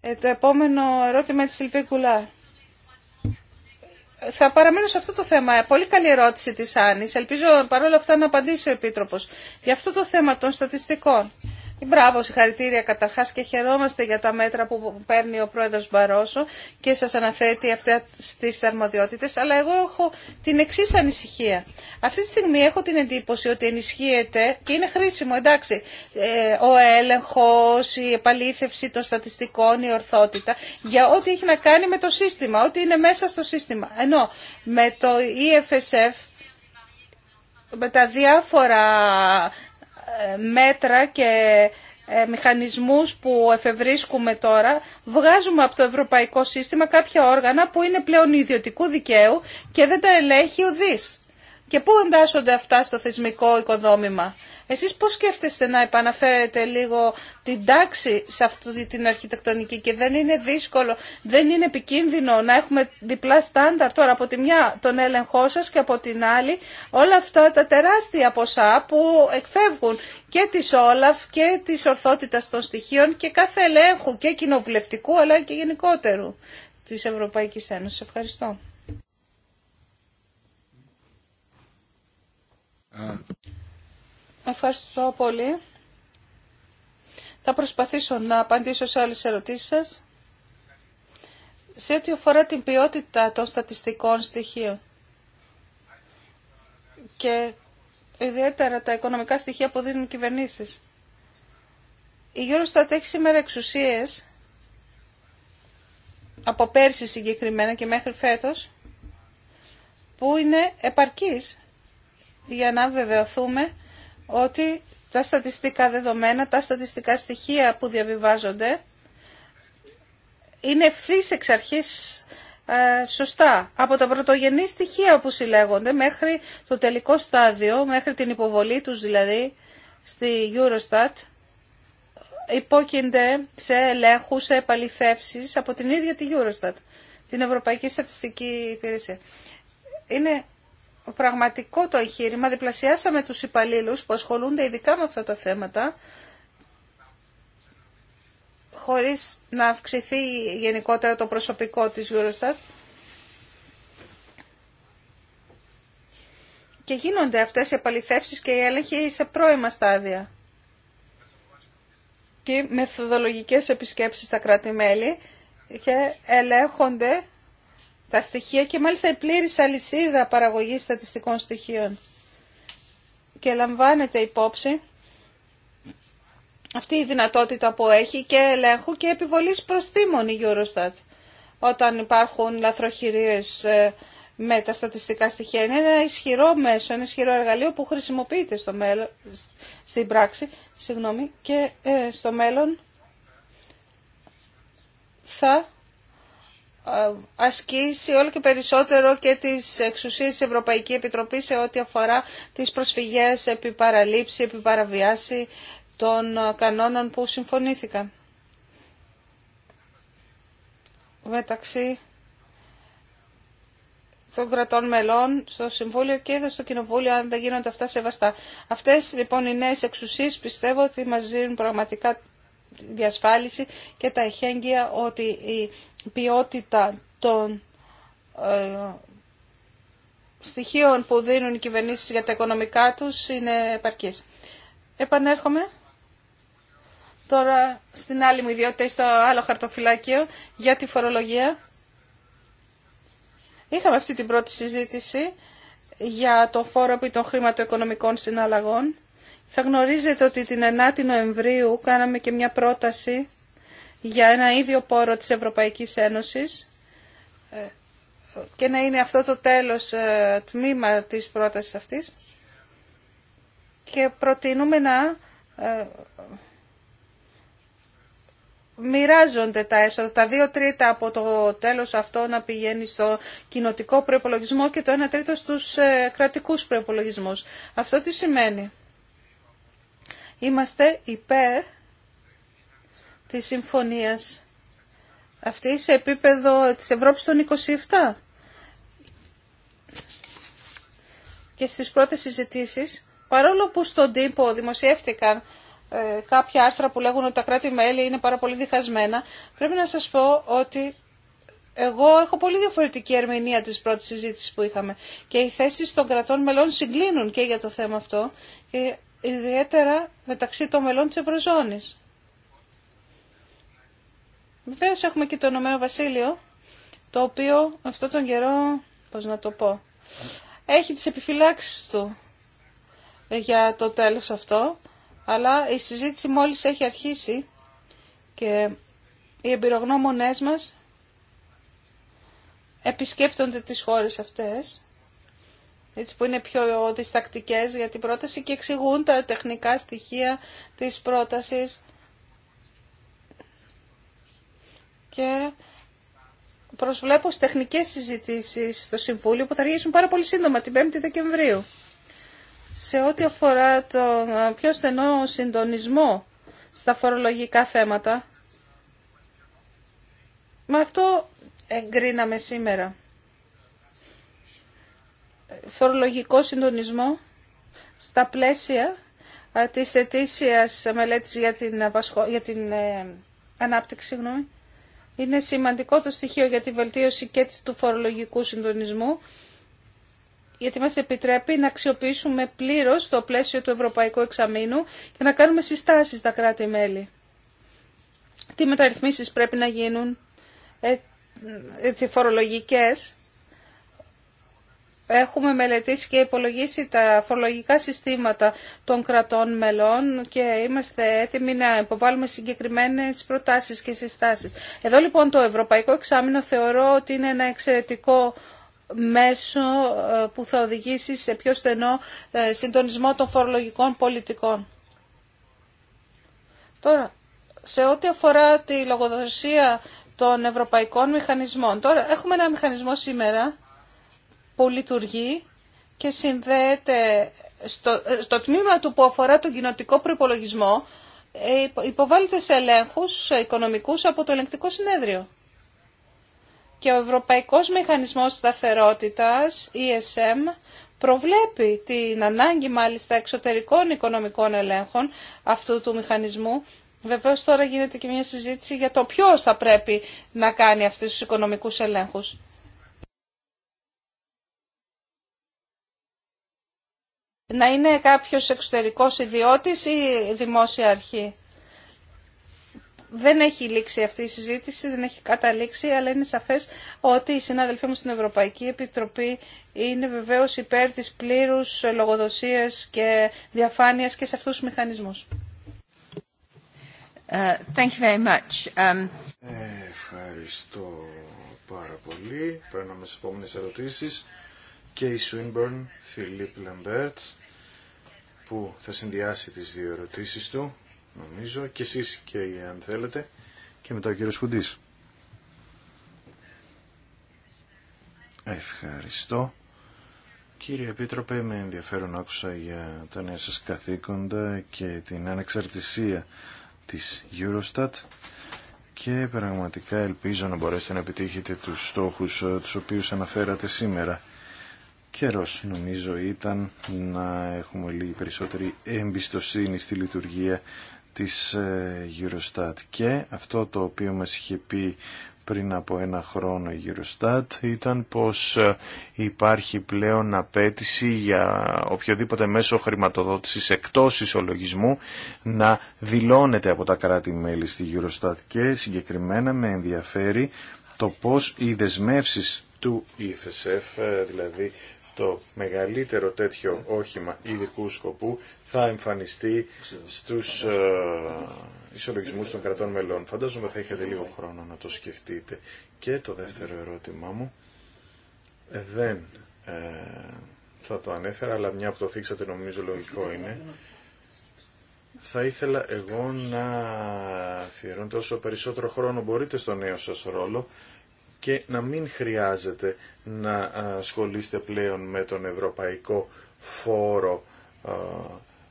Ε, το επόμενο ερώτημα της Σιλβί Γκουλάρ. Θα παραμείνω σε αυτό το θέμα. Πολύ καλή ερώτηση της Άννης. Ελπίζω παρόλα αυτά να απαντήσει ο Επίτροπος. Για αυτό το θέμα των στατιστικών. Ε, μπράβο, συγχαρητήρια καταρχά και χαιρόμαστε για τα μέτρα που παίρνει ο πρόεδρο Μπαρόσο και σα αναθέτει αυτέ τι αρμοδιότητες, αλλά εγώ έχω την εξή ανησυχία. Αυτή τη στιγμή έχω την εντύπωση ότι ενισχύεται και είναι χρήσιμο, εντάξει, ε, ο έλεγχο, η επαλήθευση των στατιστικών, η ορθότητα, για ό,τι έχει να κάνει με το σύστημα, ό,τι είναι μέσα στο σύστημα. Ενώ με το EFSF, με τα διάφορα μέτρα και ε, μηχανισμούς που εφευρίσκουμε τώρα, βγάζουμε από το ευρωπαϊκό σύστημα κάποια όργανα που είναι πλέον ιδιωτικού δικαίου και δεν τα ελέγχει ο ΔΙΣ. Και πού εντάσσονται αυτά στο θεσμικό οικοδόμημα. Εσείς πώς σκέφτεστε να επαναφέρετε λίγο την τάξη σε αυτή την αρχιτεκτονική και δεν είναι δύσκολο, δεν είναι επικίνδυνο να έχουμε διπλά στάνταρ τώρα από τη μια τον έλεγχό σας και από την άλλη όλα αυτά τα τεράστια ποσά που εκφεύγουν και της Όλαφ και της ορθότητας των στοιχείων και κάθε ελέγχου και κοινοβουλευτικού αλλά και γενικότερου της Ευρωπαϊκής Ένωσης. Ευχαριστώ. Ευχαριστώ πολύ. Θα προσπαθήσω να απαντήσω σε άλλες ερωτήσεις σας. Σε ό,τι αφορά την ποιότητα των στατιστικών στοιχείων και ιδιαίτερα τα οικονομικά στοιχεία που δίνουν οι κυβερνήσεις. Η Eurostat έχει σήμερα εξουσίες από πέρσι συγκεκριμένα και μέχρι φέτος που είναι επαρκής για να βεβαιωθούμε ότι τα στατιστικά δεδομένα, τα στατιστικά στοιχεία που διαβιβάζονται είναι ευθύ εξ αρχής ε, σωστά. Από τα πρωτογενή στοιχεία που συλλέγονται μέχρι το τελικό στάδιο, μέχρι την υποβολή τους δηλαδή στη Eurostat, υπόκεινται σε ελέγχους, σε επαληθεύσεις από την ίδια τη Eurostat, την Ευρωπαϊκή Στατιστική Υπηρεσία. Είναι πραγματικό το εγχείρημα. Διπλασιάσαμε τους υπαλλήλους που ασχολούνται ειδικά με αυτά τα θέματα χωρίς να αυξηθεί γενικότερα το προσωπικό της Eurostat. Και γίνονται αυτές οι επαληθεύσεις και οι έλεγχοι σε πρώιμα στάδια. Και μεθοδολογικές επισκέψεις στα κράτη-μέλη και ελέγχονται τα στοιχεία και μάλιστα η πλήρης αλυσίδα παραγωγής στατιστικών στοιχείων. Και λαμβάνεται υπόψη αυτή η δυνατότητα που έχει και ελέγχου και επιβολής προστήμων η Eurostat όταν υπάρχουν λαθροχειρίες ε, με τα στατιστικά στοιχεία. Είναι ένα ισχυρό μέσο, ένα ισχυρό εργαλείο που χρησιμοποιείται στο μέλλον, στην πράξη και ε, στο μέλλον θα ε, ασκήσει όλο και περισσότερο και τις εξουσίες της Ευρωπαϊκή Επιτροπής σε ό,τι αφορά τις προσφυγές επί παραλήψη, επί παραβιάση των ε, κανόνων που συμφωνήθηκαν. Μεταξύ των κρατών μελών στο Συμβούλιο και εδώ στο Κοινοβούλιο αν δεν γίνονται αυτά σεβαστά. Αυτές λοιπόν οι νέες εξουσίες πιστεύω ότι μας δίνουν πραγματικά διασφάλιση και τα εχέγγυα ότι η ποιότητα των ε, στοιχείων που δίνουν οι κυβερνήσεις για τα οικονομικά τους είναι επαρκής. Επανέρχομαι τώρα στην άλλη μου ιδιότητα στο άλλο χαρτοφυλάκιο για τη φορολογία. Είχαμε αυτή την πρώτη συζήτηση για το φόρο επί των χρηματοοικονομικών συναλλαγών θα γνωρίζετε ότι την 9η Νοεμβρίου κάναμε και μια πρόταση για ένα ίδιο πόρο της Ευρωπαϊκής Ένωσης ε, και να είναι αυτό το τέλος ε, τμήμα της πρότασης αυτής και προτείνουμε να ε, μοιράζονται τα έσοδα, τα δύο τρίτα από το τέλος αυτό να πηγαίνει στο κοινοτικό προϋπολογισμό και το ένα τρίτο στους κρατικούς προϋπολογισμούς. Αυτό τι σημαίνει. Είμαστε υπέρ της συμφωνίας αυτή σε επίπεδο της Ευρώπης των 27. Και στις πρώτες συζητήσεις, παρόλο που στον τύπο δημοσιεύτηκαν ε, κάποια άρθρα που λέγουν ότι τα κράτη-μέλη είναι πάρα πολύ διχασμένα, πρέπει να σας πω ότι εγώ έχω πολύ διαφορετική ερμηνεία της πρώτης συζήτησης που είχαμε. Και οι θέσεις των κρατών μελών συγκλίνουν και για το θέμα αυτό. Και ιδιαίτερα μεταξύ των μελών της Ευρωζώνης. Βεβαίω έχουμε και το Ηνωμένο Βασίλειο, το οποίο αυτό τον καιρό, πώς να το πω, έχει τις επιφυλάξεις του για το τέλος αυτό, αλλά η συζήτηση μόλις έχει αρχίσει και οι εμπειρογνώμονές μας επισκέπτονται τις χώρες αυτές έτσι που είναι πιο διστακτικέ για την πρόταση και εξηγούν τα τεχνικά στοιχεία της πρότασης και προσβλέπω στις τεχνικές συζητήσεις στο Συμβούλιο που θα αργήσουν πάρα πολύ σύντομα την 5η Δεκεμβρίου σε ό,τι αφορά τον ε, πιο στενό συντονισμό στα φορολογικά θέματα. Με αυτό εγκρίναμε σήμερα φορολογικό συντονισμό στα πλαίσια της ετήσιας μελέτης για την, για την ε, ανάπτυξη. Γνώμη. Είναι σημαντικό το στοιχείο για τη βελτίωση και του φορολογικού συντονισμού γιατί μας επιτρέπει να αξιοποιήσουμε πλήρως το πλαίσιο του Ευρωπαϊκού Εξαμήνου και να κάνουμε συστάσεις στα κράτη-μέλη. Τι μεταρρυθμίσεις πρέπει να γίνουν, ε, έτσι φορολογικές, Έχουμε μελετήσει και υπολογίσει τα φορολογικά συστήματα των κρατών μελών και είμαστε έτοιμοι να υποβάλουμε συγκεκριμένες προτάσεις και συστάσεις. Εδώ λοιπόν το Ευρωπαϊκό Εξάμεινο θεωρώ ότι είναι ένα εξαιρετικό μέσο ε, που θα οδηγήσει σε πιο στενό ε, συντονισμό των φορολογικών πολιτικών. Τώρα, σε ό,τι αφορά τη λογοδοσία των ευρωπαϊκών μηχανισμών. Τώρα, έχουμε ένα μηχανισμό σήμερα που λειτουργεί και συνδέεται στο, τμήμα του που αφορά τον κοινοτικό προπολογισμό ε, υποβάλλεται σε ελέγχους οικονομικούς από το ελεγκτικό συνέδριο. Και ο Ευρωπαϊκός Μηχανισμός Σταθερότητας, ESM, προβλέπει την ανάγκη μάλιστα εξωτερικών οικονομικών ελέγχων αυτού του μηχανισμού. Βεβαίως τώρα γίνεται και μια συζήτηση για το ποιος θα πρέπει να κάνει αυτούς τους οικονομικούς ελέγχους. να είναι κάποιος εξωτερικός ιδιώτης ή δημόσια αρχή. Δεν έχει λήξει αυτή η συζήτηση, δεν έχει καταλήξει, αλλά είναι σαφές ότι οι συνάδελφοί μου στην Ευρωπαϊκή Επιτροπή είναι βεβαίως υπέρ της πλήρους λογοδοσίας και διαφάνειας και σε αυτούς τους μηχανισμούς. Ε, thank you very much. Um, ε, ευχαριστώ πάρα πολύ. Παίρνω με τις επόμενες ερωτήσεις η Σουίνμπερν, Φιλίπ Λαμπέρτς, που θα συνδυάσει τις δύο ερωτήσεις του, νομίζω, και εσείς και αν θέλετε, και μετά ο κύριος Χουντής. Ευχαριστώ. Κύριε Επίτροπε, με ενδιαφέρον άκουσα για τα νέα σας καθήκοντα και την ανεξαρτησία της Eurostat και πραγματικά ελπίζω να μπορέσετε να επιτύχετε τους στόχους ε, τους οποίους αναφέρατε σήμερα καιρός νομίζω ήταν να έχουμε λίγη περισσότερη εμπιστοσύνη στη λειτουργία της ε, Eurostat και αυτό το οποίο μας είχε πει πριν από ένα χρόνο η Eurostat ήταν πως ε, υπάρχει πλέον απέτηση για οποιοδήποτε μέσο χρηματοδότησης εκτός ισολογισμού να δηλώνεται από τα κράτη-μέλη στη Eurostat και συγκεκριμένα με ενδιαφέρει το πως οι δεσμεύσεις του EFSF, ε, δηλαδή το μεγαλύτερο τέτοιο όχημα ειδικού σκοπού θα εμφανιστεί στους ε, ισολογισμούς των κρατών μελών. Φαντάζομαι θα έχετε λίγο χρόνο να το σκεφτείτε. Και το δεύτερο ερώτημά μου ε, δεν ε, θα το ανέφερα, αλλά μια που το θίξατε νομίζω λογικό είναι. Θα ήθελα εγώ να αφιερώνετε τόσο περισσότερο χρόνο μπορείτε στο νέο σας ρόλο και να μην χρειάζεται να ασχολείστε πλέον με τον Ευρωπαϊκό Φόρο ε,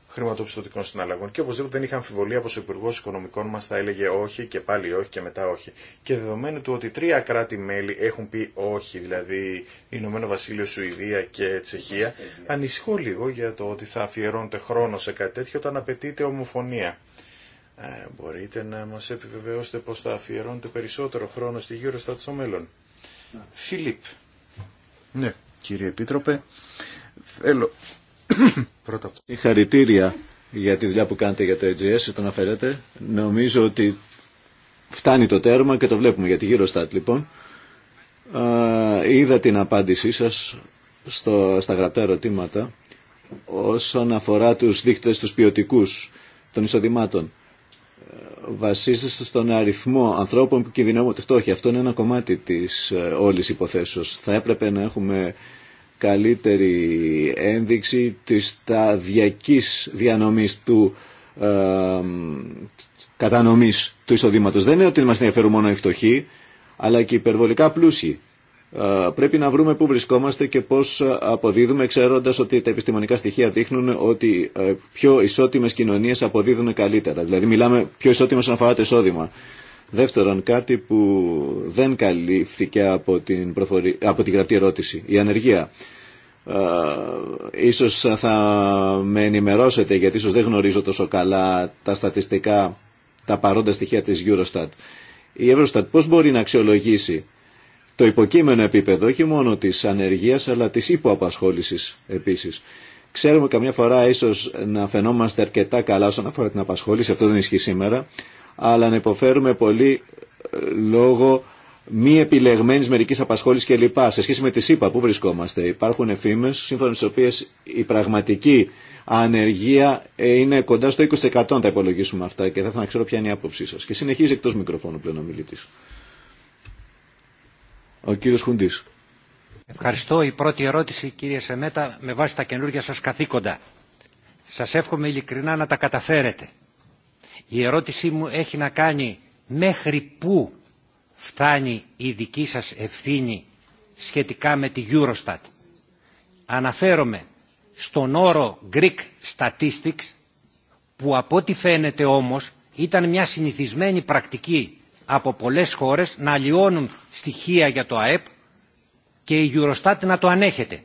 χρηματοπιστωτικών συναλλαγών. Και οπωσδήποτε δεν είχα αμφιβολία πω ο Υπουργό Οικονομικών μα θα έλεγε όχι και πάλι όχι και μετά όχι. Και δεδομένου του ότι τρία κράτη-μέλη έχουν πει όχι, δηλαδή Ηνωμένο Βασίλειο, Σουηδία και Τσεχία, ανησυχώ λίγο για το ότι θα αφιερώνεται χρόνο σε κάτι τέτοιο όταν απαιτείται ομοφωνία. Ε, μπορείτε να μας επιβεβαιώσετε πως θα αφιερώνετε περισσότερο χρόνο στη γύρω στα στο μέλλον. Ναι. Φιλίπ. Ναι, κύριε Επίτροπε, θέλω πρώτα χαρητήρια για τη δουλειά που κάνετε για το EGS, το αναφέρετε. Νομίζω ότι φτάνει το τέρμα και το βλέπουμε για τη στα λοιπόν. είδα την απάντησή σας στο, στα γραπτά ερωτήματα όσον αφορά τους δείχτες τους ποιοτικού των εισοδημάτων βασίζεται στον αριθμό ανθρώπων που κινδυνεύουν τη φτώχεια. Αυτό είναι ένα κομμάτι της ε, όλης υποθέσεως. Θα έπρεπε να έχουμε καλύτερη ένδειξη της σταδιακής διανομής του ε, κατανομής του εισοδήματος. Δεν είναι ότι μας ενδιαφέρουν μόνο οι φτωχοί, αλλά και οι υπερβολικά πλούσιοι. Ε, πρέπει να βρούμε πού βρισκόμαστε και πώς ε, αποδίδουμε ξέροντας ότι τα επιστημονικά στοιχεία δείχνουν ότι ε, πιο ισότιμες κοινωνίες αποδίδουν καλύτερα. Δηλαδή μιλάμε πιο ισότιμες όσον αφορά το εισόδημα. Δεύτερον, κάτι που δεν καλύφθηκε από την, προφορή, από την γραπτή ερώτηση, η ανεργία. Ε, ίσως θα με ενημερώσετε γιατί ίσως δεν γνωρίζω τόσο καλά τα στατιστικά, τα παρόντα στοιχεία της Eurostat. Η Eurostat πώς μπορεί να αξιολογήσει το υποκείμενο επίπεδο, όχι μόνο τη ανεργία, αλλά τη υποαπασχόληση επίση. Ξέρουμε καμιά φορά ίσω να φαινόμαστε αρκετά καλά όσον αφορά την απασχόληση, αυτό δεν ισχύει σήμερα, αλλά να υποφέρουμε πολύ ε, λόγω μη επιλεγμένη μερική απασχόληση κλπ. Σε σχέση με τη ΣΥΠΑ, πού βρισκόμαστε, υπάρχουν εφήμε σύμφωνα με τι οποίε η πραγματική ανεργία ε, είναι κοντά στο 20% αν τα υπολογίσουμε αυτά και θα ήθελα να ξέρω ποια είναι η άποψή σα. Και συνεχίζει εκτό μικροφώνου πλέον ο ο κύριος Ευχαριστώ. Η πρώτη ερώτηση, κύριε Σεμέτα, με βάση τα καινούργια σας καθήκοντα. Σας εύχομαι ειλικρινά να τα καταφέρετε. Η ερώτησή μου έχει να κάνει μέχρι πού φτάνει η δική σας ευθύνη σχετικά με τη Eurostat. Αναφέρομαι στον όρο Greek Statistics που από ό,τι φαίνεται όμως ήταν μια συνηθισμένη πρακτική από πολλές χώρες να αλλοιώνουν στοιχεία για το ΑΕΠ και η Eurostat να το ανέχεται.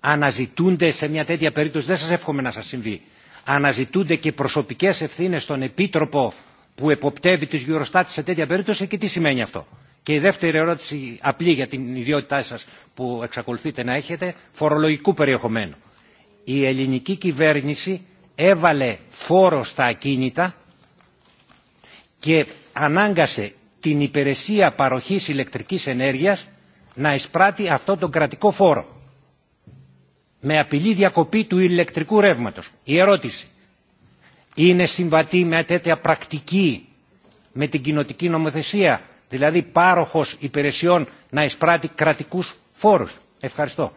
Αναζητούνται σε μια τέτοια περίπτωση, δεν σας εύχομαι να σας συμβεί, αναζητούνται και προσωπικές ευθύνες στον Επίτροπο που εποπτεύει τις Eurostat σε τέτοια περίπτωση και τι σημαίνει αυτό. Και η δεύτερη ερώτηση, απλή για την ιδιότητά σας που εξακολουθείτε να έχετε, φορολογικού περιεχομένου. Η ελληνική κυβέρνηση έβαλε φόρο στα ακίνητα ανάγκασε την υπηρεσία παροχής ηλεκτρικής ενέργειας να εισπράττει αυτό τον κρατικό φόρο. Με απειλή διακοπή του ηλεκτρικού ρεύματος. Η ερώτηση. Είναι συμβατή με τέτοια πρακτική με την κοινοτική νομοθεσία. Δηλαδή πάροχος υπηρεσιών να εισπράττει κρατικούς φόρους. Ευχαριστώ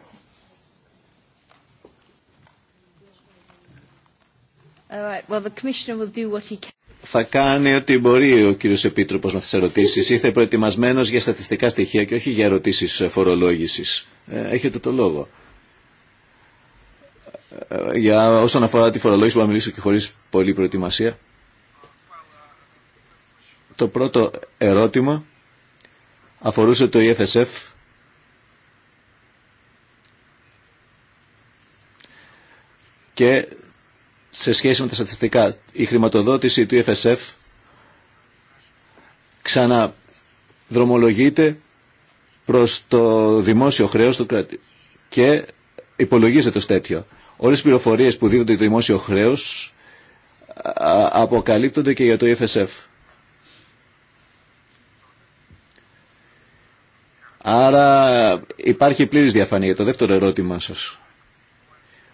θα κάνει ό,τι μπορεί ο κύριος Επίτροπος με τι ερωτήσει. Ήρθε προετοιμασμένος για στατιστικά στοιχεία και όχι για ερωτήσεις ε, φορολόγηση. Ε, έχετε το λόγο. Ε, για όσον αφορά τη φορολόγηση, μπορώ να μιλήσω και χωρίς πολλή προετοιμασία. Το πρώτο ερώτημα αφορούσε το EFSF. Και σε σχέση με τα στατιστικά. Η χρηματοδότηση του FSF ξαναδρομολογείται προς το δημόσιο χρέος του κράτη και υπολογίζεται ως τέτοιο. Όλες οι πληροφορίες που δίδονται το δημόσιο χρέος αποκαλύπτονται και για το FSF. Άρα υπάρχει πλήρης διαφάνεια για το δεύτερο ερώτημα σας.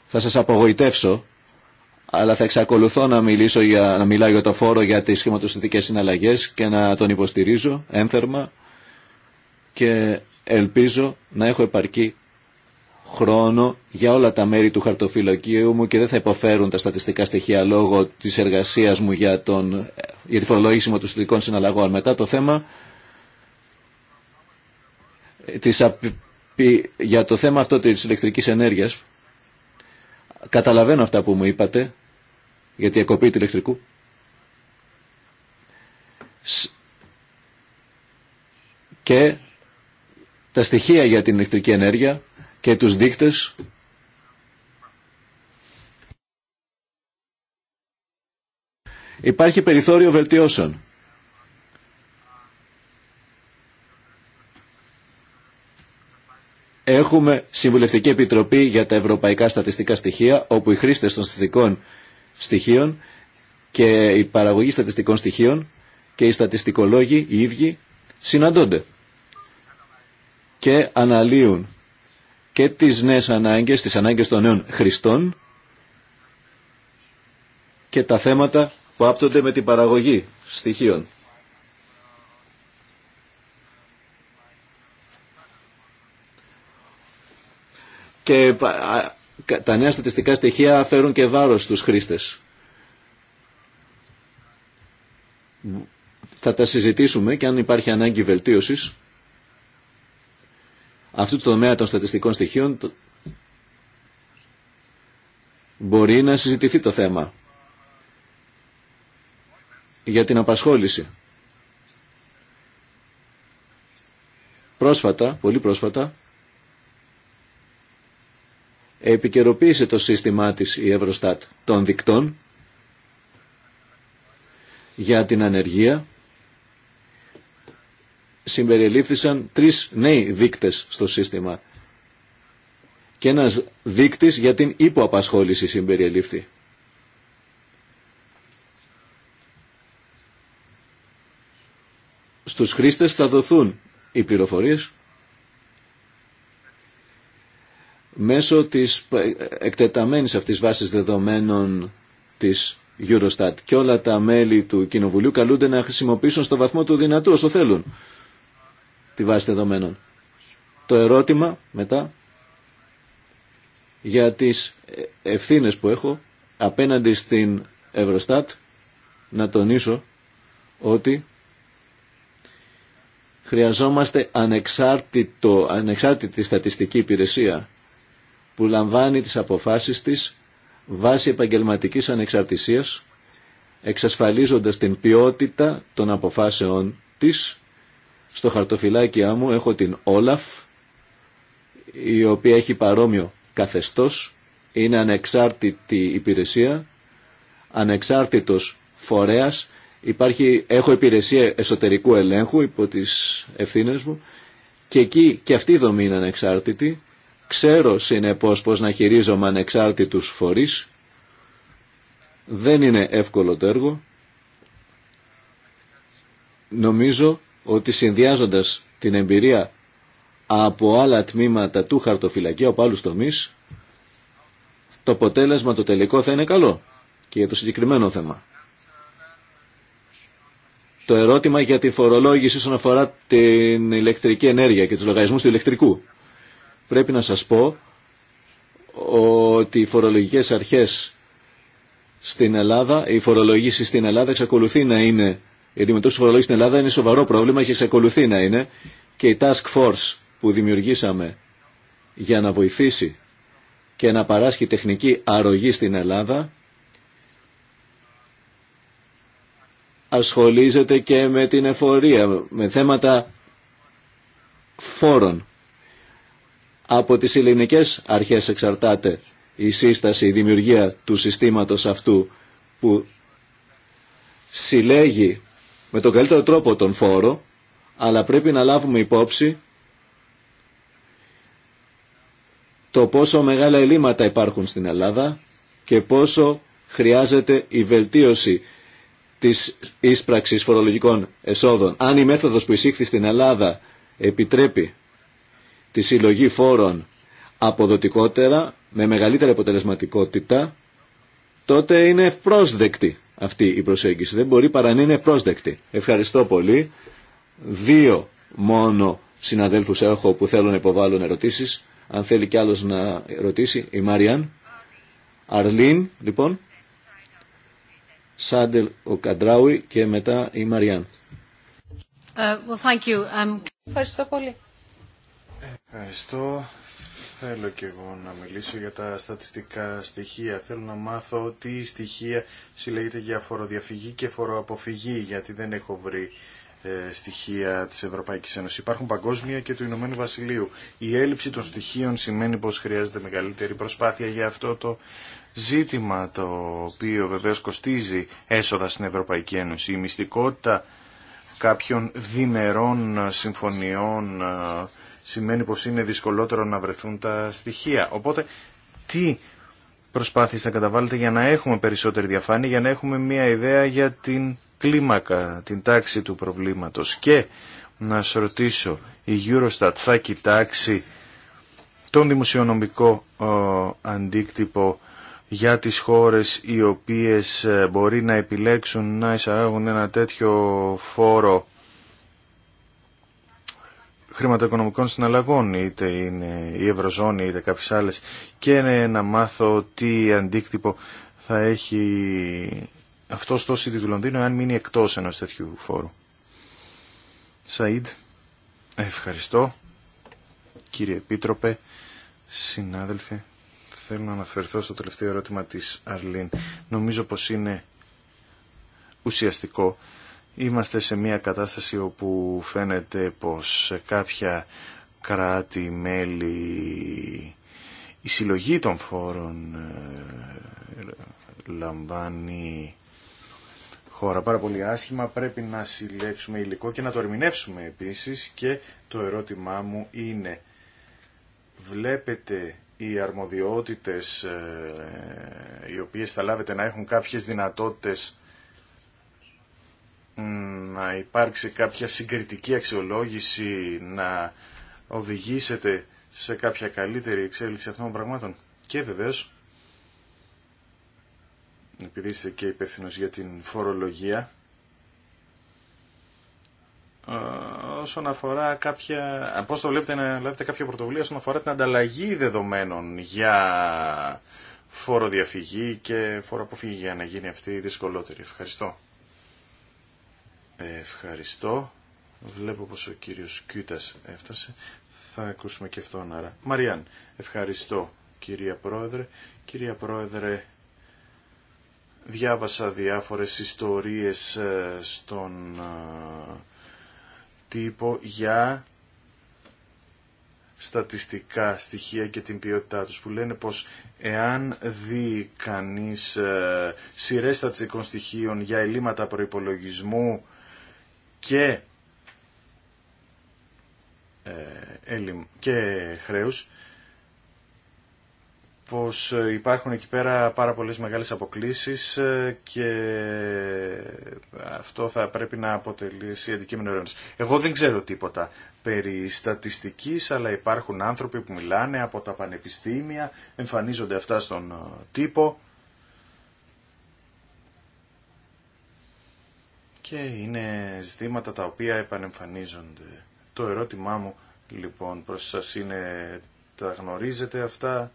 Θα σας απογοητεύσω αλλά θα εξακολουθώ να, μιλήσω για, να μιλάω για το φόρο για τις χρηματοσυντικές συναλλαγές και να τον υποστηρίζω ένθερμα και ελπίζω να έχω επαρκή χρόνο για όλα τα μέρη του χαρτοφυλακίου μου και δεν θα υποφέρουν τα στατιστικά στοιχεία λόγω της εργασίας μου για, τον, για τη φορολόγηση χρηματοσυντικών συναλλαγών. Μετά το θέμα για το θέμα αυτό της ηλεκτρικής ενέργειας Καταλαβαίνω αυτά που μου είπατε για τη διακοπή του ηλεκτρικού. Και τα στοιχεία για την ηλεκτρική ενέργεια και τους δείκτες Υπάρχει περιθώριο βελτιώσεων. Έχουμε Συμβουλευτική Επιτροπή για τα Ευρωπαϊκά Στατιστικά Στοιχεία, όπου οι χρήστες των στατιστικών στοιχείων και η παραγωγή στατιστικών στοιχείων και οι στατιστικολόγοι οι ίδιοι συναντώνται και αναλύουν και τις νέες ανάγκες, τις ανάγκες των νέων χρηστών και τα θέματα που άπτονται με την παραγωγή στοιχείων. Και τα νέα στατιστικά στοιχεία φέρουν και βάρος στους χρήστες. Θα τα συζητήσουμε και αν υπάρχει ανάγκη βελτίωσης αυτού του τομέα των στατιστικών στοιχείων μπορεί να συζητηθεί το θέμα για την απασχόληση. Πρόσφατα, πολύ πρόσφατα, επικαιροποίησε το σύστημά της η Ευρωστάτ των δικτών για την ανεργία. Συμπεριλήφθησαν τρεις νέοι δείκτες στο σύστημα και ένας δίκτης για την υποαπασχόληση συμπεριελήφθη. Στους χρήστες θα δοθούν οι πληροφορίες μέσω της εκτεταμένης αυτής βάσης δεδομένων της Eurostat και όλα τα μέλη του Κοινοβουλίου καλούνται να χρησιμοποιήσουν στο βαθμό του δυνατού όσο θέλουν τη βάση δεδομένων. Το ερώτημα μετά για τις ευθύνες που έχω απέναντι στην Eurostat, να τονίσω ότι χρειαζόμαστε ανεξάρτητο, ανεξάρτητη στατιστική υπηρεσία που λαμβάνει τις αποφάσεις της βάσει επαγγελματικής ανεξαρτησίας, εξασφαλίζοντας την ποιότητα των αποφάσεών της. Στο χαρτοφυλάκιά μου έχω την Όλαφ, η οποία έχει παρόμοιο καθεστώς, είναι ανεξάρτητη υπηρεσία, ανεξάρτητος φορέας, Υπάρχει, έχω υπηρεσία εσωτερικού ελέγχου υπό τις ευθύνες μου και εκεί και αυτή η δομή είναι ανεξάρτητη Ξέρω συνεπώς πώς να χειρίζομαι ανεξάρτητους φορείς. Δεν είναι εύκολο το έργο. Νομίζω ότι συνδυάζοντας την εμπειρία από άλλα τμήματα του χαρτοφυλακίου, από άλλους τομείς, το αποτέλεσμα το τελικό θα είναι καλό και για το συγκεκριμένο θέμα. Το ερώτημα για τη φορολόγηση όσον αφορά την ηλεκτρική ενέργεια και τους λογαριασμούς του ηλεκτρικού πρέπει να σας πω ότι οι φορολογικές αρχές στην Ελλάδα, η φορολογήση στην Ελλάδα εξακολουθεί να είναι, η αντιμετώπιση φορολογής στην Ελλάδα είναι σοβαρό πρόβλημα και εξακολουθεί να είναι και η task force που δημιουργήσαμε για να βοηθήσει και να παράσχει τεχνική αρρωγή στην Ελλάδα ασχολίζεται και με την εφορία, με θέματα φόρων από τις ελληνικές αρχές εξαρτάται η σύσταση, η δημιουργία του συστήματος αυτού που συλλέγει με τον καλύτερο τρόπο τον φόρο, αλλά πρέπει να λάβουμε υπόψη το πόσο μεγάλα ελλείμματα υπάρχουν στην Ελλάδα και πόσο χρειάζεται η βελτίωση της ίσπραξης φορολογικών εσόδων. Αν η μέθοδος που εισήχθη στην Ελλάδα επιτρέπει τη συλλογή φόρων αποδοτικότερα, με μεγαλύτερη αποτελεσματικότητα, τότε είναι ευπρόσδεκτη αυτή η προσέγγιση. Δεν μπορεί παρά να είναι ευπρόσδεκτη. Ευχαριστώ πολύ. Δύο μόνο συναδέλφους έχω που θέλουν να υποβάλουν ερωτήσεις. Αν θέλει κι άλλος να ρωτήσει, η Μάριαν. Αρλίν, λοιπόν. Σάντελ ο Καντράουι και μετά η Μαριάν. Ε, um, Ευχαριστώ πολύ. Ευχαριστώ. Θέλω και εγώ να μιλήσω για τα στατιστικά στοιχεία. Θέλω να μάθω τι στοιχεία συλλέγεται για φοροδιαφυγή και φοροαποφυγή, γιατί δεν έχω βρει ε, στοιχεία της Ευρωπαϊκής Ένωσης. Υπάρχουν παγκόσμια και του Ηνωμένου Βασιλείου. Η έλλειψη των στοιχείων σημαίνει πως χρειάζεται μεγαλύτερη προσπάθεια για αυτό το ζήτημα, το οποίο βεβαίως κοστίζει έσοδα στην Ευρωπαϊκή Ένωση. Η μυστικότητα κάποιων διμερών συμφωνιών... Ε, σημαίνει πως είναι δυσκολότερο να βρεθούν τα στοιχεία. Οπότε, τι προσπάθειες θα καταβάλλετε για να έχουμε περισσότερη διαφάνεια, για να έχουμε μια ιδέα για την κλίμακα, την τάξη του προβλήματος. Και να σας ρωτήσω, η Eurostat θα κοιτάξει τον δημοσιονομικό αντίκτυπο για τις χώρες οι οποίες ε, μπορεί να επιλέξουν να εισαγάγουν ένα τέτοιο φόρο χρηματοοικονομικών συναλλαγών, είτε είναι η Ευρωζώνη είτε κάποιε άλλε. και να μάθω τι αντίκτυπο θα έχει αυτό στο City του Λονδίνου, αν μείνει εκτός ενός τέτοιου φόρου. Σαΐντ, ευχαριστώ. Κύριε Επίτροπε, συνάδελφε, θέλω να αναφερθώ στο τελευταίο ερώτημα της Αρλίν. Νομίζω πως είναι ουσιαστικό Είμαστε σε μια κατάσταση όπου φαίνεται πως κάποια κράτη-μέλη η συλλογή των φόρων ε, λαμβάνει χώρα πάρα πολύ άσχημα. Πρέπει να συλλέξουμε υλικό και να το ερμηνεύσουμε επίσης και το ερώτημά μου είναι βλέπετε οι αρμοδιότητες ε, οι οποίες θα λάβετε να έχουν κάποιες δυνατότητες να υπάρξει κάποια συγκριτική αξιολόγηση, να οδηγήσετε σε κάποια καλύτερη εξέλιξη αυτών των πραγμάτων. Και βεβαίως, επειδή είστε και υπεύθυνο για την φορολογία, όσον αφορά κάποια... Πώς το βλέπετε να λάβετε κάποια πρωτοβουλία όσον αφορά την ανταλλαγή δεδομένων για φοροδιαφυγή και φοροαποφυγή για να γίνει αυτή δυσκολότερη. Ευχαριστώ. Ευχαριστώ. Βλέπω πως ο κύριος Κιούτας έφτασε. Θα ακούσουμε και αυτόν άρα. Μαριάν, ευχαριστώ κυρία Πρόεδρε. Κυρία Πρόεδρε, διάβασα διάφορες ιστορίες ε, στον ε, τύπο για στατιστικά στοιχεία και την ποιότητά τους που λένε πως εάν δει κανείς ε, σειρές στατιστικών στοιχείων για ελλείμματα προϋπολογισμού και, ε, και χρέους πως υπάρχουν εκεί πέρα πάρα πολλές μεγάλες αποκλήσεις ε, και αυτό θα πρέπει να αποτελήσει αντικείμενο ερώτηση. Εγώ δεν ξέρω τίποτα περί στατιστικής, αλλά υπάρχουν άνθρωποι που μιλάνε από τα πανεπιστήμια, εμφανίζονται αυτά στον τύπο και είναι ζητήματα τα οποία επανεμφανίζονται. Το ερώτημά μου λοιπόν προς σας είναι τα γνωρίζετε αυτά,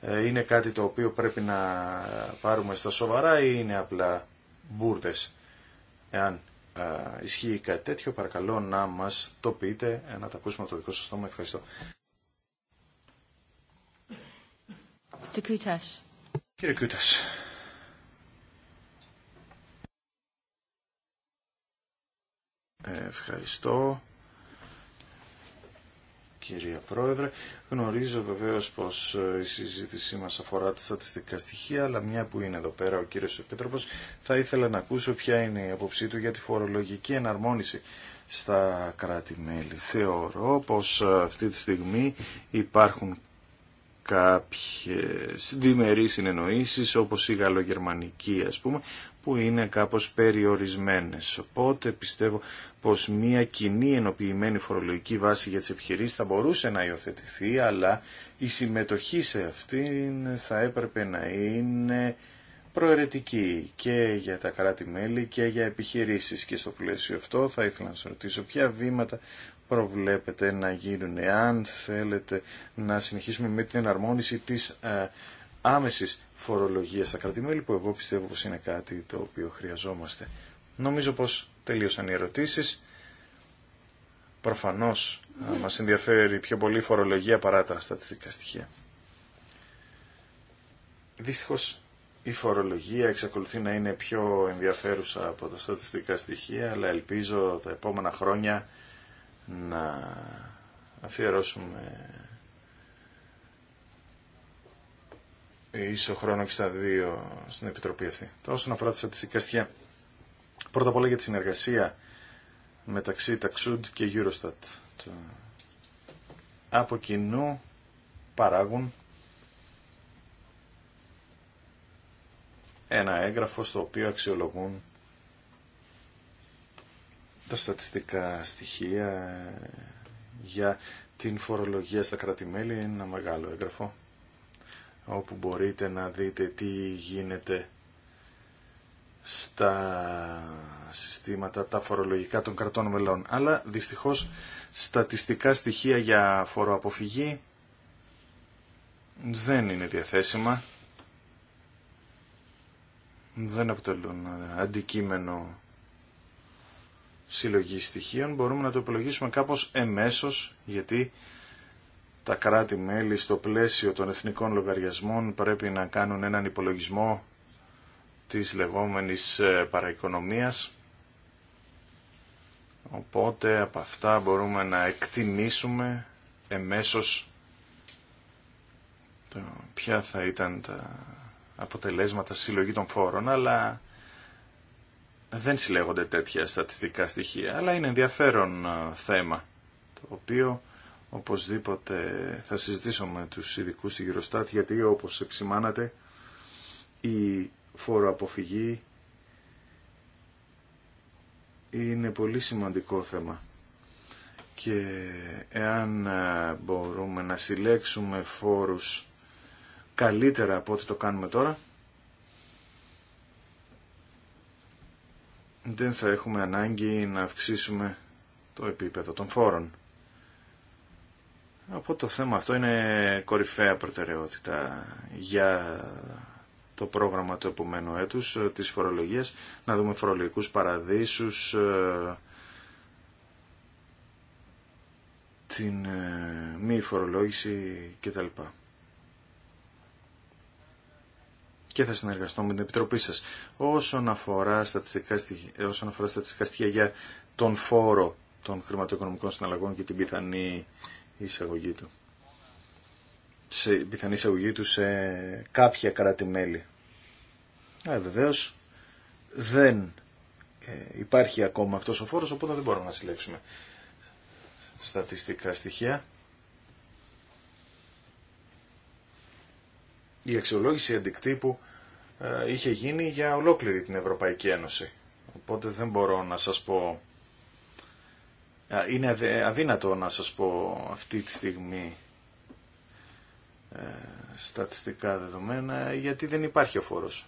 ε, είναι κάτι το οποίο πρέπει να πάρουμε στα σοβαρά ή είναι απλά μπουρδες. Εάν ισχύει κάτι τέτοιο παρακαλώ να μας το πείτε, ε, να τα ακούσουμε από το δικό σας στόμα. Ευχαριστώ. Κύριε Ευχαριστώ. Κυρία Πρόεδρε, γνωρίζω βεβαίως πως η συζήτησή μας αφορά τα στατιστικά στοιχεία, αλλά μια που είναι εδώ πέρα ο κύριος Επίτροπος, θα ήθελα να ακούσω ποια είναι η απόψή του για τη φορολογική εναρμόνιση στα κράτη-μέλη. Θεωρώ πως ε, αυτή τη στιγμή υπάρχουν κάποιες διμερείς συνεννοήσεις όπως η γαλλογερμανική ας πούμε που είναι κάπως περιορισμένες. Οπότε πιστεύω πως μια κοινή ενοποιημένη φορολογική βάση για τις επιχειρήσεις θα μπορούσε να υιοθετηθεί αλλά η συμμετοχή σε αυτή θα έπρεπε να είναι προαιρετική και για τα κράτη-μέλη και για επιχειρήσεις και στο πλαίσιο αυτό θα ήθελα να σας ρωτήσω ποια βήματα προβλέπετε να γίνουν εάν θέλετε να συνεχίσουμε με την εναρμόνιση της ε, άμεσης φορολογίας στα κρατημέλη που εγώ πιστεύω πως είναι κάτι το οποίο χρειαζόμαστε. Νομίζω πως τελείωσαν οι ερωτήσεις. Προφανώς ε, ναι. μας ενδιαφέρει πιο πολύ η φορολογία παρά τα στατιστικά στοιχεία. Δυστυχώς η φορολογία εξακολουθεί να είναι πιο ενδιαφέρουσα από τα στατιστικά στοιχεία, αλλά ελπίζω τα επόμενα χρόνια να αφιερώσουμε ίσο χρόνο στα δύο στην Επιτροπή αυτή. Τώρα όσον αφορά τη στατιστικά στοιχεία, πρώτα απ' όλα για τη συνεργασία μεταξύ Ταξούντ και Eurostat. Από κοινού παράγουν ένα έγγραφο στο οποίο αξιολογούν τα στατιστικά στοιχεία για την φορολογία στα κρατημέλη είναι ένα μεγάλο έγγραφο όπου μπορείτε να δείτε τι γίνεται στα συστήματα τα φορολογικά των κρατών μελών. Αλλά δυστυχώς στατιστικά στοιχεία για φοροαποφυγή δεν είναι διαθέσιμα. Δεν αποτελούν αντικείμενο συλλογή στοιχείων μπορούμε να το υπολογίσουμε κάπως εμέσως γιατί τα κράτη-μέλη στο πλαίσιο των εθνικών λογαριασμών πρέπει να κάνουν έναν υπολογισμό της λεγόμενης ε, παραοικονομίας. Οπότε από αυτά μπορούμε να εκτιμήσουμε εμέσως ποια θα ήταν τα αποτελέσματα συλλογή των φόρων, αλλά δεν συλλέγονται τέτοια στατιστικά στοιχεία, αλλά είναι ενδιαφέρον ε, θέμα, το οποίο οπωσδήποτε θα συζητήσω με τους ειδικούς στη Γυροστάτ, γιατί όπως εξημάνατε η φοροαποφυγή είναι πολύ σημαντικό θέμα και εάν ε, μπορούμε να συλλέξουμε φόρους καλύτερα από ό,τι το κάνουμε τώρα, δεν θα έχουμε ανάγκη να αυξήσουμε το επίπεδο των φόρων. Οπότε το θέμα αυτό είναι κορυφαία προτεραιότητα για το πρόγραμμα του επομένου έτους ε, της φορολογίας, να δούμε φορολογικούς παραδείσους, ε, την ε, μη φορολόγηση κτλ. και θα συνεργαστώ με την Επιτροπή σας. Όσον αφορά στατιστικά στοιχεία, όσον αφορά στατιστικά για τον φόρο των χρηματοοικονομικών συναλλαγών και την πιθανή εισαγωγή του. Σε πιθανή εισαγωγή του σε κάποια κράτη-μέλη. Ε, βεβαίως δεν ε, υπάρχει ακόμα αυτός ο φόρος, οπότε δεν μπορούμε να συλλέξουμε στατιστικά στοιχεία. η αξιολόγηση αντικτύπου ε, είχε γίνει για ολόκληρη την Ευρωπαϊκή Ένωση. Οπότε δεν μπορώ να σας πω... Ε, είναι αδύνατο να σας πω αυτή τη στιγμή ε, στατιστικά δεδομένα γιατί δεν υπάρχει ο φόρος.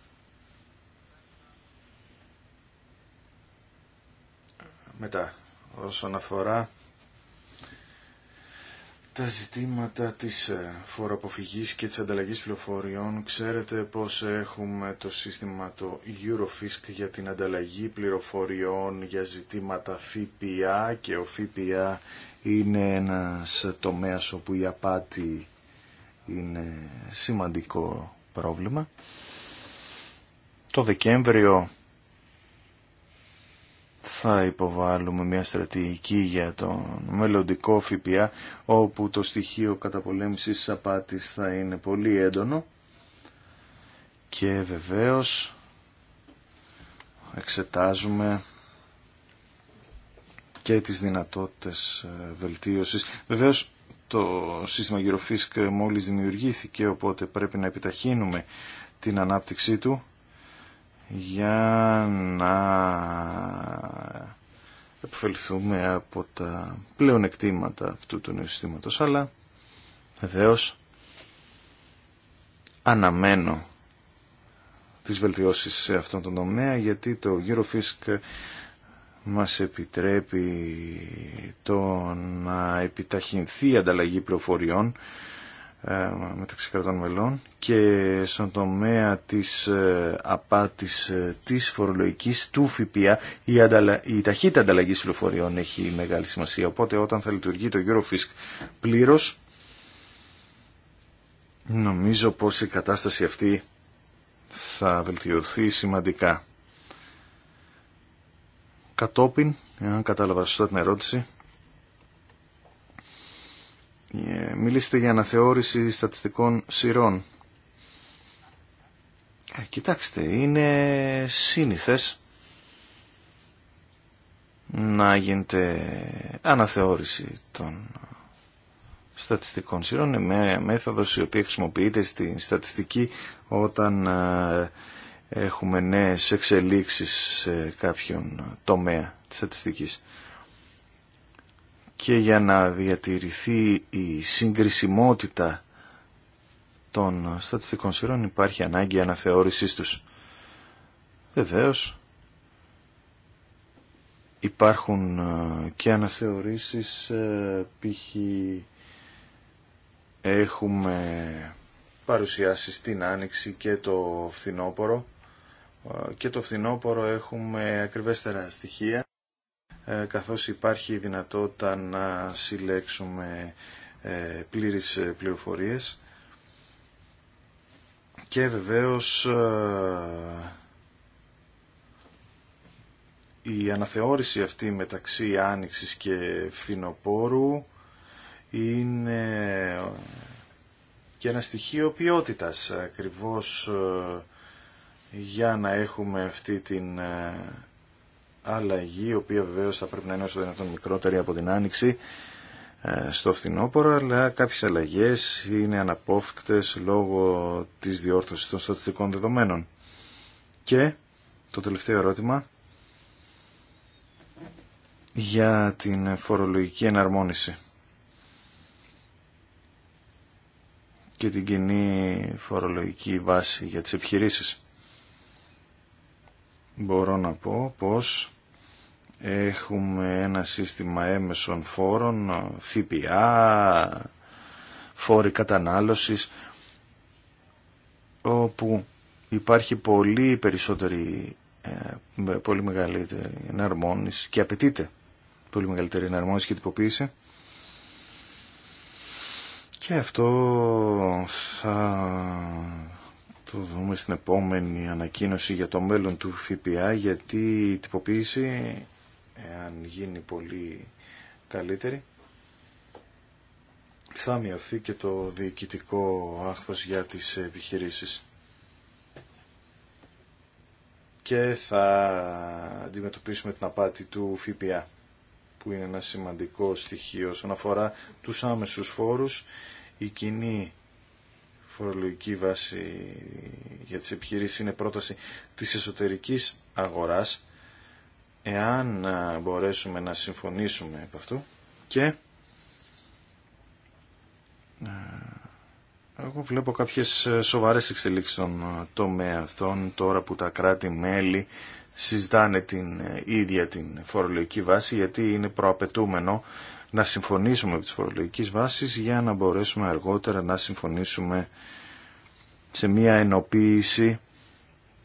Μετά, όσον αφορά τα ζητήματα της ε, φοροαποφυγής και της ανταλλαγής πληροφοριών. Ξέρετε πως έχουμε το σύστημα το Eurofisk για την ανταλλαγή πληροφοριών για ζητήματα ΦΠΑ και ο ΦΠΑ είναι ένας τομέας όπου η απάτη είναι σημαντικό πρόβλημα. Το Δεκέμβριο θα υποβάλουμε μια στρατηγική για το μελλοντικό ΦΠΑ όπου το στοιχείο καταπολέμησης απάτης θα είναι πολύ έντονο και βεβαίως εξετάζουμε και τις δυνατότητες ε, βελτίωσης. Βεβαίως το σύστημα γυροφίσκ μόλις δημιουργήθηκε οπότε πρέπει να επιταχύνουμε την ανάπτυξή του για να επωφεληθούμε από τα πλεονεκτήματα αυτού του νέου συστήματος, αλλά βεβαίω αναμένω τις βελτιώσεις σε αυτόν τον τομέα, γιατί το Eurofisk μας επιτρέπει το να επιταχυνθεί η ανταλλαγή πληροφοριών ε, μεταξύ κρατών μελών και στον τομέα της ε, απάτης ε, της φορολογικής του ΦΠΑ η, η ταχύτητα ανταλλαγής πληροφοριών έχει μεγάλη σημασία οπότε όταν θα λειτουργεί το Eurofisk πλήρως νομίζω πως η κατάσταση αυτή θα βελτιωθεί σημαντικά κατόπιν, αν κατάλαβα σωστά την ερώτηση ε, μιλήσετε για αναθεώρηση στατιστικών σειρών. Ε, κοιτάξτε, είναι σύνηθες να γίνεται αναθεώρηση των στατιστικών σειρών. Είναι μια μέθοδος η οποία χρησιμοποιείται στη στατιστική όταν ε, έχουμε νέες εξελίξεις σε κάποιον τομέα της στατιστικής και για να διατηρηθεί η συγκρισιμότητα των στατιστικών σειρών υπάρχει ανάγκη αναθεώρησής τους. Βεβαίως υπάρχουν ε, και αναθεωρήσεις ε, π.χ. έχουμε παρουσιάσει στην Άνοιξη και το Φθινόπωρο. Ε, και το Φθινόπωρο έχουμε ακριβέστερα στοιχεία ε, καθώς υπάρχει η δυνατότητα να συλλέξουμε ε, πλήρεις πληροφορίες και βεβαίως ε, η αναθεώρηση αυτή μεταξύ άνοιξης και φθινοπόρου είναι και ένα στοιχείο ποιότητας ακριβώς για να έχουμε αυτή την αλλαγή, η οποία βεβαίω θα πρέπει να είναι όσο δυνατόν μικρότερη από την άνοιξη ε, στο φθινόπωρο, αλλά κάποιε αλλαγέ είναι αναπόφευκτες λόγω της διόρθωση των στατιστικών δεδομένων. Και το τελευταίο ερώτημα για την φορολογική εναρμόνιση και την κοινή φορολογική βάση για τις επιχειρήσεις. Μπορώ να πω πως Έχουμε ένα σύστημα έμεσων φόρων, ΦΠΑ, φόροι κατανάλωσης, όπου υπάρχει πολύ περισσότερη, ε, πολύ μεγαλύτερη εναρμόνιση και απαιτείται πολύ μεγαλύτερη εναρμόνιση και τυποποίηση. Και αυτό θα το δούμε στην επόμενη ανακοίνωση για το μέλλον του ΦΠΑ γιατί η τυποποίηση εάν γίνει πολύ καλύτερη, θα μειωθεί και το διοικητικό άχθος για τις επιχειρήσεις. Και θα αντιμετωπίσουμε την απάτη του ΦΠΑ, που είναι ένα σημαντικό στοιχείο όσον αφορά τους άμεσους φόρους, η κοινή φορολογική βάση για τις επιχειρήσεις είναι πρόταση της εσωτερικής αγοράς εάν ε, μπορέσουμε να συμφωνήσουμε από αυτού και ε, εγώ βλέπω κάποιες ε, σοβαρές εξελίξεις στον τομέα αυτών τώρα που τα κράτη-μέλη συζητάνε την ίδια την φορολογική βάση γιατί είναι προαπαιτούμενο να συμφωνήσουμε με τις φορολογικές βάσεις για να μπορέσουμε αργότερα να συμφωνήσουμε σε μια ενοποίηση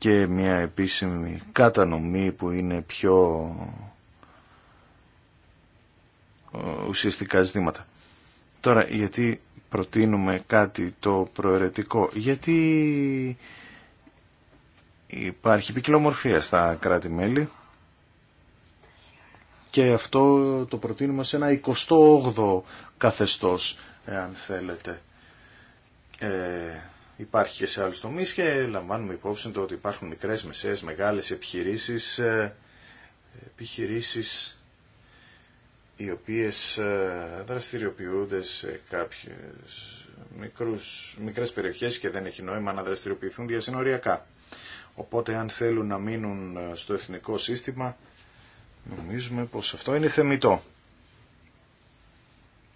και μια επίσημη κατανομή που είναι πιο ε, ουσιαστικά ζητήματα. Τώρα, γιατί προτείνουμε κάτι το προαιρετικό, γιατί υπάρχει ποικιλομορφία στα κράτη-μέλη και αυτό το προτείνουμε σε ένα 28ο καθεστώς, εάν θέλετε. Ε, υπάρχει και σε άλλους τομείς και λαμβάνουμε υπόψη το ότι υπάρχουν μικρές, μεσαίες, μεγάλες επιχειρήσεις, ε, επιχειρήσεις οι οποίες ε, δραστηριοποιούνται σε κάποιες μικρούς, μικρές περιοχές και δεν έχει νόημα να δραστηριοποιηθούν διασυνοριακά. Οπότε αν θέλουν να μείνουν ε, στο εθνικό σύστημα, νομίζουμε πως αυτό είναι θεμητό.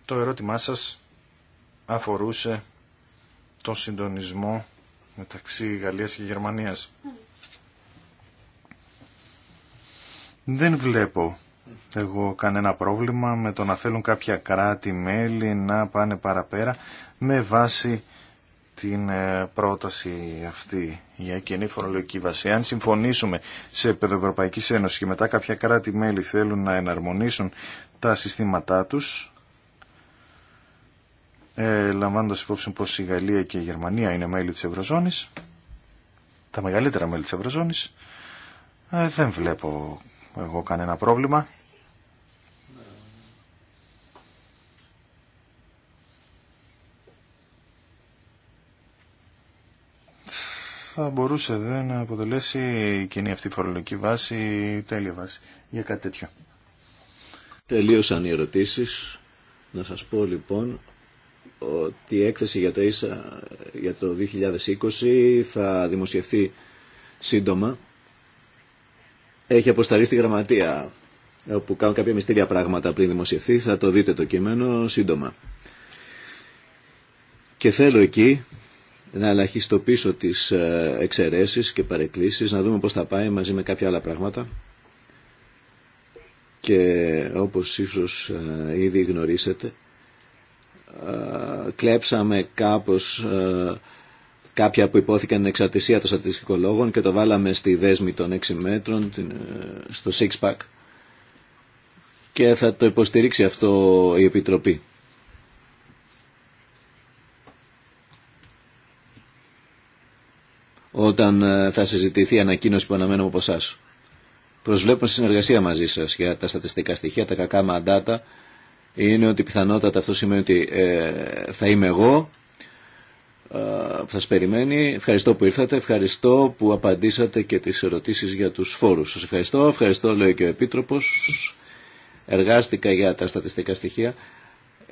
Το ερώτημά σας αφορούσε τον συντονισμό μεταξύ Γαλλίας και Γερμανίας. Δεν βλέπω εγώ κανένα πρόβλημα με το να θέλουν κάποια κράτη-μέλη να πάνε παραπέρα με βάση την ε, πρόταση αυτή για κοινή φορολογική βάση. Αν συμφωνήσουμε σε επίπεδο Ένωση και μετά κάποια κράτη-μέλη θέλουν να εναρμονίσουν τα συστήματά τους, ε, λαμβάνοντας υπόψη πως η Γαλλία και η Γερμανία είναι μέλη της Ευρωζώνης, τα μεγαλύτερα μέλη της Ευρωζώνης, ε, δεν βλέπω εγώ κανένα πρόβλημα. θα μπορούσε δε να αποτελέσει η κοινή αυτή φορολογική βάση, τέλεια βάση για κάτι τέτοιο. Τελείωσαν οι ερωτήσεις. Να σας πω λοιπόν ότι η έκθεση για το, ίσα, για το 2020 θα δημοσιευθεί σύντομα. Έχει αποσταλεί στη γραμματεία όπου κάνω κάποια μυστήρια πράγματα πριν δημοσιευθεί. Θα το δείτε το κείμενο σύντομα. Και θέλω εκεί να ελαχιστοποιήσω τις ε, εξαιρέσεις και παρεκκλήσεις, να δούμε πώς θα πάει μαζί με κάποια άλλα πράγματα. Και όπως ίσως ε, ήδη γνωρίσετε, ε, κλέψαμε κάπως ε, κάποια που υπόθηκαν εξαρτησία των στατιστικολόγων και το βάλαμε στη δέσμη των 6 μέτρων, ε, στο six pack και θα το υποστηρίξει αυτό η Επιτροπή. Όταν θα συζητηθεί ανακοίνωση που αναμένουμε από εσά. Προσβλέπουμε συνεργασία μαζί σας για τα στατιστικά στοιχεία, τα κακά μαντάτα είναι ότι πιθανότατα αυτό σημαίνει ότι ε, θα είμαι εγώ ε, που θα σας περιμένει. Ευχαριστώ που ήρθατε, ευχαριστώ που απαντήσατε και τις ερωτήσεις για τους φόρους. Σας ευχαριστώ, ευχαριστώ λέει και ο Επίτροπος. Εργάστηκα για τα στατιστικά στοιχεία.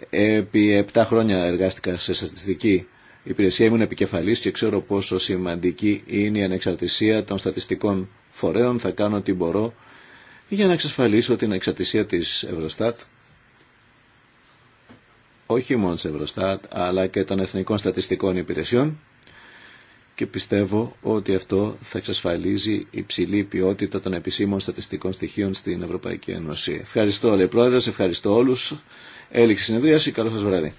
Επί 7 χρόνια εργάστηκα σε στατιστική υπηρεσία, ήμουν επικεφαλής και ξέρω πόσο σημαντική είναι η ανεξαρτησία των στατιστικών φορέων. Θα κάνω ό,τι μπορώ για να εξασφαλίσω την ανεξαρτησία τη Ευρωστάτ όχι μόνο σε Ευρωστάτ αλλά και των Εθνικών Στατιστικών Υπηρεσιών και πιστεύω ότι αυτό θα εξασφαλίζει υψηλή ποιότητα των επισήμων στατιστικών στοιχείων στην Ευρωπαϊκή Ένωση. Ευχαριστώ, λέει ευχαριστώ όλους. Έληξη συνεδρίαση, καλό σας βράδυ.